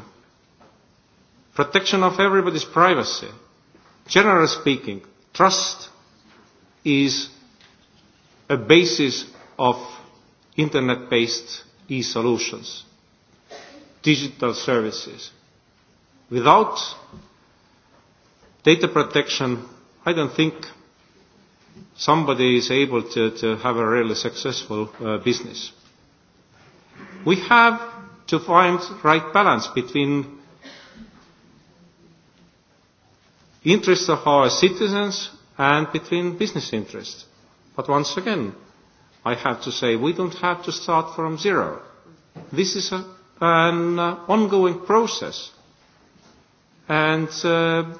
S2: protection of everybody's privacy. Generally speaking, trust is a basis of internet-based e-solutions, digital services. Without data protection, I don't think somebody is able to, to have a really successful uh, business. We have to find right balance between interests of our citizens and between business interests. But once again, I have to say we don't have to start from zero. This is a, an uh, ongoing process. And uh,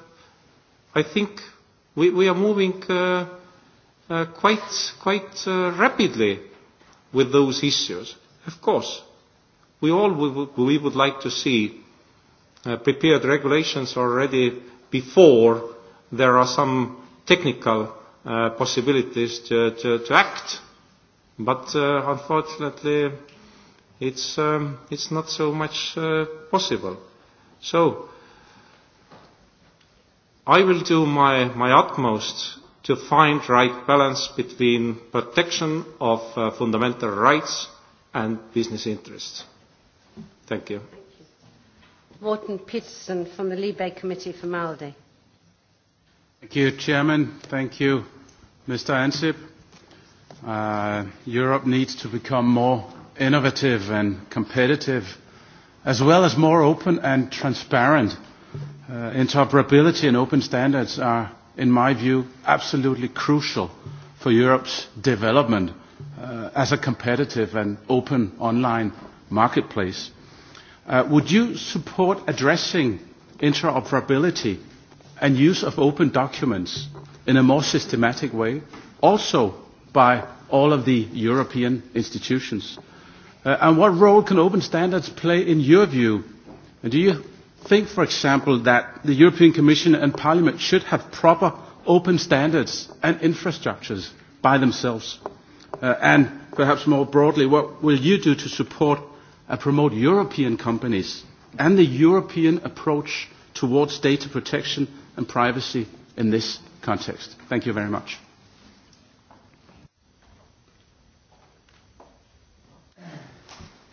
S2: I think we, we are moving uh, uh, quite, quite uh, rapidly with those issues. Of course, we all we would like to see uh, prepared regulations already before there are some technical uh, possibilities to, to, to act. But uh, unfortunately, it's, um, it's not so much uh, possible. So, I will do my, my utmost to find right balance between protection of uh, fundamental rights and business interests. Thank you.
S1: Morton Peterson from the Libe Committee for Maldi.
S26: Thank you, Chairman. Thank you, Mr. Ansip. Uh, Europe needs to become more innovative and competitive, as well as more open and transparent. Uh, interoperability and open standards are in my view, absolutely crucial for Europe's development uh, as a competitive and open online marketplace. Uh, would you support addressing interoperability and use of open documents in a more systematic way, also by all of the European institutions? Uh, and what role can open standards play in your view? And do you think, for example, that the European Commission and Parliament should have proper open standards and infrastructures by themselves? Uh, and perhaps more broadly, what will you do to support and promote European companies and the European approach towards data protection and privacy in this context? Thank you very much.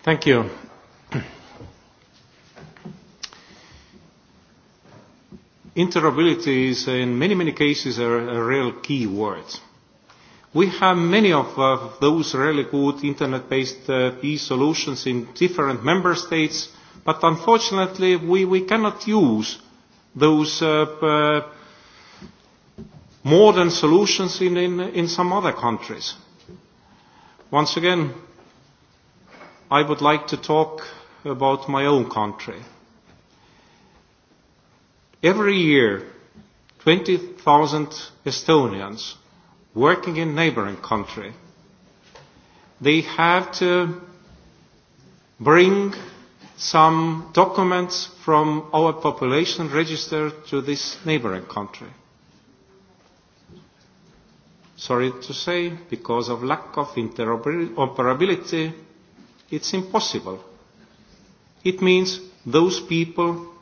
S2: Thank you. Interoperability is uh, in many, many cases a, a real key word. We have many of uh, those really good internet-based uh, e solutions in different member states, but unfortunately we, we cannot use those uh, uh, modern solutions in, in, in some other countries. Once again, I would like to talk about my own country. Every year, 20,000 Estonians working in neighboring country, they have to bring some documents from our population register to this neighboring country. Sorry to say, because of lack of interoperability, it's impossible. It means those people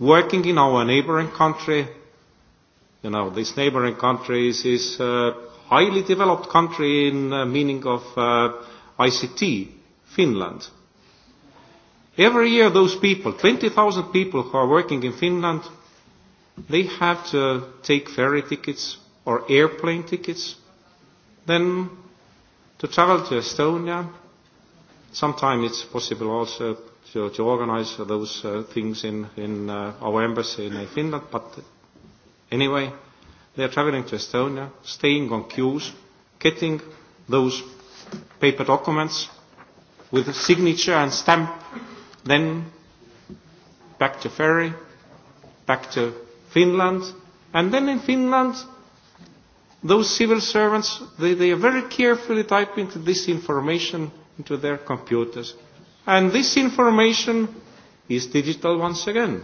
S2: working in our neighboring country. You know, this neighboring country is, is a highly developed country in uh, meaning of uh, ICT, Finland. Every year those people, 20,000 people who are working in Finland, they have to take ferry tickets or airplane tickets, then to travel to Estonia. Sometimes it's possible also to, to organize those uh, things in, in uh, our embassy in uh, Finland. But anyway, they are traveling to Estonia, staying on queues, getting those paper documents with a signature and stamp, then back to ferry, back to Finland, and then in Finland, those civil servants, they, they are very carefully typing this information into their computers. And this information is digital once again.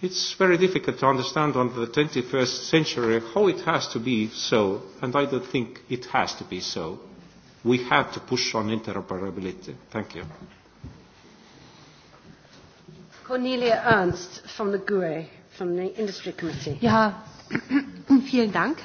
S2: It's very difficult to understand under the 21st century how it has to be so, and I don't think it has to be so. We have to push on interoperability. Thank you.
S1: Cornelia Ernst from
S18: the GUE, from the Industry Committee. Ja, vielen Dank.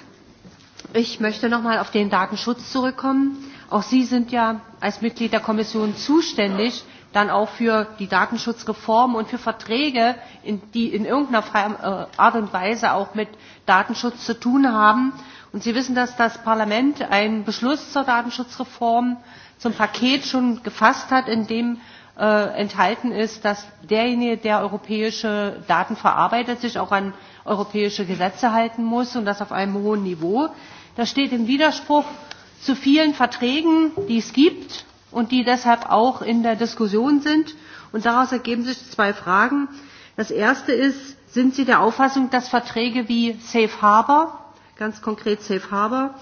S18: Ich möchte nochmal auf den Datenschutz zurückkommen. Auch Sie sind ja als Mitglied der Kommission zuständig, dann auch für die Datenschutzreform und für Verträge, in, die in irgendeiner äh, Art und Weise auch mit Datenschutz zu tun haben. Und Sie wissen, dass das Parlament einen Beschluss zur Datenschutzreform zum Paket schon gefasst hat, in dem äh, enthalten ist, dass derjenige, der europäische Daten verarbeitet, sich auch an europäische Gesetze halten muss und das auf einem hohen Niveau. Das steht im Widerspruch zu vielen Verträgen, die es gibt und die deshalb auch in der Diskussion sind. Und daraus ergeben sich zwei Fragen. Das erste ist, sind Sie der Auffassung, dass Verträge wie Safe Harbor, ganz konkret Safe Harbor,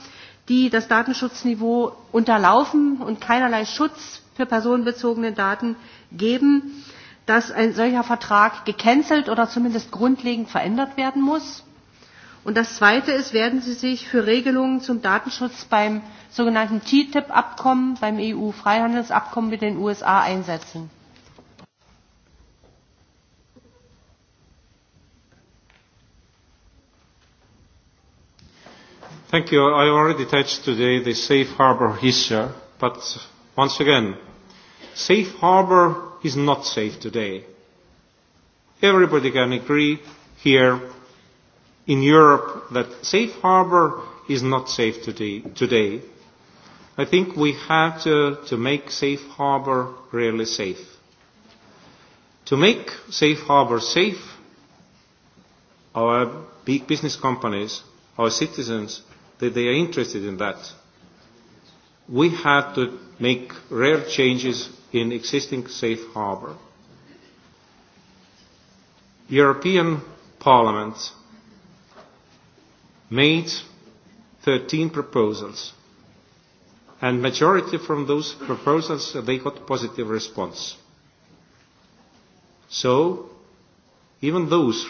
S18: die das Datenschutzniveau unterlaufen und keinerlei Schutz für personenbezogene Daten geben, dass ein solcher Vertrag gecancelt oder zumindest grundlegend verändert werden muss? Und das Zweite ist, werden Sie sich für Regelungen zum Datenschutz beim sogenannten TTIP-Abkommen, beim EU-Freihandelsabkommen mit den USA einsetzen?
S2: Thank you. I already touched today the safe harbor issue, but once again, safe harbor is not safe today. Everybody can agree here in Europe that safe harbor is not safe today. today. I think we have to, to make safe harbor really safe. To make safe harbor safe, our big business companies, our citizens, that they are interested in that. We have to make rare changes in existing safe harbor. European Parliament made 13 proposals and majority from those proposals they got positive response. So even those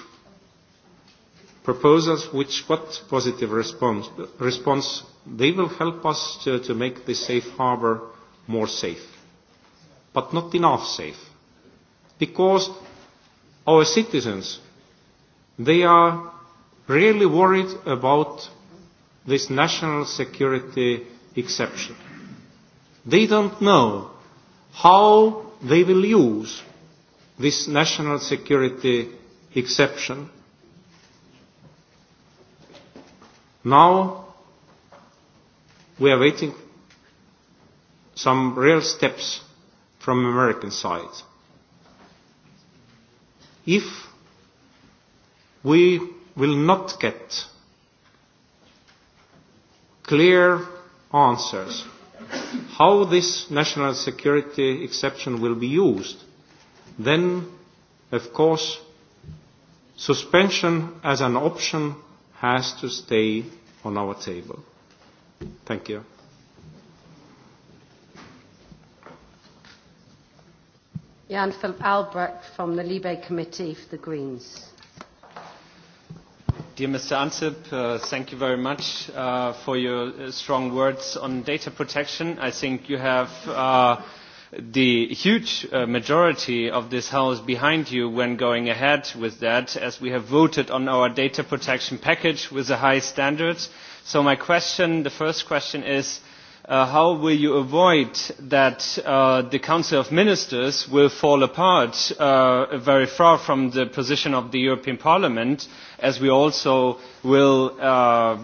S2: proposals which got positive response, response they will help us to, to make the safe harbor more safe, but not enough safe, because our citizens, they are really worried about this national security exception. They don't know how they will use this national security exception. Now we are waiting some real steps from American side. If we will not get clear answers how this national security exception will be used, then, of course, suspension as an option has to stay on our table. Thank you.
S1: Jan Philip Albrecht from the Libe Committee for the Greens.
S27: Dear Mr. Ansip, uh, thank you very much uh, for your uh, strong words on data protection. I think you have uh, the huge uh, majority of this House behind you when going ahead with that, as we have voted on our data protection package with a high standard. So my question, the first question is, uh, uh, how will you avoid that uh, the Council of Ministers will fall apart uh, very far from the position of the European Parliament, as we also will uh,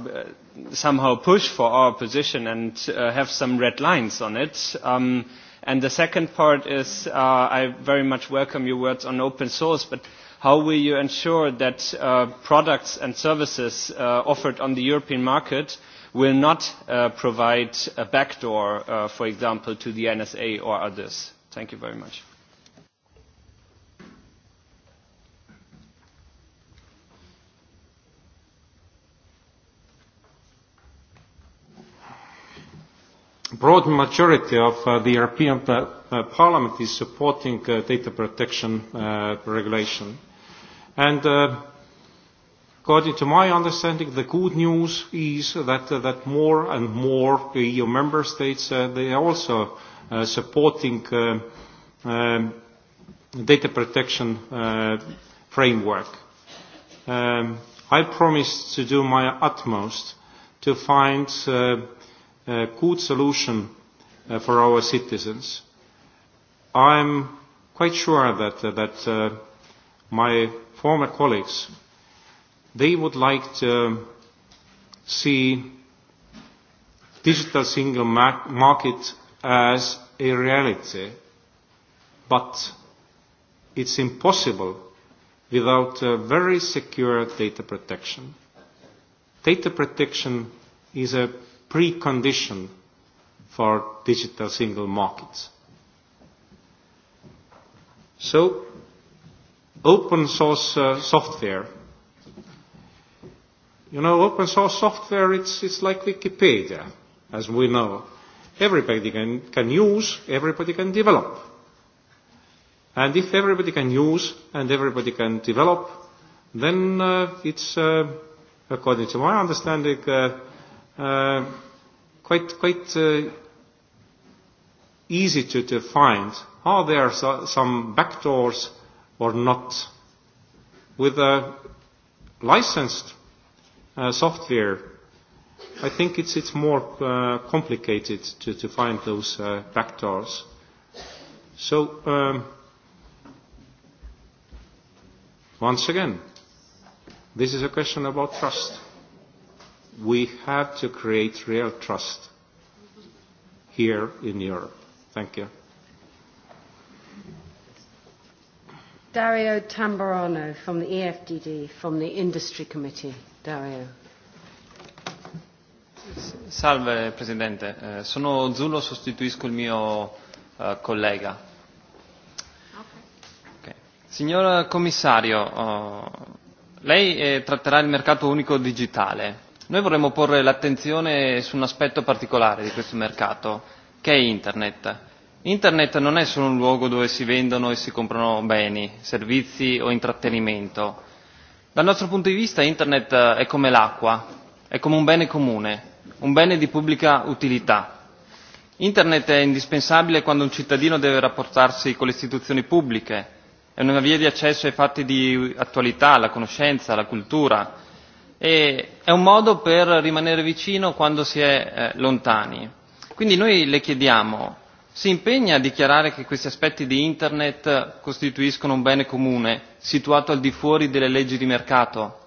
S27: somehow push for our position and uh, have some red lines on it? Um, and the second part is, uh, I very much welcome your words on open source, but how will you ensure that uh, products and services uh, offered on the European market – will not uh, provide a backdoor, uh, for example, to the NSA or others. Thank you very much.
S2: broad majority of uh, the European uh, uh, Parliament is supporting uh, data protection uh, regulation. And uh, According to my understanding, the good news is that, uh, that more and more EU member states, uh, they are also uh, supporting uh, um, data protection uh, framework. Um, I promise to do my utmost to find uh, a good solution uh, for our citizens. I'm quite sure that, uh, that uh, my former colleagues They would like to see digital single market as a reality, but it's impossible without a very secure data protection. Data protection is a precondition for digital single markets. So, open source uh, software You know, open source software, it's, it's like Wikipedia, as we know. Everybody can, can use, everybody can develop. And if everybody can use and everybody can develop, then uh, it's, uh, according to my understanding, uh, uh, quite, quite uh, easy to, to find are there so, some backdoors or not. With a licensed Uh, software, I think it's, it's more uh, complicated to, to find those uh, backdoors. So, um, once again, this is a question about trust. We have to create real trust here in Europe. Thank you.
S1: Dario Tamburano from the EFDD, from the Industry Committee. Dario.
S28: Salve Presidente, eh, sono Zullo, sostituisco il mio eh, collega. Okay. Okay. Signor Commissario, oh, lei eh, tratterà il mercato unico digitale. Noi vorremmo porre l'attenzione su un aspetto particolare di questo mercato, che è Internet. Internet non è solo un luogo dove si vendono e si comprano beni, servizi o intrattenimento Dal nostro punto di vista Internet eh, è come l'acqua, è come un bene comune, un bene di pubblica utilità. Internet è indispensabile quando un cittadino deve rapportarsi con le istituzioni pubbliche, è una via di accesso ai fatti di attualità, alla conoscenza, alla cultura, e è un modo per rimanere vicino quando si è eh, lontani. Quindi noi le chiediamo si impegna a dichiarare che questi aspetti di Internet costituiscono un bene comune, situato al di fuori delle leggi di mercato?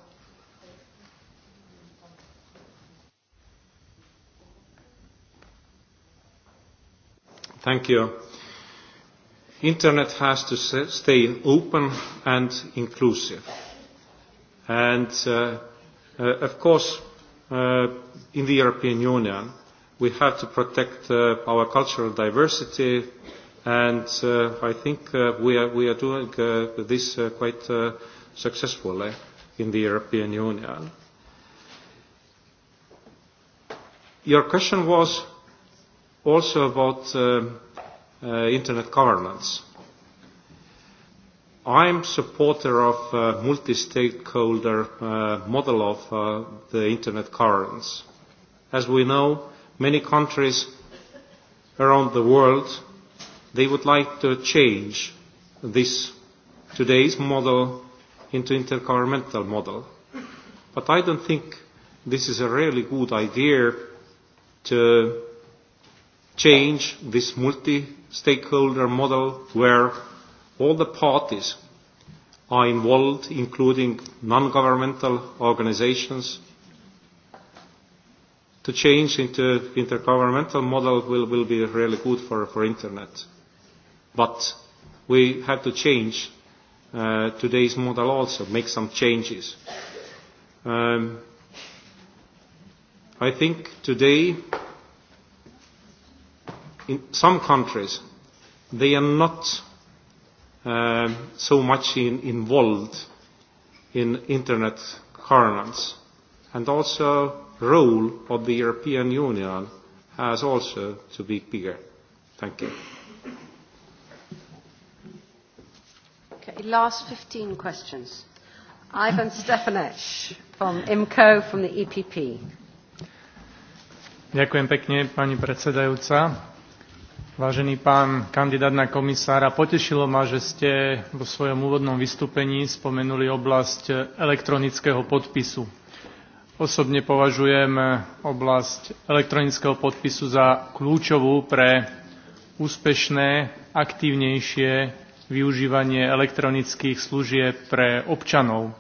S28: Thank you.
S2: Internet has to stay open and inclusive. And uh, uh, of course, uh, in the European Union, we have to protect uh, our cultural diversity and uh, I think uh, we, are, we are doing uh, this uh, quite uh, successfully eh, in the European Union. Your question was also about uh, uh, internet governance. I'm supporter of uh, multi-stakeholder uh, model of uh, the internet governance. As we know, many countries around the world, they would like to change this today's model into intergovernmental model. But I don't think this is a really good idea to change this multi-stakeholder model where all the parties are involved, including non-governmental organizations, to change into intergovernmental model will, will be really good for, for internet. But we have to change uh, today's model also, make some changes. Um, I think today in some countries they are not uh, so much in, involved in internet governance and also role of the European Union has also to be bigger. Thank you.
S1: Okay, last 15 questions. Ivan Stefanec from IMCO from the EPP.
S2: Ďakujem pekne, pani predsedajúca. Vážený pán kandidát na komisára, potešilo ma, že ste vo svojom úvodnom vystúpení spomenuli oblasť elektronického podpisu. Osobne považujem eh, oblasť elektronického podpisu za kľúčovú pre úspešné, aktívnejšie využívanie elektronických služieb pre občanov.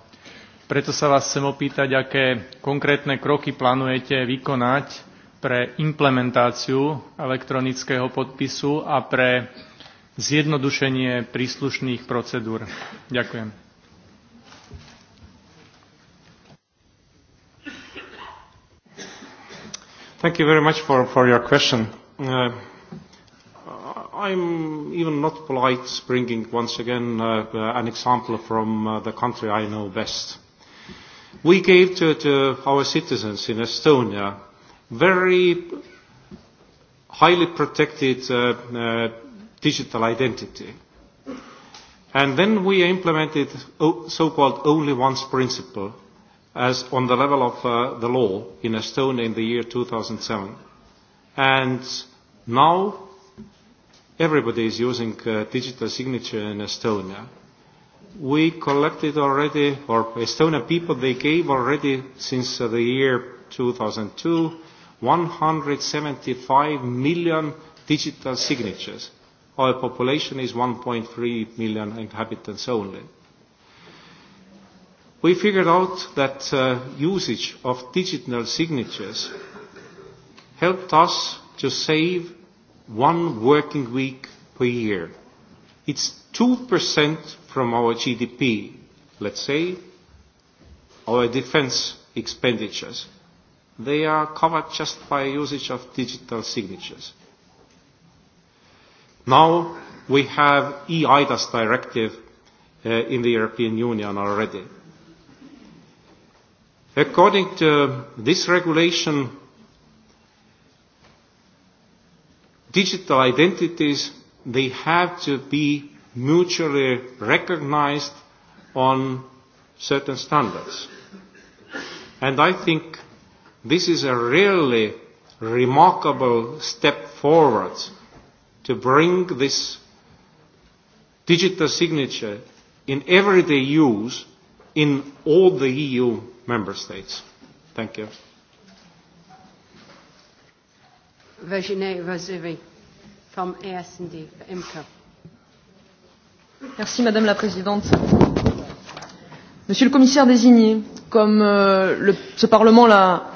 S2: Preto sa vás chcem opýtať, aké konkrétne kroky plánujete vykonať pre implementáciu elektronického podpisu a pre zjednodušenie príslušných procedúr. Ďakujem. Thank you very much for, for your question. Uh, I'm even not polite bringing once again uh, uh, an example from uh, the country I know best. We gave to, to our citizens in Estonia very highly protected uh, uh, digital identity. And then we implemented so-called only once principle as on the level of uh, the law in Estonia in the year 2007. And now everybody is using uh, digital signature in Estonia. We collected already, or Estonian people, they gave already since uh, the year 2002 175 million digital signatures. Our population is 1.3 million inhabitants only. We figured out that uh, usage of digital signatures helped us to save one working week per year. It's 2% from our GDP, let's say, our defense expenditures. They are covered just by usage of digital signatures. Now we have e-IDAS directive uh, in the European Union already. According to this regulation, digital identities, they have to be mutually recognized on certain standards. And I think this is a really remarkable step forward to bring this digital signature in everyday use in all the EU member states. Thank you.
S1: Virginie Raziri from ASD IMCO.
S29: Merci Madame la Présidente. Monsieur le Commissaire désigné, comme euh, le, ce Parlement l'a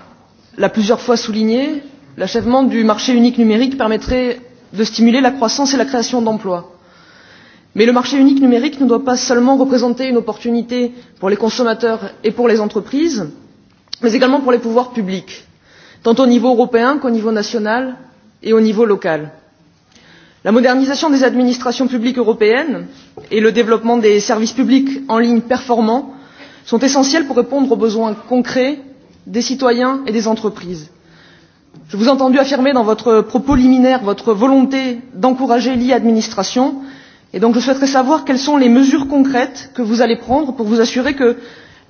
S29: plusieurs fois souligné, l'achèvement du marché unique numérique permettrait de stimuler la croissance et la création d'emplois. Mais le marché unique numérique ne doit pas seulement représenter une opportunité pour les consommateurs et pour les entreprises, mais également pour les pouvoirs publics, tant au niveau européen qu'au niveau national et au niveau local. La modernisation des administrations publiques européennes et le développement des services publics en ligne performants sont essentiels pour répondre aux besoins concrets des citoyens et des entreprises. Je vous ai entendu affirmer dans votre propos liminaire votre volonté d'encourager l'e-administration Et donc je souhaiterais savoir quelles sont les mesures concrètes que vous allez prendre pour vous assurer que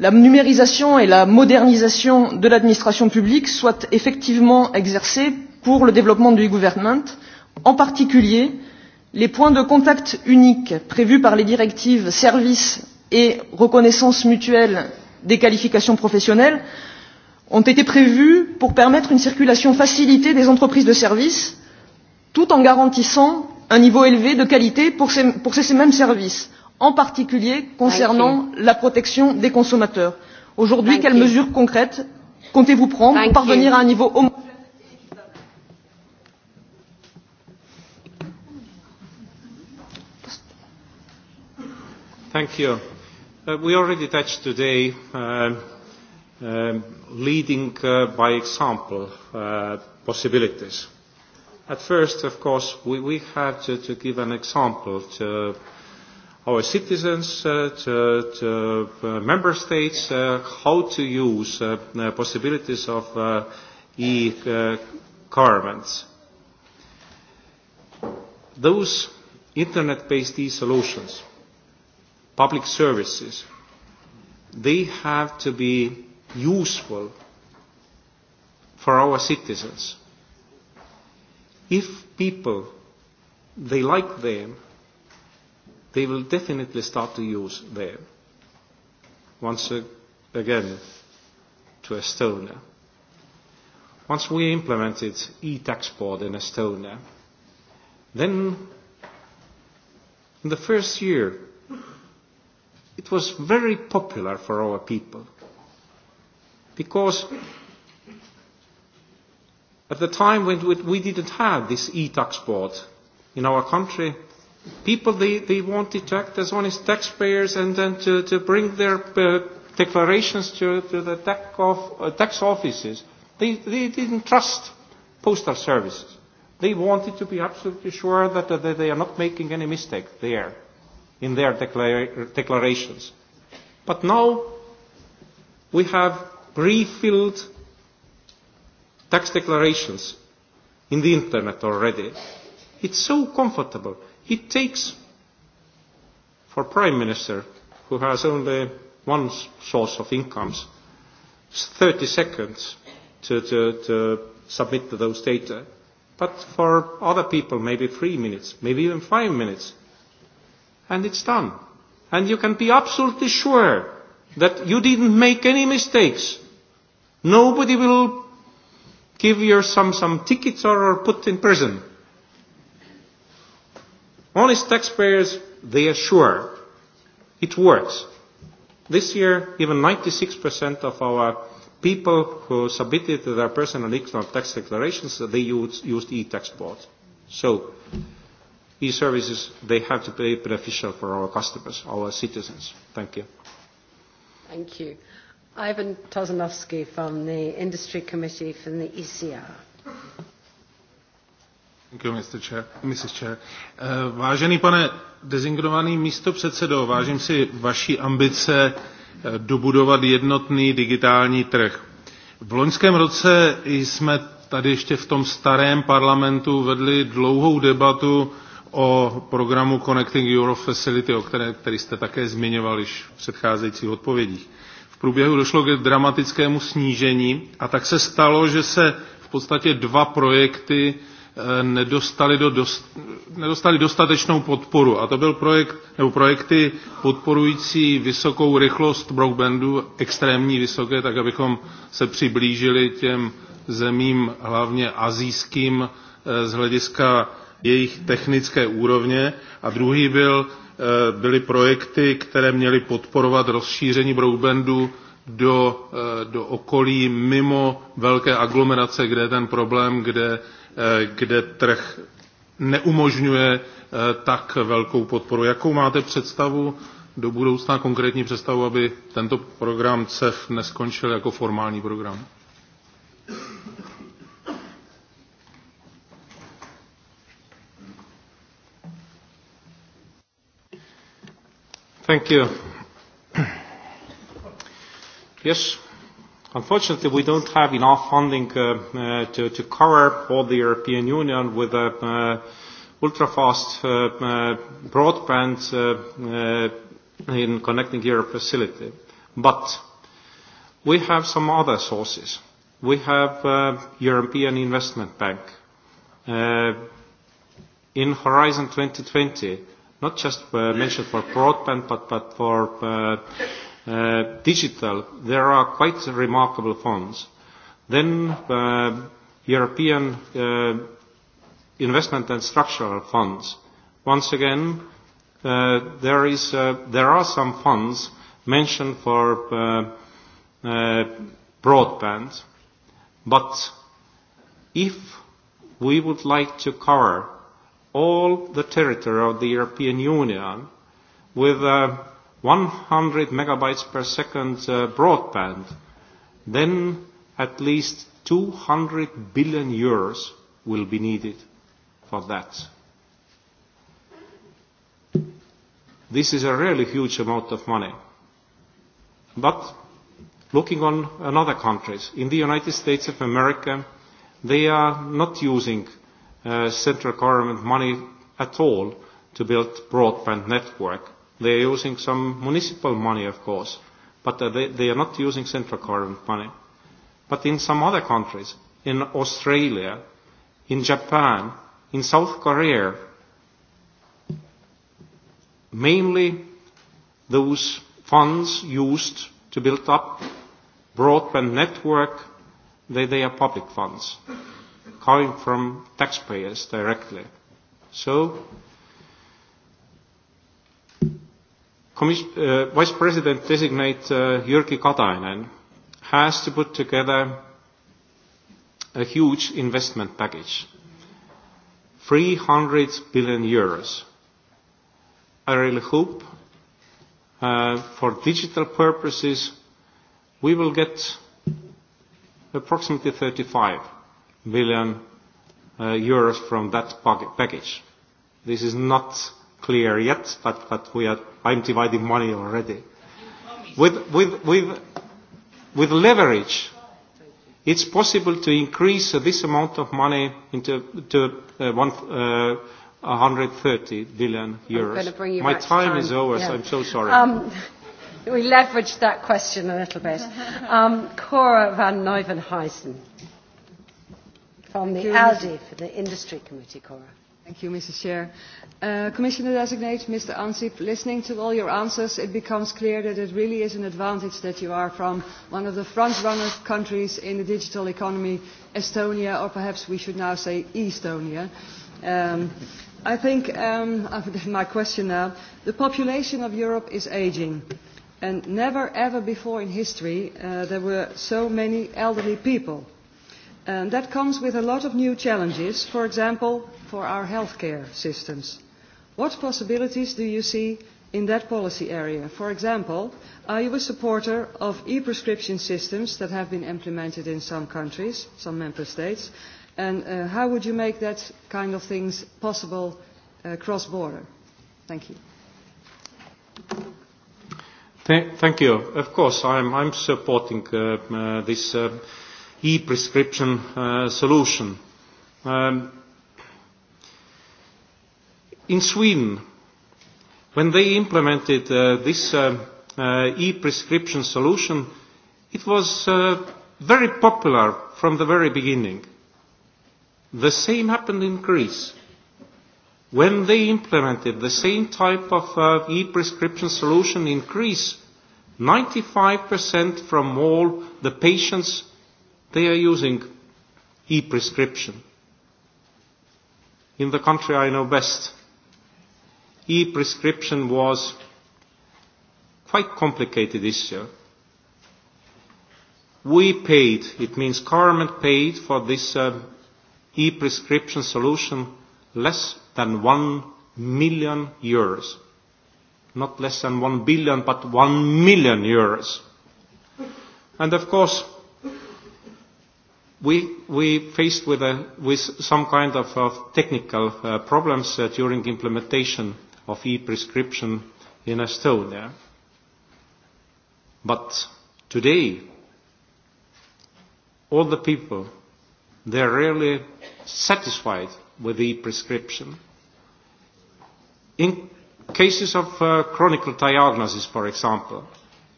S29: la numérisation et la modernisation de l'administration publique soient effectivement exercées pour le développement du e-government, en particulier les points de contact uniques prévus par les directives services et reconnaissance mutuelle des qualifications professionnelles ont été prévus pour permettre une circulation facilitée des entreprises de services tout en garantissant un niveau élevé de qualité pour ces, pour ces mêmes services, en particulier concernant la protection des consommateurs. Aujourd'hui, quelles you. mesures concrètes comptez-vous prendre Thank pour parvenir you. à un niveau homogène
S2: Thank you. Uh, we already touched today uh, uh, leading uh, by example uh, possibilities. At first, of course, we, we have to, to give an example to our citizens, uh, to, to uh, member states, uh, how to use uh, possibilities of uh, e-garments. Uh, Those internet-based e-solutions, public services, they have to be useful for our citizens if people, they like them, they will definitely start to use them. Once uh, again, to Estonia. Once we implemented e-tax board in Estonia, then in the first year, it was very popular for our people because At the time when we didn't have this e-tax board in our country, people, they, they wanted to act as honest taxpayers and then to, to bring their uh, declarations to, to the tax, uh, tax offices. They, they didn't trust postal services. They wanted to be absolutely sure that, that they are not making any mistake there in their declara declarations. But now we have refilled tax declarations in the internet already. It's so comfortable. It takes for prime minister who has only one source of incomes 30 seconds to, to, to submit to those data. But for other people, maybe three minutes, maybe even five minutes. And it's done. And you can be absolutely sure that you didn't make any mistakes. Nobody will give your some, some tickets or, are put in prison. Honest taxpayers, they are sure it works. This year, even 96% of our people who submitted their personal income tax declarations, they used, used e-tax board. So, e-services, they have to be beneficial for our customers, our citizens. Thank you.
S1: Thank you. Ivan Tozanovsky from the Industry Committee from the ECR.
S30: Thank you, Mr. Chair, Mrs. Chair. Uh, vážený pane dezignovaný místo předsedo, vážím si vaší ambice uh, dobudovat jednotný digitální trh. V loňském roce jsme tady ještě v tom starém parlamentu vedli dlouhou debatu o programu Connecting Europe Facility, o které, který jste také zmiňoval již v předcházejících odpovědích průběhu došlo k dramatickému snížení a tak se stalo, že se v podstatě dva projekty eh, nedostali, do dost, nedostali dostatečnou podporu. A to byl projekt, nebo projekty podporující vysokou rychlost broadbandu, extrémní vysoké, tak abychom se přiblížili těm zemím, hlavně azijským, eh, z hlediska jejich technické úrovně. A druhý byl Eh, byly projekty, které měly podporovat rozšíření broadbandu do, eh, do okolí mimo velké aglomerace, kde je ten problém, kde, eh, kde trh neumožňuje tak velkou podporu. Jakou máte představu do budoucna, konkrétní představu, aby tento program CEF neskončil jako formální program?
S2: Thank you. yes, unfortunately we don't have enough funding uh, uh, to, to cover all the European Union with a uh, uh, ultra-fast uh, uh, broadband uh, uh, in Connecting Europe facility. But we have some other sources. We have uh, European Investment Bank. Uh, in Horizon 2020, not just uh, mentioned for broadband, but, but for uh, uh, digital, there are quite remarkable funds. Then uh, European uh, investment and structural funds. Once again, uh, there, is, uh, there are some funds mentioned for uh, uh, broadband, but if we would like to cover all the territory of the European Union with uh, 100 megabytes per second uh, broadband, then at least 200 billion euros will be needed for that. This is a really huge amount of money. But looking on other countries, in the United States of America, they are not using uh, central government money at all to build broadband network. They are using some municipal money, of course, but uh, they, they are not using central government money. But in some other countries, in Australia, in Japan, in South Korea, mainly those funds used to build up broadband network, they, they are public funds coming from taxpayers directly. So, uh, Vice President designate uh, Jyrki Katainen has to put together a huge investment package, 300 billion euros. I really hope uh, for digital purposes we will get approximately 35 billion uh, euros from that package. This is not clear yet, but, but we are, I'm dividing money already. With, with, with, with leverage, it's possible to increase this amount of money into to, uh, one, uh, 130 billion euros. My time, time is over, yeah. so I'm so sorry. Um,
S1: we leveraged that question a little bit. Um, Cora van Neuvenhuysen from Thank the ALDE
S22: for the Industry Committee, Cora. Thank you, Mrs. Chair. Uh, Commissioner Designate, Mr. Ansip, listening to all your answers, it becomes clear that it really is an advantage that you are from one of the front-runner countries in the digital economy, Estonia, or perhaps we should now say Estonia. Um, I think, um, my question now, the population of Europe is aging. And never ever before in history uh, there were so many elderly people. And um, that comes with a lot of new challenges, for example, for our healthcare systems. What possibilities do you see in that policy area? For example, are you a supporter of e-prescription systems that have been implemented in some countries, some member states, and uh, how would you make that kind of things possible uh, cross-border? Thank
S21: you.
S2: Th thank you. Of course, I'm, I'm supporting uh, uh, this uh, e-prescription uh, solution. Um, in Sweden, when they implemented uh, this uh, uh, e-prescription solution, it was uh, very popular from the very beginning. The same happened in Greece. When they implemented the same type of uh, e-prescription solution in Greece, 95% from all the patients They are using e-prescription. In the country I know best, e-prescription was quite complicated issue. We paid, it means government paid for this um, e-prescription solution less than one million euros. Not less than one billion, but one million euros. And of course, We, we faced with, a, with some kind of, of technical uh, problems uh, during implementation of e-prescription in Estonia. But today, all the people, they're really satisfied with e-prescription. In cases of uh, chronic diagnosis, for example,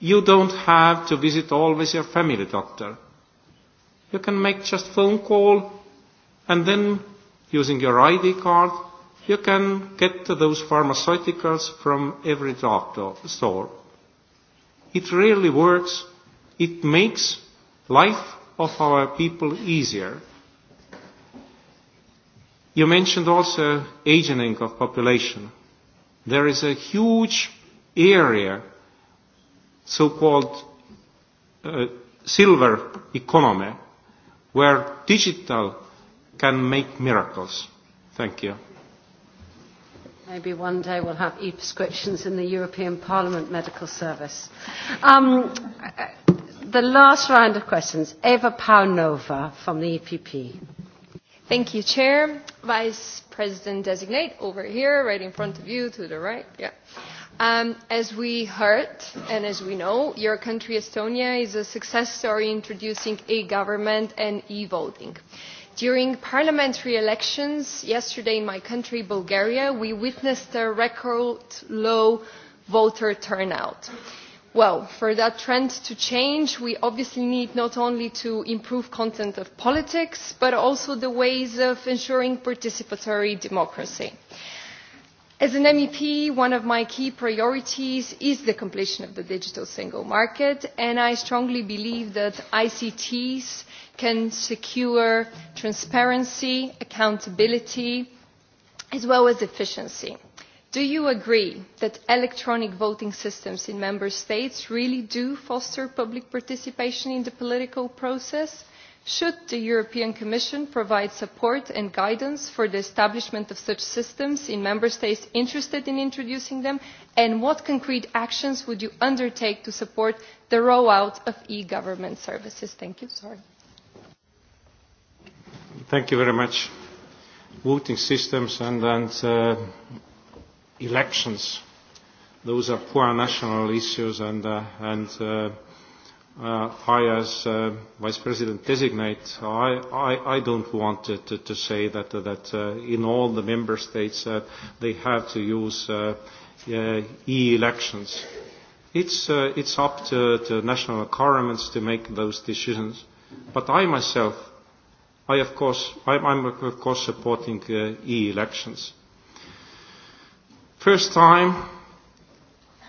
S2: you don't have to visit always your family doctor You can make just phone call and then using your ID card, you can get those pharmaceuticals from every doctor store. It really works. It makes life of our people easier. You mentioned also aging of population. There is a huge area, so-called uh, silver economy, where digital can make miracles. Thank you.
S1: Maybe one day we'll have e-prescriptions in the European Parliament Medical Service. Um, the last round of questions. Eva Paunova from the EPP.
S31: Thank you, Chair. Vice President Designate over here, right in front of you to the right. Yeah. Um, as we heard and as we know, your country Estonia is a success story introducing e-government and e-voting. During parliamentary elections yesterday in my country, Bulgaria, we witnessed a record low voter turnout. Well, for that trend to change, we obviously need not only to improve content of politics, but also the ways of ensuring participatory democracy. As an MEP, one of my key priorities is the completion of the digital single market, and I strongly believe that ICTs can secure transparency, accountability, as well as efficiency. Do you agree that electronic voting systems in member states really do foster public participation in the political process? Should the European Commission provide support and guidance for the establishment of such systems in member states interested in introducing them? And what concrete actions would you undertake to support the rollout of e-government services? Thank you. Sorry.
S2: Thank you very much. Voting systems and, and uh, elections, those are poor national issues and, uh, and uh, uh, I, as uh, Vice President designate, I, I, I don't want to, to, to say that, uh, that uh, in all the member states uh, they have to use uh, uh, e-elections. It's, uh, it's up to, to national governments to make those decisions. But I myself, I of course, I'm, I'm of course supporting uh, e-elections. First time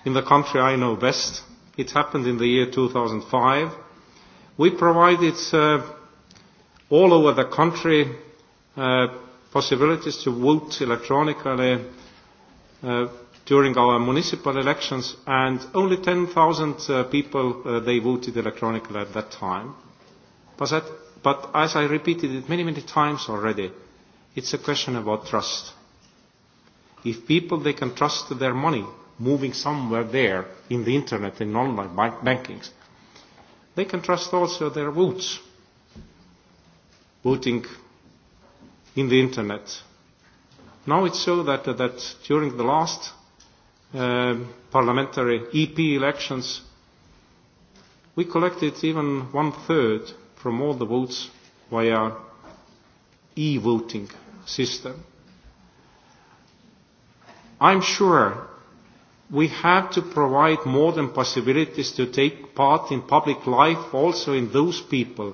S2: in the country I know best, It happened in the year 2005. We provided uh, all over the country uh, possibilities to vote electronically uh, during our municipal elections and only 10,000 uh, people uh, they voted electronically at that time. But, that, but as I repeated it many, many times already, it's a question about trust. If people, they can trust their money, moving somewhere there in the internet in online bankings. They can trust also their votes, voting in the internet. Now it's so that, uh, that during the last uh, parliamentary EP elections, we collected even one third from all the votes via e-voting system. I'm sure we have to provide more than possibilities to take part in public life also in those people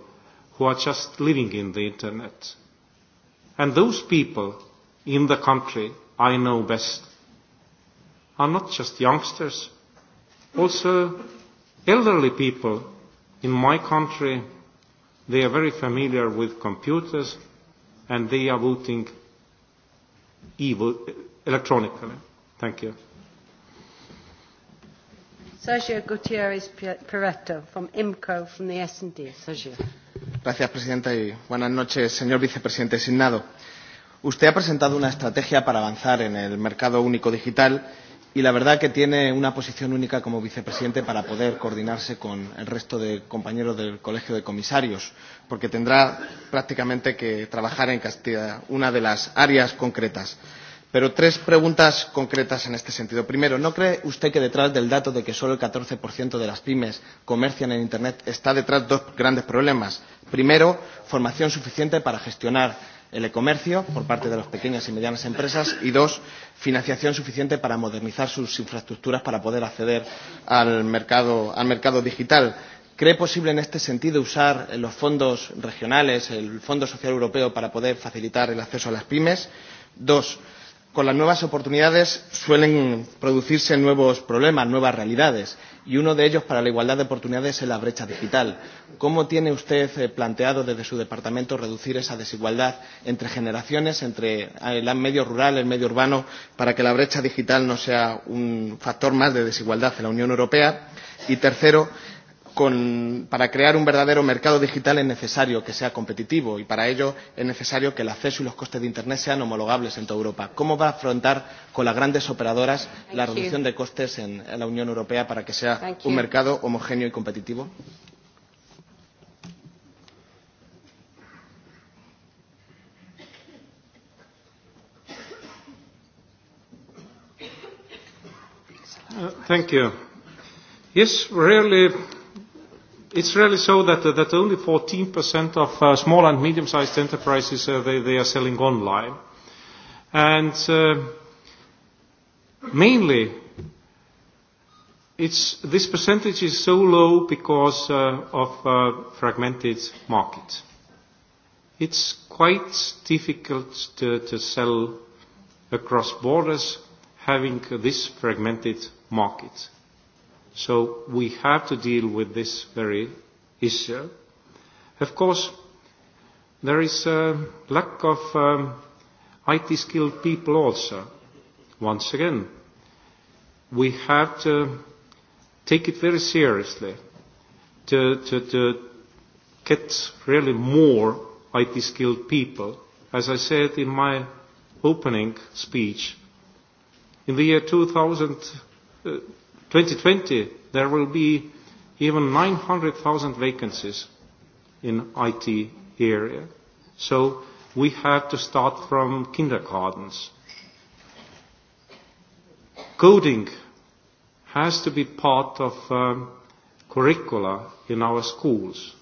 S2: who are just living in the internet. And those people in the country I know best are not just youngsters, also elderly people in my country, they are very familiar with computers and they are voting evil electronically. Thank you.
S1: Sergio Gutierrez Peretto from IMCO from the S&D. Sergio.
S32: Gracias, Presidenta, y buenas noches, señor Vicepresidente Signado. Usted ha presentado una estrategia para avanzar en el mercado único digital y la verdad que tiene una posición única como vicepresidente para poder coordinarse con el resto de compañeros del Colegio de Comisarios, porque tendrá prácticamente que trabajar en Castilla una de las áreas concretas. Pero tres preguntas concretas en este sentido. Primero, ¿no cree usted que detrás del dato de que solo el 14% de las pymes comercian en Internet está detrás dos grandes problemas? Primero, formación suficiente para gestionar el e-comercio por parte de las pequeñas y medianas empresas y dos, financiación suficiente para modernizar sus infraestructuras para poder acceder al mercado, al mercado digital. ¿Cree posible en este sentido usar los fondos regionales, el Fondo Social Europeo para poder facilitar el acceso a las pymes? Dos, con las nuevas oportunidades suelen producirse nuevos problemas, nuevas realidades, y uno de ellos para la igualdad de oportunidades es la brecha digital. ¿Cómo tiene usted eh, planteado desde su departamento reducir esa desigualdad entre generaciones, entre eh, el medio rural, el medio urbano, para que la brecha digital no sea un factor más de desigualdad en la Unión Europea? Y tercero, con, para crear un verdadero mercado digital es necesario que sea competitivo y para ello es necesario que el acceso y los costes de Internet sean homologables en toda Europa. ¿Cómo va a afrontar con las grandes operadoras Thank la reducción you. de costes en, en la Unión Europea para que sea Thank un you. mercado homogéneo y competitivo?
S2: Uh, thank you. Yes, really It's really so that, uh, that only 14% of uh, small and medium-sized enterprises, uh, they, they are selling online. And uh, mainly, it's, this percentage is so low because uh, of uh, fragmented market. It's quite difficult to, to sell across borders having this fragmented market. So we have to deal with this very issue. Of course, there is a lack of um, IT skilled people also. Once again, we have to take it very seriously to, to, to get really more IT skilled people. As I said in my opening speech, in the year 2000, uh, 2020, there will be even 900,000 vacancies in IT area. So we have to start from kindergartens. Coding has to be part of um, curricula in our schools.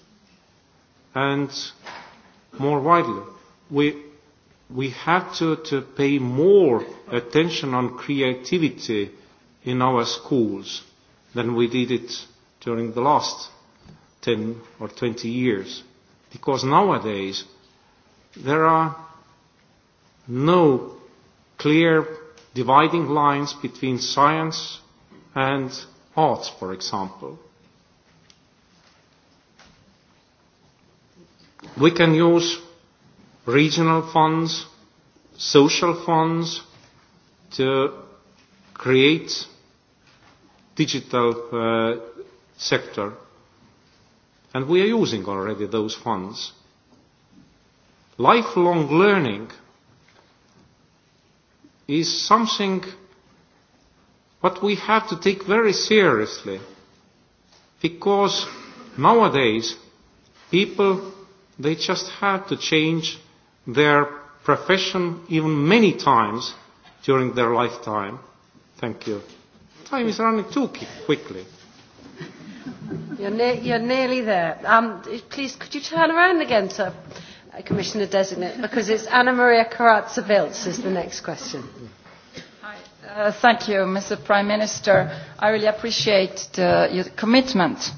S2: And more widely, we, we have to, to pay more attention on creativity in our schools than we did it during the last 10 or 20 years. Because nowadays there are no clear dividing lines between science and arts, for example. We can use regional funds, social funds to create digital uh, sector. And we are using already those funds. Lifelong learning is something what we have to take very seriously because nowadays people they just have to change their profession even many times during their lifetime. Thank you. Time is running too quickly.
S1: You're, ne you're nearly there. Um, please, could you turn around again, sir, Commissioner Designate, because it's
S22: Anna Maria Karatsa-Viltz is the next question. Hi. Uh, thank you, Mr. Prime Minister. I really appreciate the, your commitment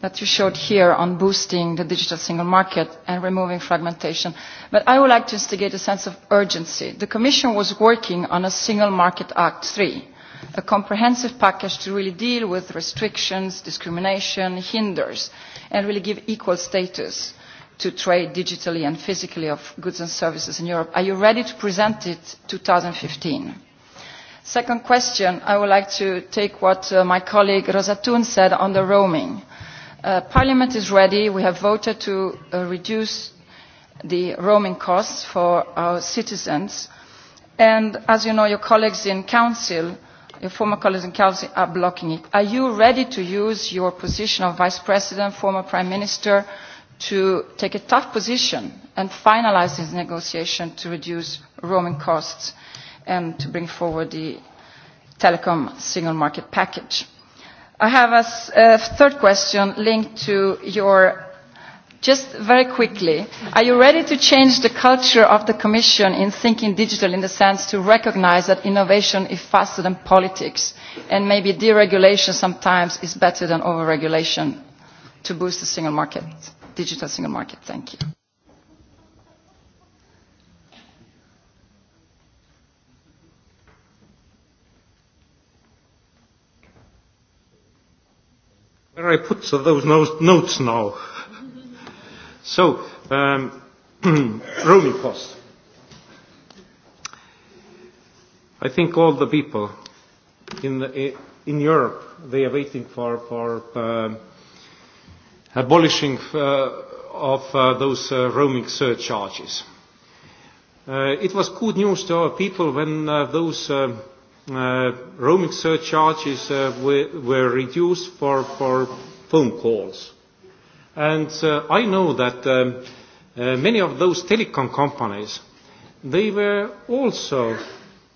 S22: that you showed here on boosting the digital single market and removing fragmentation. But I would like to instigate a sense of urgency. The Commission was working on a Single Market Act 3 a comprehensive package to really deal with restrictions, discrimination, hinders, and really give equal status to trade digitally and physically of goods and services in Europe. Are you ready to present it 2015? Second question, I would like to take what uh, my colleague Rosatun said on the roaming. Uh, Parliament is ready. We have voted to uh, reduce the roaming costs for our citizens. And as you know, your colleagues in Council your former colleagues in council are blocking it. Are you ready to use your position of vice president, former prime minister, to take a tough position and finalize this negotiation to reduce roaming costs and to bring forward the telecom single market package? I have a, a third question linked to your Just very quickly, are you ready to change the culture of the Commission in thinking digital in the sense to recognize that innovation is faster than politics and maybe deregulation sometimes is better than overregulation to boost the single market, digital single market? Thank you.
S2: Where I put those notes now? So, um, roaming costs. I think all the people in, the, in Europe, they are waiting for, for um, abolishing uh, of uh, those uh, roaming surcharges. Uh, it was good news to our people when uh, those uh, uh, roaming surcharges uh, were, were reduced for, for phone calls. And uh, I know that um, uh, many of those telecom companies, they were also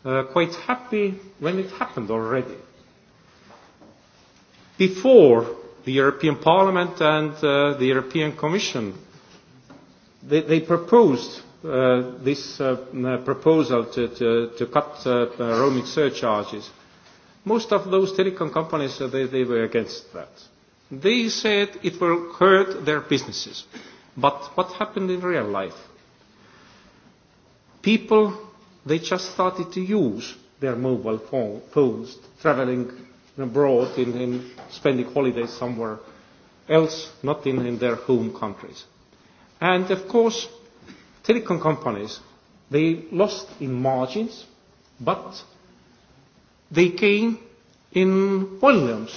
S2: uh, quite happy when it happened already. Before the European Parliament and uh, the European Commission, they, they proposed uh, this uh, uh proposal to, to, to cut uh, uh, roaming surcharges. Most of those telecom companies, uh, they, they were against that. They said it will hurt their businesses. But what happened in real life? People, they just started to use their mobile phone, phones, traveling abroad and, in spending holidays somewhere else, not in, in their home countries. And of course, telecom companies, they lost in margins, but they came in volumes.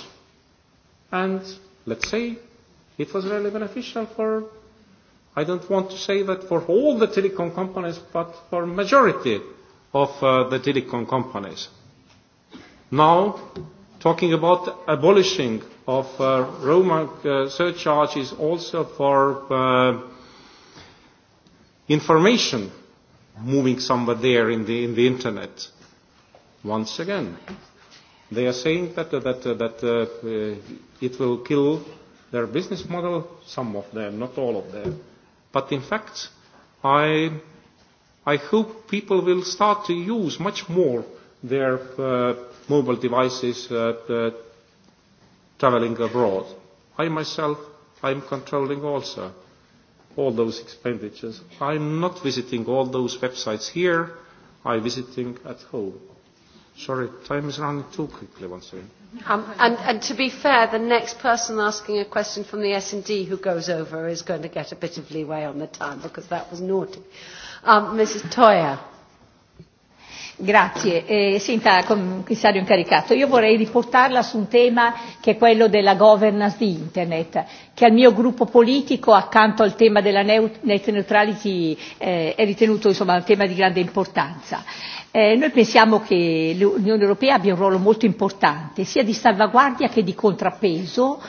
S2: And Let's say it was really beneficial for, I don't want to say that for all the telecom companies, but for majority of uh, the telecom companies. Now, talking about abolishing of uh, roaming uh, surcharges also for uh, information moving somewhere there in the, in the internet. Once again, They are saying that, uh, that, uh, that uh, it will kill their business model, some of them, not all of them. But in fact, I, I hope people will start to use much more their uh, mobile devices uh, uh, traveling abroad. I myself, I'm controlling also all those expenditures. I'm not visiting all those websites here, I'm visiting at home. Sorry, time is running too quickly once again.
S1: Um, and, and to be fair, the next person asking a question from the S&D who goes over is going to get a bit of leeway on the time because that was naughty. Um, Mrs.
S33: Toyer. Grazie. Eh, senta, commissario incaricato, io vorrei riportarla su un tema che è quello della governance di Internet, che al mio gruppo politico, accanto al tema della net neutrality, eh, è ritenuto insomma, un tema di grande importanza. Eh, noi pensiamo che l'Unione Europea abbia un ruolo molto importante, sia di salvaguardia che di contrappeso,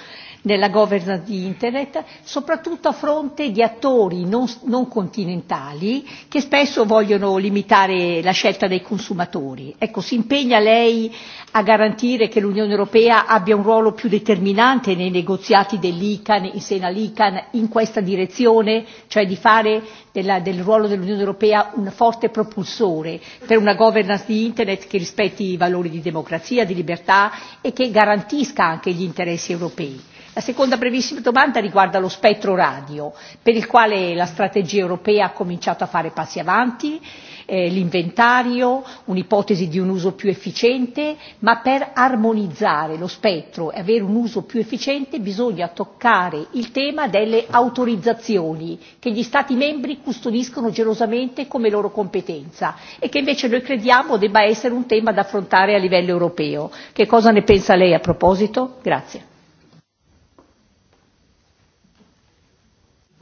S33: nella governance di Internet, soprattutto a fronte di attori non, non continentali che spesso vogliono limitare la scelta dei consumatori. Ecco, si impegna lei a garantire che l'Unione Europea abbia un ruolo più determinante nei negoziati dell'ICAN, in seno all'ICAN, in questa direzione, cioè di fare della, del ruolo dell'Unione Europea un forte propulsore per una governance di Internet che rispetti i valori di democrazia, di libertà e che garantisca anche gli interessi europei. La seconda brevissima domanda riguarda lo spettro radio, per il quale la strategia europea ha cominciato a fare passi avanti, eh, l'inventario, un'ipotesi di un uso più efficiente, ma per armonizzare lo spettro e avere un uso più efficiente bisogna toccare il tema delle autorizzazioni che gli Stati membri custodiscono gelosamente come loro competenza e che invece noi crediamo debba essere un tema da affrontare a livello europeo. Che cosa ne pensa lei a proposito? Grazie.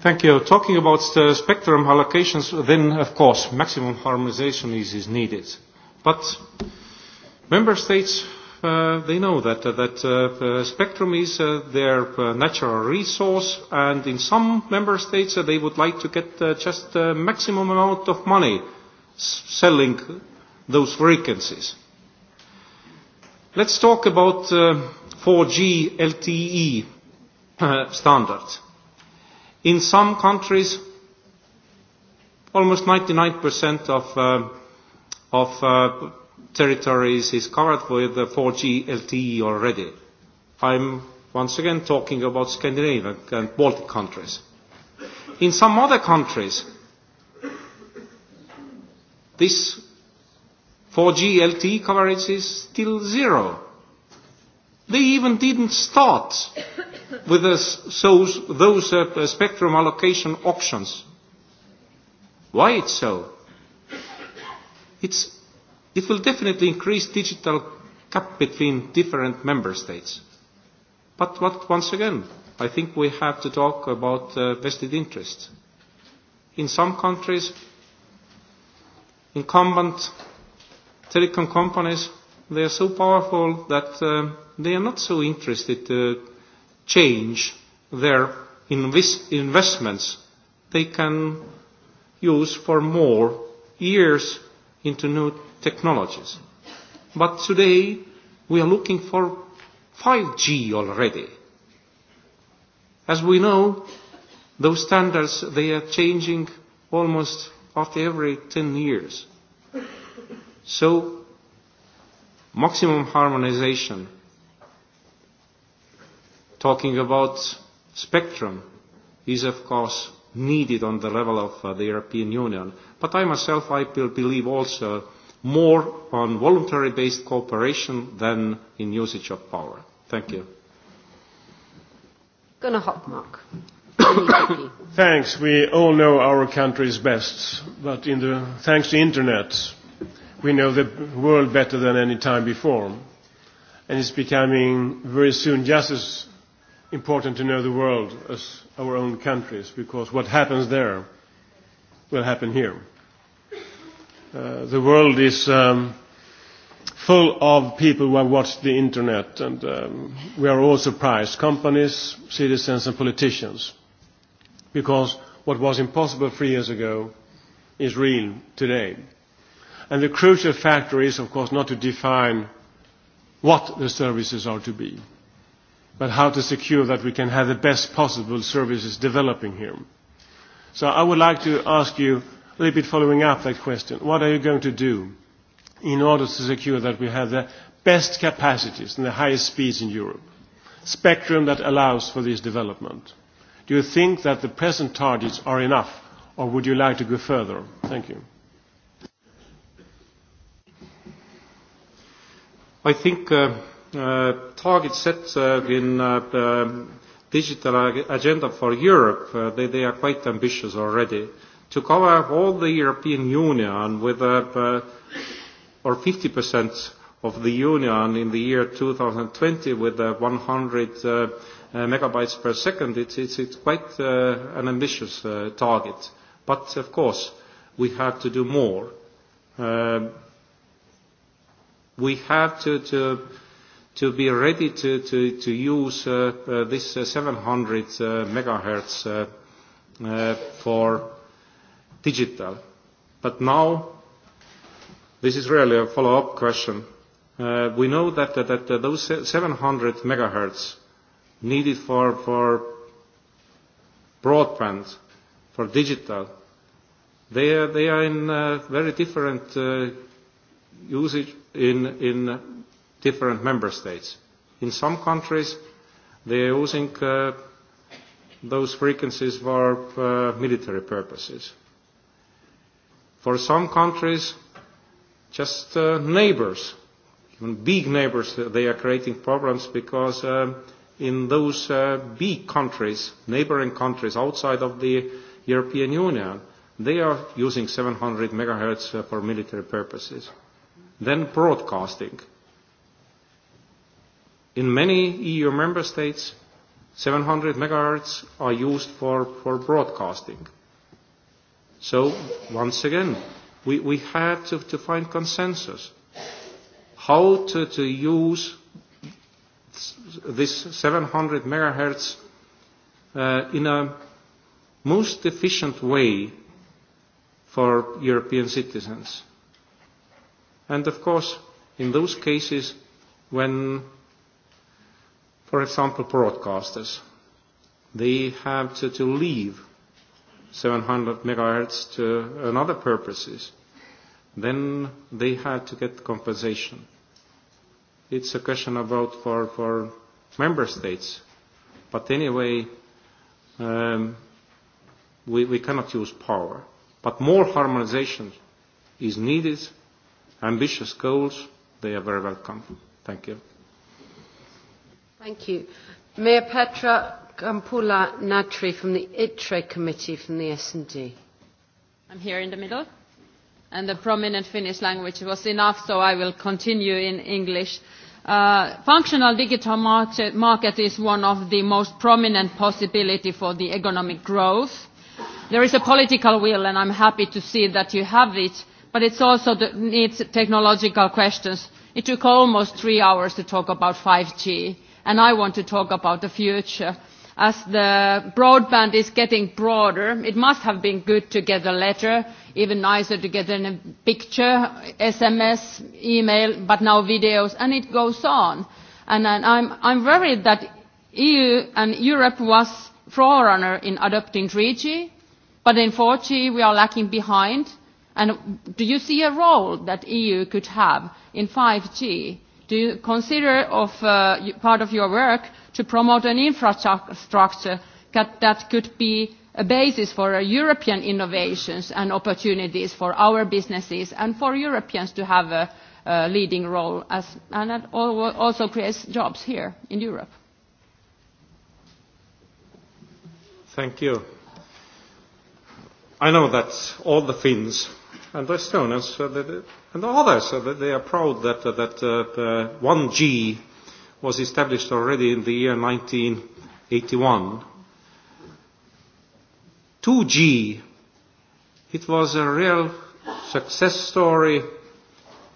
S2: Thank you. Talking about the spectrum allocations, then of course maximum harmonization is, is needed. But member states, uh, they know that, uh, that uh, uh, spectrum is uh, their uh, natural resource and in some member states uh, they would like to get uh, just the uh, maximum amount of money s selling those frequencies. Let's talk about uh, 4G LTE uh, standards. In some countries, almost 99% of, uh, of uh, territories is covered with uh, 4G LTE already. I'm once again talking about Scandinavia and Baltic countries. In some other countries, this 4G LTE coverage is still zero. They even didn't start with us, those, those uh, spectrum allocation auctions. Why it's so? It's, it will definitely increase digital gap between different member states. But what, once again, I think we have to talk about uh, vested interests. In some countries, incumbent telecom companies, they are so powerful that uh, they are not so interested to uh, change their invest investments they can use for more years into new technologies. But today we are looking for 5G already. As we know, those standards, they are changing almost after every 10 years. So, maximum harmonization talking about spectrum is of course needed on the level of uh, the European Union. But I myself, I believe also more on voluntary-based cooperation than
S19: in usage of power. Thank you.
S1: Gunnar Hopmark.
S19: thanks. We all know our countries best, but in the, thanks to internet, we know the world better than any time before. And it's becoming very soon just as important to know the world as our own countries because what happens there will happen here. Uh, the world is um, full of people who have watched the internet and um, we are all surprised, companies, citizens and politicians, because what was impossible three years ago is real today. And the crucial factor is, of course, not to define what the services are to be but how to secure that we can have the best possible services developing here. So I would like to ask you, a little bit following up that question, what are you going to do in order to secure that we have the best capacities and the highest speeds in Europe, spectrum that allows for this development? Do you think that the present targets are enough, or would you like to go further? Thank you. I think uh,
S2: uh, targets set uh, in uh, the uh, digital agenda for Europe, uh, they, they are quite ambitious already. To cover all the European Union with uh, uh, or 50% of the Union in the year 2020 with uh, 100 uh, uh, megabytes per second, it's, it's, it's quite uh, an ambitious uh, target. But of course, we have to do more. Uh, we have to, to to be ready to, to, to use uh, uh, this uh, 700 uh, megahertz uh, uh, for digital. But now, this is really a follow-up question. Uh, we know that, uh, that, that uh, those 700 megahertz needed for, for broadband, for digital, they are, they are in uh, very different uh, usage in, in different member states. In some countries, they are using uh, those frequencies for uh, military purposes. For some countries, just uh, neighbors, even big neighbors, uh, they are creating problems because uh, in those uh, big countries, neighboring countries outside of the European Union, they are using 700 megahertz uh, for military purposes. Then broadcasting. In many EU member states, 700 megahertz are used for, for broadcasting. So, once again, we, we had to, to find consensus how to, to use this 700 megahertz uh, in a most efficient way for European citizens. And of course, in those cases when for example, broadcasters. They have to, to leave 700 megahertz to another purposes. Then they have to get compensation. It's a question about for, for member states. But anyway, um, we, we cannot use power. But more harmonization is needed. Ambitious goals, they are very welcome. Thank you.
S1: Thank you. Mayor Petra Kampula Natri from the ITRE Committee from the S&D.
S34: I'm here in the middle. And the prominent Finnish language was enough, so I will continue in English. Uh, functional digital market, market is one of the most prominent possibility for the economic growth. There is a political will, and I'm happy to see that you have it, but it also the, needs technological questions. It took almost three hours to talk about 5G and I want to talk about the future. As the broadband is getting broader, it must have been good to get a letter, even nicer to get in a picture, SMS, email, but now videos, and it goes on. And, and I'm, I'm worried that EU and Europe was forerunner in adopting 3G, but in 4G we are lacking behind. And do you see a role that EU could have in 5G? Do you consider of, uh, part of your work to promote an infrastructure that could be a basis for uh, European innovations and opportunities for our businesses and for Europeans to have a, a leading role as, and that also creates jobs here in Europe.
S2: Thank you. I know that all the Finns and Estonians uh, the, uh, and the others, uh, they are proud that, uh, that uh, the 1G was established already in the year 1981. 2G, it was a real success story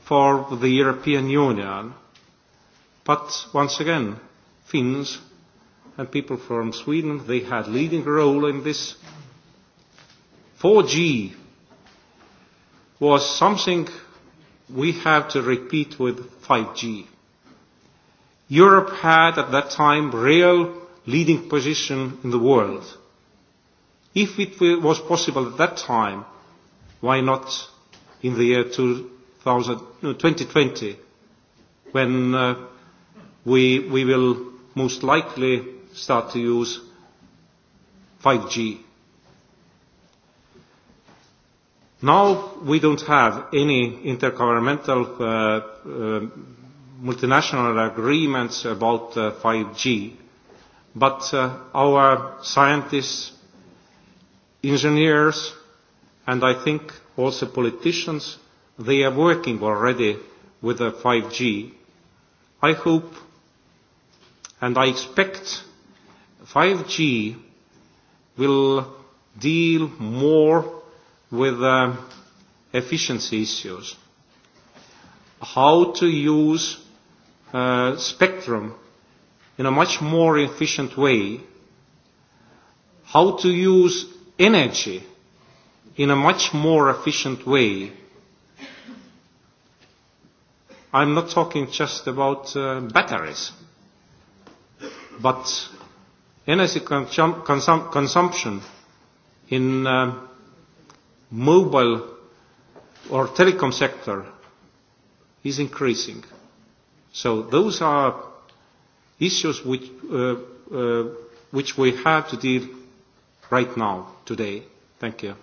S2: for the European Union. But once again, Finns and people from Sweden, they had leading role in this 4G was something we have to repeat with 5G. Europe had at that time real leading position in the world. If it was possible at that time, why not in the year 2000, 2020 when uh, we, we will most likely start to use 5G Now we don't have any intergovernmental uh, uh, multinational agreements about uh, 5G, but uh, our scientists, engineers, and I think also politicians, they are working already with the 5G. I hope and I expect 5G will deal more with uh, efficiency issues. How to use uh, spectrum in a much more efficient way. How to use energy in a much more efficient way. I'm not talking just about uh, batteries, but energy consum consumption in uh, mobile or telecom sector is increasing. So those are issues which, uh, uh, which we have to deal right now, today. Thank you.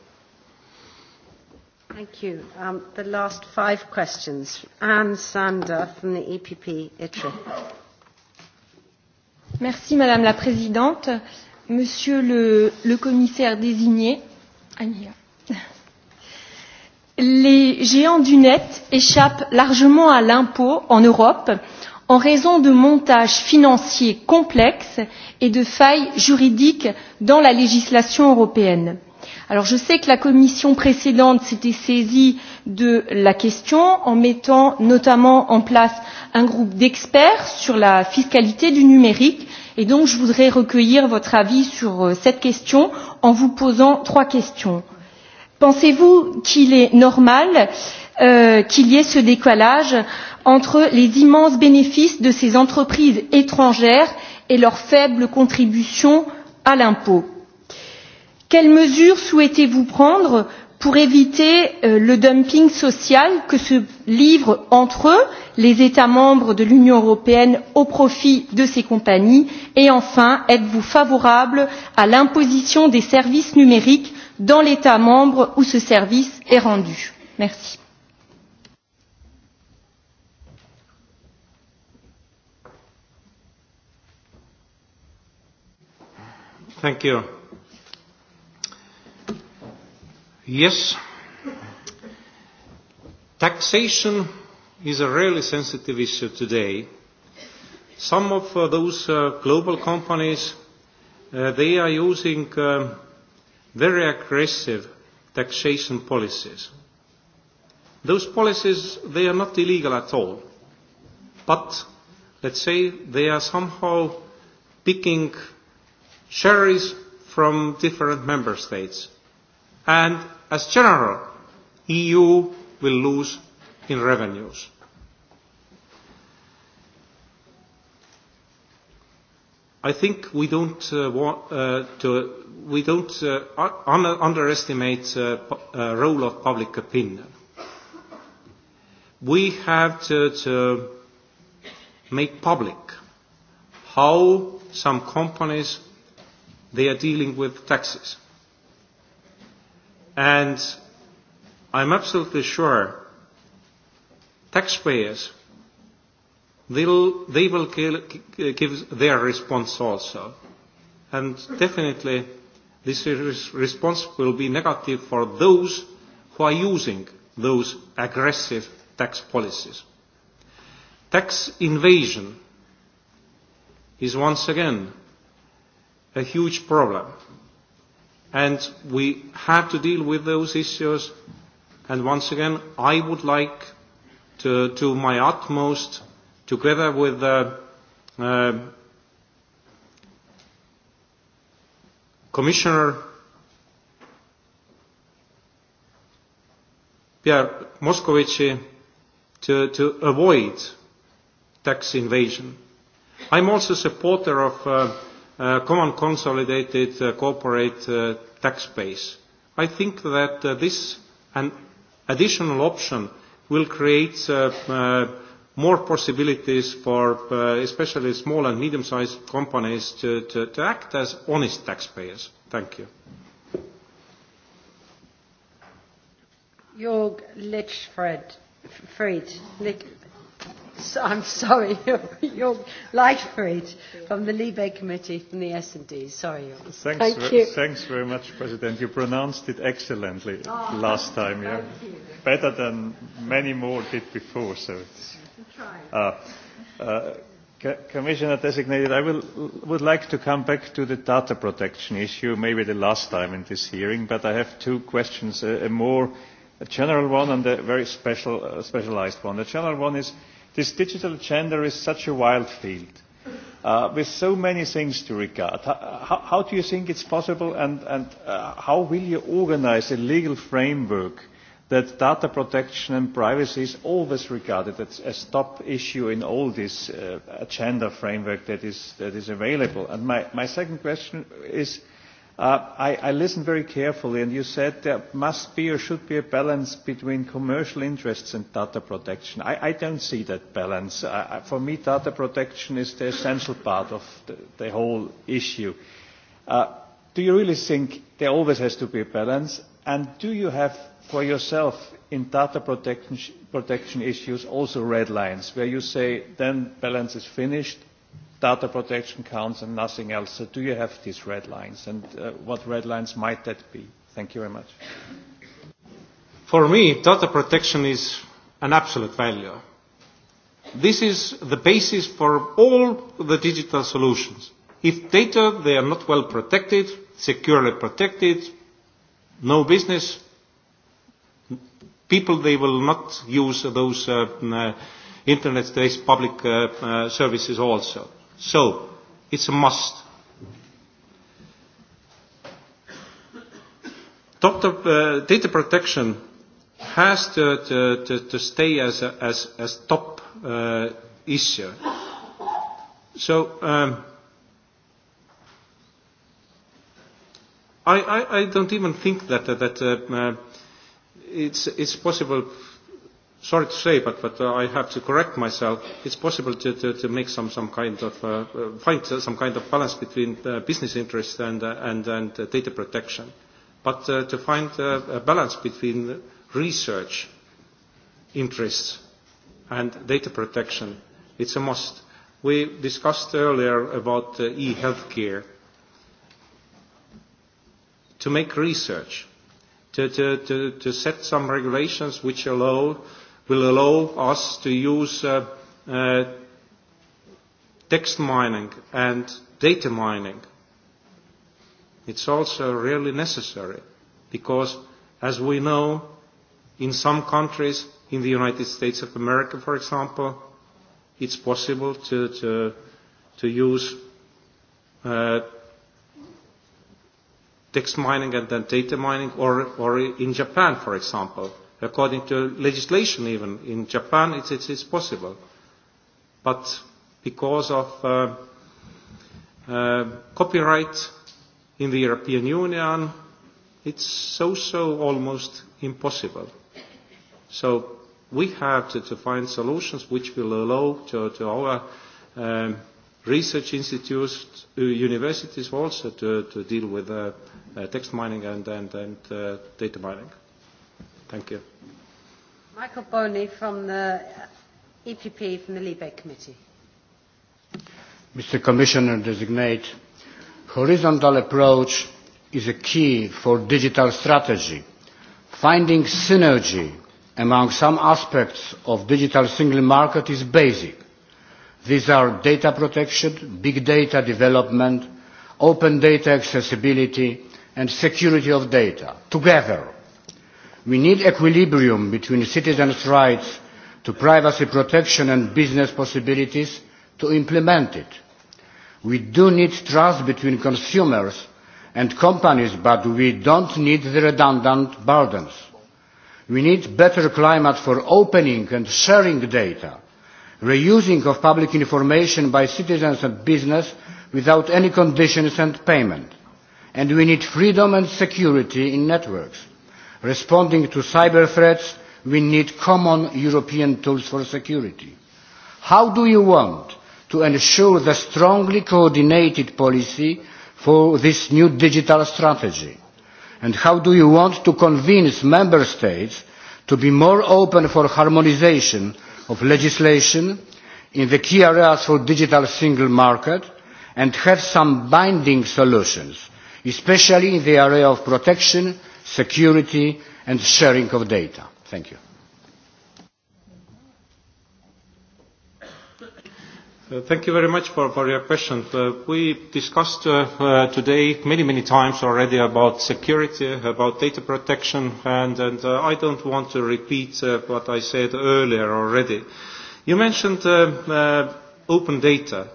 S1: Thank you. Um, the last five questions. Anne Sander from the EPP, ITRI.
S35: Merci Madame la Présidente. Monsieur le, le commissaire désigné, I'm here. Les géants du net échappent largement à l'impôt en Europe en raison de montages financiers complexes et de failles juridiques dans la législation européenne. Alors je sais que la commission précédente s'était saisie de la question en mettant notamment en place un groupe d'experts sur la fiscalité du numérique et donc je voudrais recueillir votre avis sur euh, cette question en vous posant trois questions. Pensez-vous qu'il est normal euh, qu'il y ait ce décalage entre les immenses bénéfices de ces entreprises étrangères et leur faible contribution à l'impôt Quelles mesures souhaitez-vous prendre pour éviter euh, le dumping social que se livrent entre eux les États membres de l'Union européenne au profit de ces compagnies Et enfin, êtes-vous favorable à l'imposition des services numériques dans l'État membre où ce service est rendu. Merci.
S2: Thank you. Yes, taxation is a really sensitive issue today. Some of uh, those uh, global companies, uh, they are using um, very aggressive taxation policies. Those policies, they are not illegal at all. But, let's say, they are somehow picking cherries from different member states. And, as general, EU will lose in revenues. I think we don't uh, want uh, to we don't uh, un underestimate the uh, uh, role of public opinion. We have to, to make public how some companies they are dealing with taxes. And I'm absolutely sure taxpayers they'll, they will give their response also. And definitely This response will be negative for those who are using those aggressive tax policies. Tax invasion is once again a huge problem and we have to deal with those issues and once again I would like to do my utmost together with the uh, uh, Commissioner Pierre Moscovici to, to avoid tax invasion. I'm also a supporter of uh, uh, common consolidated uh, corporate uh, tax base. I think that uh, this an additional option will create uh, uh, more possibilities for uh, especially small and medium-sized companies to, to, to act as honest taxpayers. Thank you.
S1: Jörg Lichfred, Fried, So I'm sorry, you're, you're it from the Libe Committee from the S&D. Sorry. Thanks, Thank you. thanks
S16: very much, President. You pronounced it excellently oh, last time. Yeah. Better than many more did before. So it's, ah, uh, uh, Commissioner designated, I will, would like to come back to the data protection issue, maybe the last time in this hearing, but I have two questions, a, a more a general one and a very special, uh, specialized one. The general one is, This digital gender is such a wild field uh, with so many things to regard. How, how do you think it's possible and, and uh, how will you organize a legal framework that data protection and privacy is always regarded as a top issue in all this uh, agenda framework that is, that is available? And my, my second question is, Uh, I, I listened very carefully and you said there must be or should be a balance between commercial interests and data protection. I, I don't see that balance. Uh, for me, data protection is the essential part of the, the whole issue. Uh, do you really think there always has to be a balance? And do you have for yourself in data protection, protection issues also red lines where you say then balance is finished data protection counts and nothing else. So do you have these red lines and uh, what red
S2: lines might that be? Thank you very much. For me, data protection is an absolute value. This is the basis for all the digital solutions. If data, they are not well protected, securely protected, no business, people, they will not use those uh, uh internet-based public uh, uh, services also. So, it's a must. Doctor, uh, data protection has to, to, to, to stay as a as, as top uh, issue. So, um, I, I, I don't even think that, that uh, it's, it's possible sorry to say, but, but uh, I have to correct myself. It's possible to, to, to make some, some kind of, uh, uh find some kind of balance between uh, business interests and, uh, and, and uh, data protection. But uh, to find uh, a balance between research interests and data protection, it's a must. We discussed earlier about uh, e-healthcare. To make research, to, to, to, to set some regulations which allow will allow us to use uh, uh, text mining and data mining. It's also really necessary because, as we know, in some countries, in the United States of America, for example, it's possible to, to, to use uh, text mining and then data mining, or, or in Japan, for example according to legislation even. In Japan it's, it's, it's possible. But because of uh, uh, copyright in the European Union, it's so-so almost impossible. So we have to, to find solutions which will allow to, to our um, research institutes, uh, universities also to, to deal with uh, uh, text mining and, and, and uh, data mining. Thank you.
S1: Michael Boney from the EPP from the Libe Committee.
S24: Mr. Commissioner designate, horizontal approach is a key for digital strategy. Finding synergy among some aspects of digital single market is basic. These are data protection, big data development, open data accessibility and security of data together We need equilibrium between citizens' rights to privacy protection and business possibilities to implement it. We do need trust between consumers and companies, but we don't need the redundant burdens. We need better climate for opening and sharing data, reusing of public information by citizens and business without any conditions and payment. And we need freedom and security in networks. Responding to cyber threats, we need common European tools for security. How do you want to ensure the strongly coordinated policy for this new digital strategy? And how do you want to convince member states to be more open for harmonization of legislation in the key areas for digital single market and have some binding solutions, especially in the area of protection security and sharing of data. Thank you.
S2: Uh, thank you very much for, for your question. Uh, we discussed uh, uh, today many, many times already about security, about data protection, and, and uh, I don't want to repeat uh, what I said earlier already. You mentioned uh, uh, open data,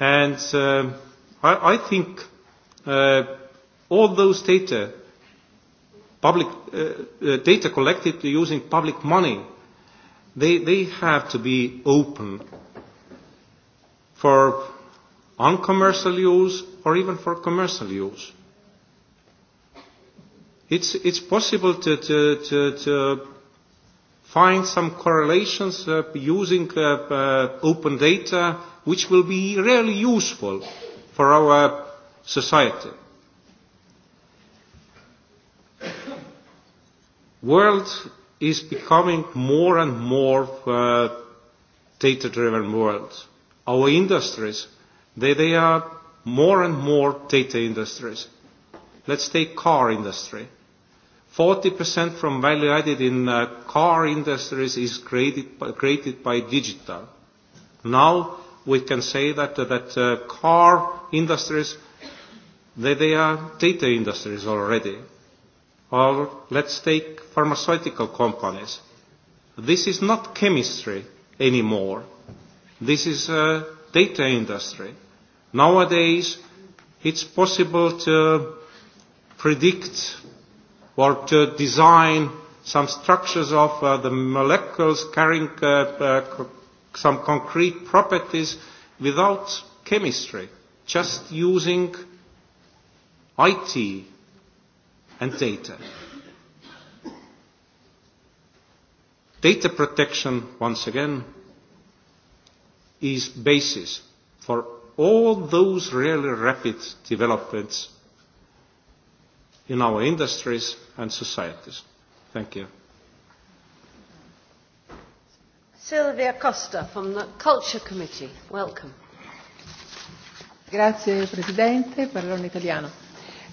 S2: and uh, I, I think uh, all those data public uh, uh, data collected using public money, they, they have to be open for uncommercial use or even for commercial use. It's, it's possible to, to, to, to find some correlations uh, using uh, uh, open data which will be really useful for our uh, society. world is becoming more and more uh, data-driven world. Our industries, they, they are more and more data industries. Let's take car industry. 40% from value added in uh, car industries is created by, created by digital. Now we can say that, uh, that uh, car industries, they, they are data industries already. Or let's take pharmaceutical companies. This is not chemistry anymore. This is a uh, data industry. Nowadays, it's possible to predict or to design some structures of uh, the molecules carrying uh, uh, some concrete properties without chemistry, just using IT, and data. Data protection, once again, is basis for all those really rapid developments in our industries and societies. Thank you.
S1: Silvia Costa from the Culture Committee, welcome.
S4: Grazie Presidente, parlo in italiano.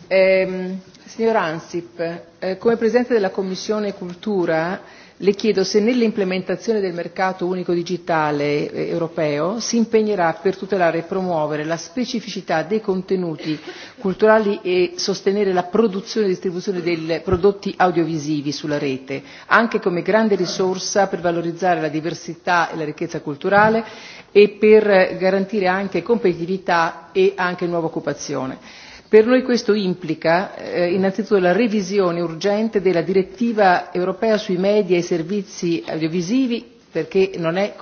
S4: Ehm, signor Ansip, eh, come Presidente della Commissione Cultura le chiedo se nell'implementazione del mercato unico digitale eh, europeo si impegnerà per tutelare e promuovere la specificità dei contenuti culturali e sostenere la produzione e distribuzione dei prodotti audiovisivi sulla rete, anche come grande risorsa per valorizzare la diversità e la ricchezza culturale e per garantire anche competitività e anche nuova occupazione. Per noi questo implica eh, innanzitutto la revisione urgente della direttiva europea sui media e servizi audiovisivi perché non è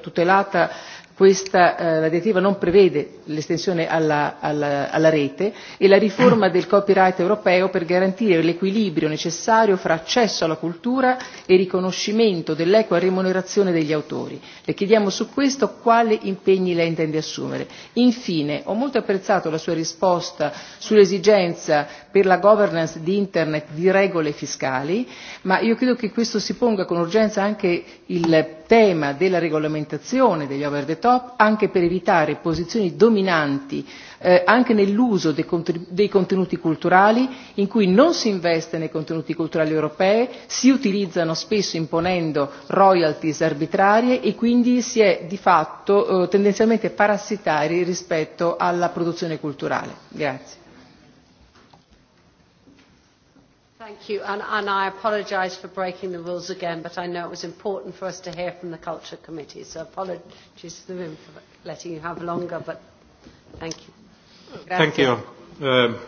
S4: tutelata questa eh, la direttiva non prevede l'estensione alla, alla, alla rete e la riforma del copyright europeo per garantire l'equilibrio necessario fra accesso alla cultura e riconoscimento dell'equa remunerazione degli autori. Le chiediamo su questo quali impegni lei intende assumere. Infine, ho molto apprezzato la sua risposta sull'esigenza per la governance di Internet di regole fiscali, ma io credo che questo si ponga con urgenza anche il tema della regolamentazione degli over the top anche per evitare posizioni dominanti eh, anche nell'uso dei, dei contenuti culturali in cui non si investe nei contenuti culturali europei, si utilizzano spesso imponendo royalties arbitrarie e quindi si è di fatto eh, tendenzialmente parassitari rispetto alla produzione culturale. Grazie.
S1: Thank you, and, and I apologise for breaking the rules again, but I know it was important for us to hear from the Culture Committee, so apologies to the room for letting you have longer, but thank you. Grazie. Thank
S2: you. Um,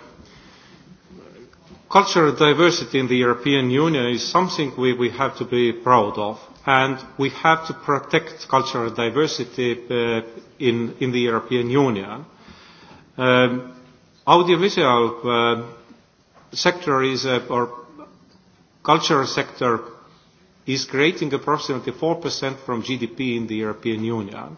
S2: cultural diversity in the European Union is something we, we have to be proud of, and we have to protect cultural diversity uh, in, in the European Union. Um, audiovisual uh, sector is, a uh, or cultural sector is creating approximately 4% from GDP in the European Union.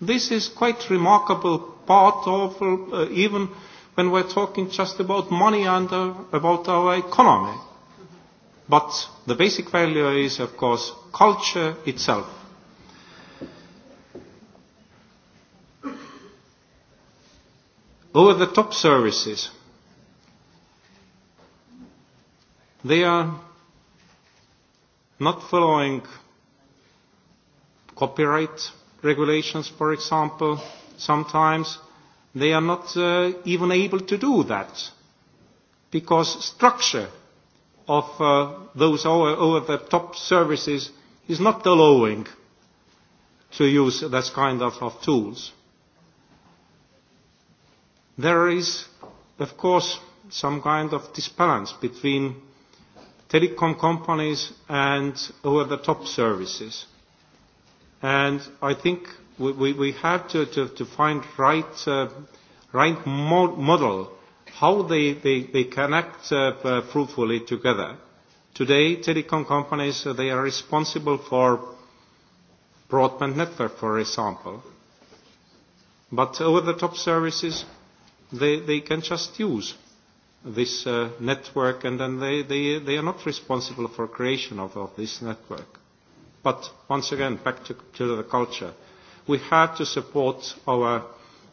S2: This is quite remarkable part of, uh, even when we're talking just about money and uh, about our economy. But the basic value is, of course, culture itself. Over the top services. They are not following copyright regulations, for example. Sometimes they are not uh, even able to do that because structure of uh, those over-the-top services is not allowing to use that kind of, of tools. There is, of course, some kind of disbalance between telecom companies and over the top services. And I think we, we, we have to, to, to find right, uh, right mod model how they, they, they can act uh, uh, fruitfully together. Today, telecom companies, uh, they are responsible for broadband network, for example. But over-the-top services, they, they can just use this uh, network and then they, they, they are not responsible for creation of, of this network. But once again, back to, to the culture. We have to support our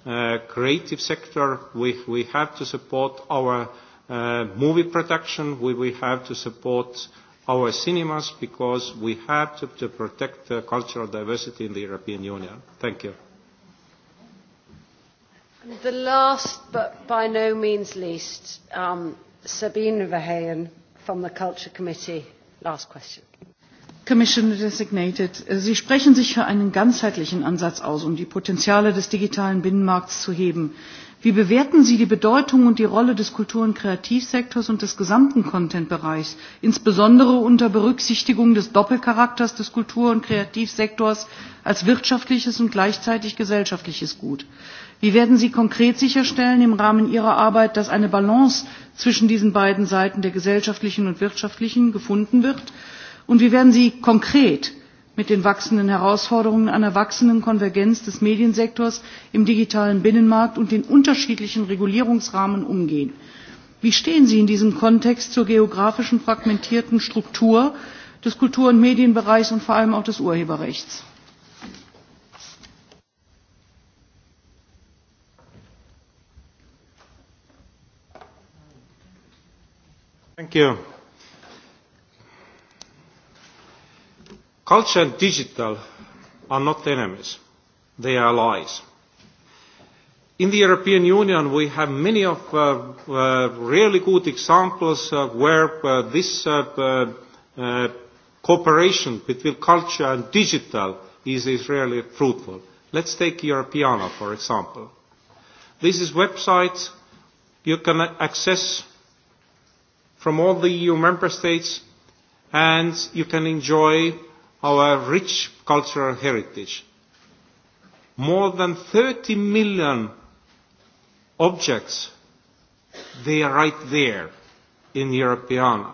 S2: uh, creative sector, we, we have to support our uh, movie production, we, we have to support our cinemas because we have to, to protect the cultural diversity in the European Union. Thank you.
S1: The last, but by no means least, um, Sabine Verheyen from the Culture Committee. Last question.
S12: Commissioner Designated, äh, Sie sprechen sich für einen ganzheitlichen Ansatz aus, um die Potenziale des digitalen Binnenmarkts zu heben. Wie bewerten Sie die Bedeutung und die Rolle des Kultur- und Kreativsektors und des gesamten Content-Bereichs, insbesondere unter Berücksichtigung des Doppelcharakters des Kultur- und Kreativsektors als wirtschaftliches und gleichzeitig gesellschaftliches Gut? Wie werden Sie konkret sicherstellen im Rahmen Ihrer Arbeit, dass eine Balance zwischen diesen beiden Seiten der gesellschaftlichen und wirtschaftlichen gefunden wird? Und wie werden Sie konkret mit den wachsenden Herausforderungen einer wachsenden Konvergenz des Mediensektors im digitalen Binnenmarkt und den unterschiedlichen Regulierungsrahmen umgehen? Wie stehen Sie in diesem Kontext zur geografischen fragmentierten Struktur des Kultur- und Medienbereichs und vor allem auch des Urheberrechts?
S2: Thank you. Culture and digital are not enemies, they are allies. In the European Union we have many of uh, uh, really good examples uh, where uh, this uh, uh, uh, cooperation between culture and digital is, is really fruitful. Let's take Europeana for example. This is website you can access from all the EU member states and you can enjoy our rich cultural heritage. More than 30 million objects, they are right there in Europeana.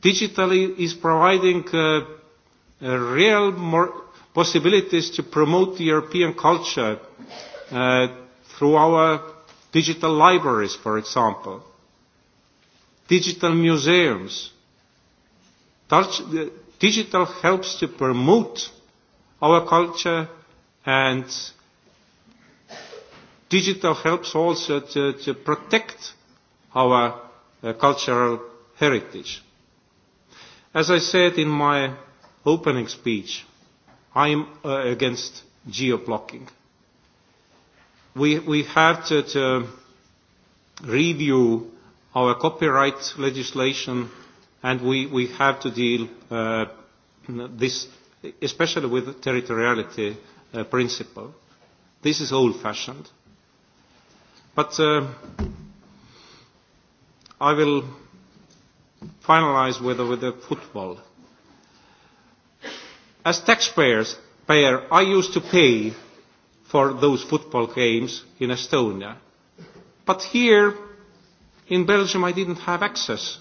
S2: Digitally is providing uh, real more possibilities to promote the European culture uh, through our digital libraries, for example digital museums. Touch, digital helps to promote our culture and digital helps also to, to protect our uh, cultural heritage. As I said in my opening speech, I am uh, against geo-blocking. We, we have to, to review our copyright legislation, and we, we have to deal uh, this, especially with the territoriality uh, principle. This is old-fashioned. But uh, I will finalize with, with the football. As taxpayers, payer, I used to pay for those football games in Estonia. But here, In Belgium, I didn't have access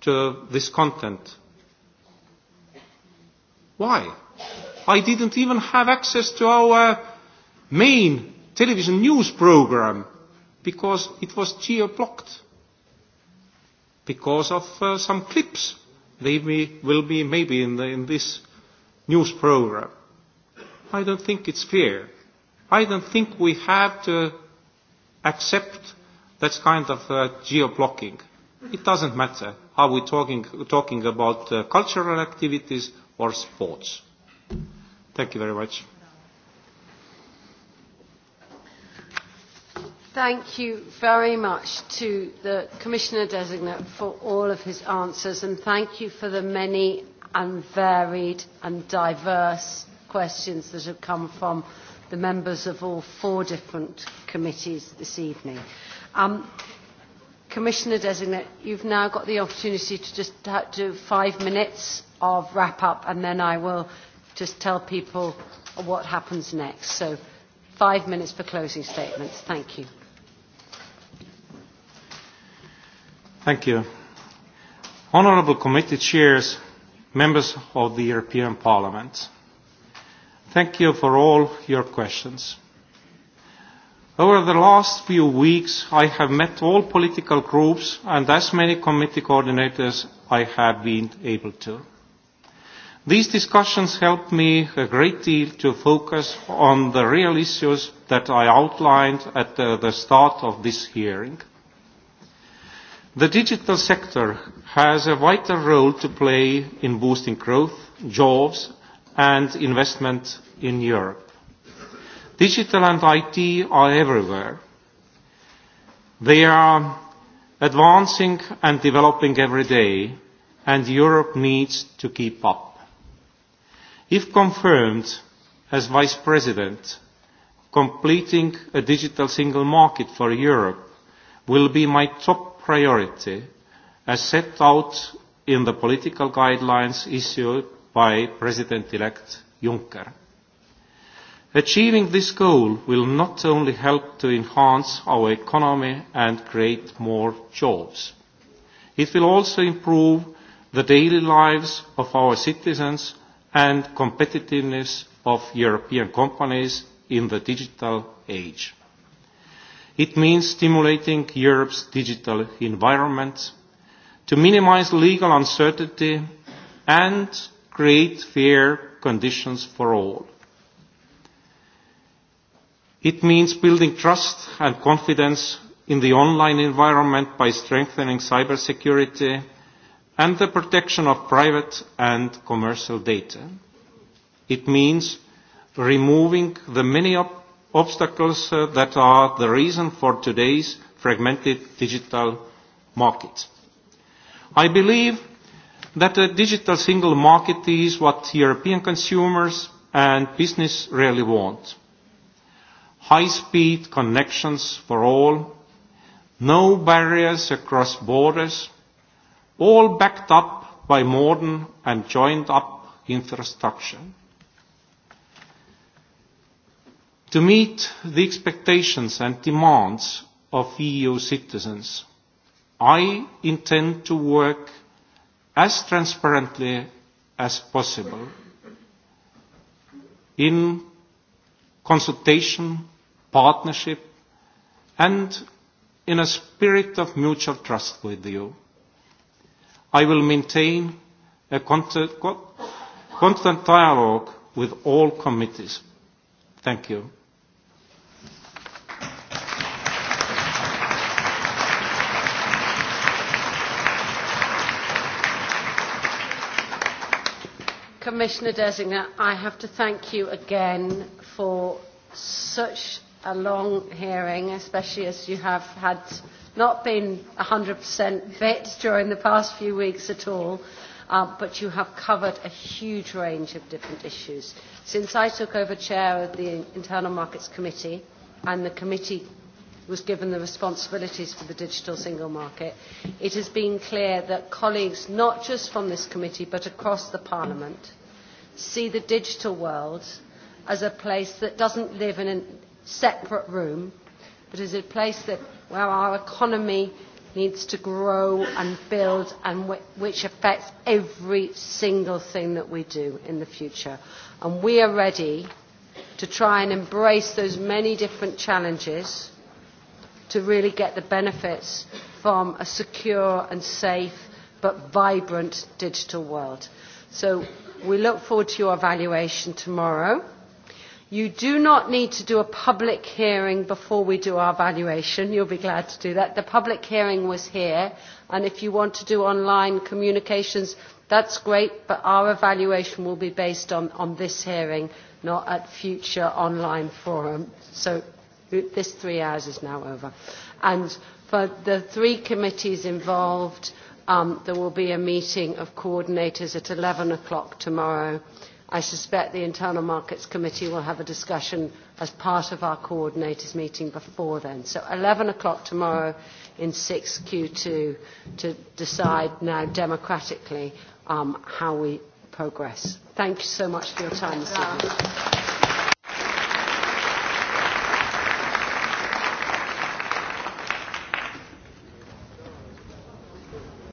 S2: to this content. Why? I didn't even have access to our main television news program because it was geo-blocked because of uh, some clips they may, will be maybe in, the, in this news program. I don't think it's fair. I don't think we have to accept That's kind of uh, geo-blocking. It doesn't matter. how we talking, talking about uh, cultural activities or sports? Thank you very much.
S1: Thank you very much to the Commissioner Designate for all of his answers and thank you for the many and varied and diverse questions that have come from the members of all four different committees this evening. Um, Commissioner Designate, you've now got the opportunity to just do five minutes of wrap up and then I will just tell people what happens next. So five minutes for closing statements. Thank you.
S2: Thank you. Honourable Committee Chairs, members of the European Parliament, thank you for all your questions. Over the last few weeks, I have met all political groups and as many committee coordinators I have been able to. These discussions helped me a great deal to focus on the real issues that I outlined at the, the start of this hearing. The digital sector has a vital role to play in boosting growth, jobs and investment in Europe. Digital and IT are everywhere. They are advancing and developing every day, and Europe needs to keep up. If confirmed as Vice President, completing a digital single market for Europe will be my top priority as set out in the political guidelines issued by President-elect Juncker. Achieving this goal will not only help to enhance our economy and create more jobs, it will also improve the daily lives of our citizens and competitiveness of European companies in the digital age. It means stimulating Europe's digital environment to minimize legal uncertainty and create fair conditions for all. It means building trust and confidence in the online environment by strengthening cybersecurity and the protection of private and commercial data. It means removing the many ob obstacles uh, that are the reason for today's fragmented digital market. I believe that a digital single market is what European consumers and business really want high-speed connections for all, no barriers across borders, all backed up by modern and joined-up infrastructure. To meet the expectations and demands of EU citizens, I intend to work as transparently as possible in consultation, partnership, and in a spirit of mutual trust with you. I will maintain a constant, dialogue with all committees. Thank you.
S1: Commissioner Designate, I have to thank you again for such a long hearing, especially as you have had not been 100% fit during the past few weeks at all, uh, but you have covered a huge range of different issues. Since I took over chair of the Internal Markets Committee, and the committee was given the responsibilities for the digital single market, it has been clear that colleagues, not just from this committee, but across the Parliament, see the digital world as a place that doesn't live in a separate room, but as a place that, where our economy needs to grow and build and which affects every single thing that we do in the future. And we are ready to try and embrace those many different challenges to really get the benefits from a secure and safe but vibrant digital world. So we look forward to your evaluation tomorrow. You do not need to do a public hearing before we do our valuation. You'll be glad to do that. The public hearing was here, and if you want to do online communications, that's great, but our evaluation will be based on, on this hearing, not at future online forum. So this three hours is now over. And for the three committees involved, um, there will be a meeting of coordinators at 11 o'clock tomorrow I suspect the Internal Markets Committee will have a discussion as part of our coordinators meeting before then. So 11 o'clock tomorrow in 6Q2 to decide now democratically um, how we progress. Thank you so much for your time this evening.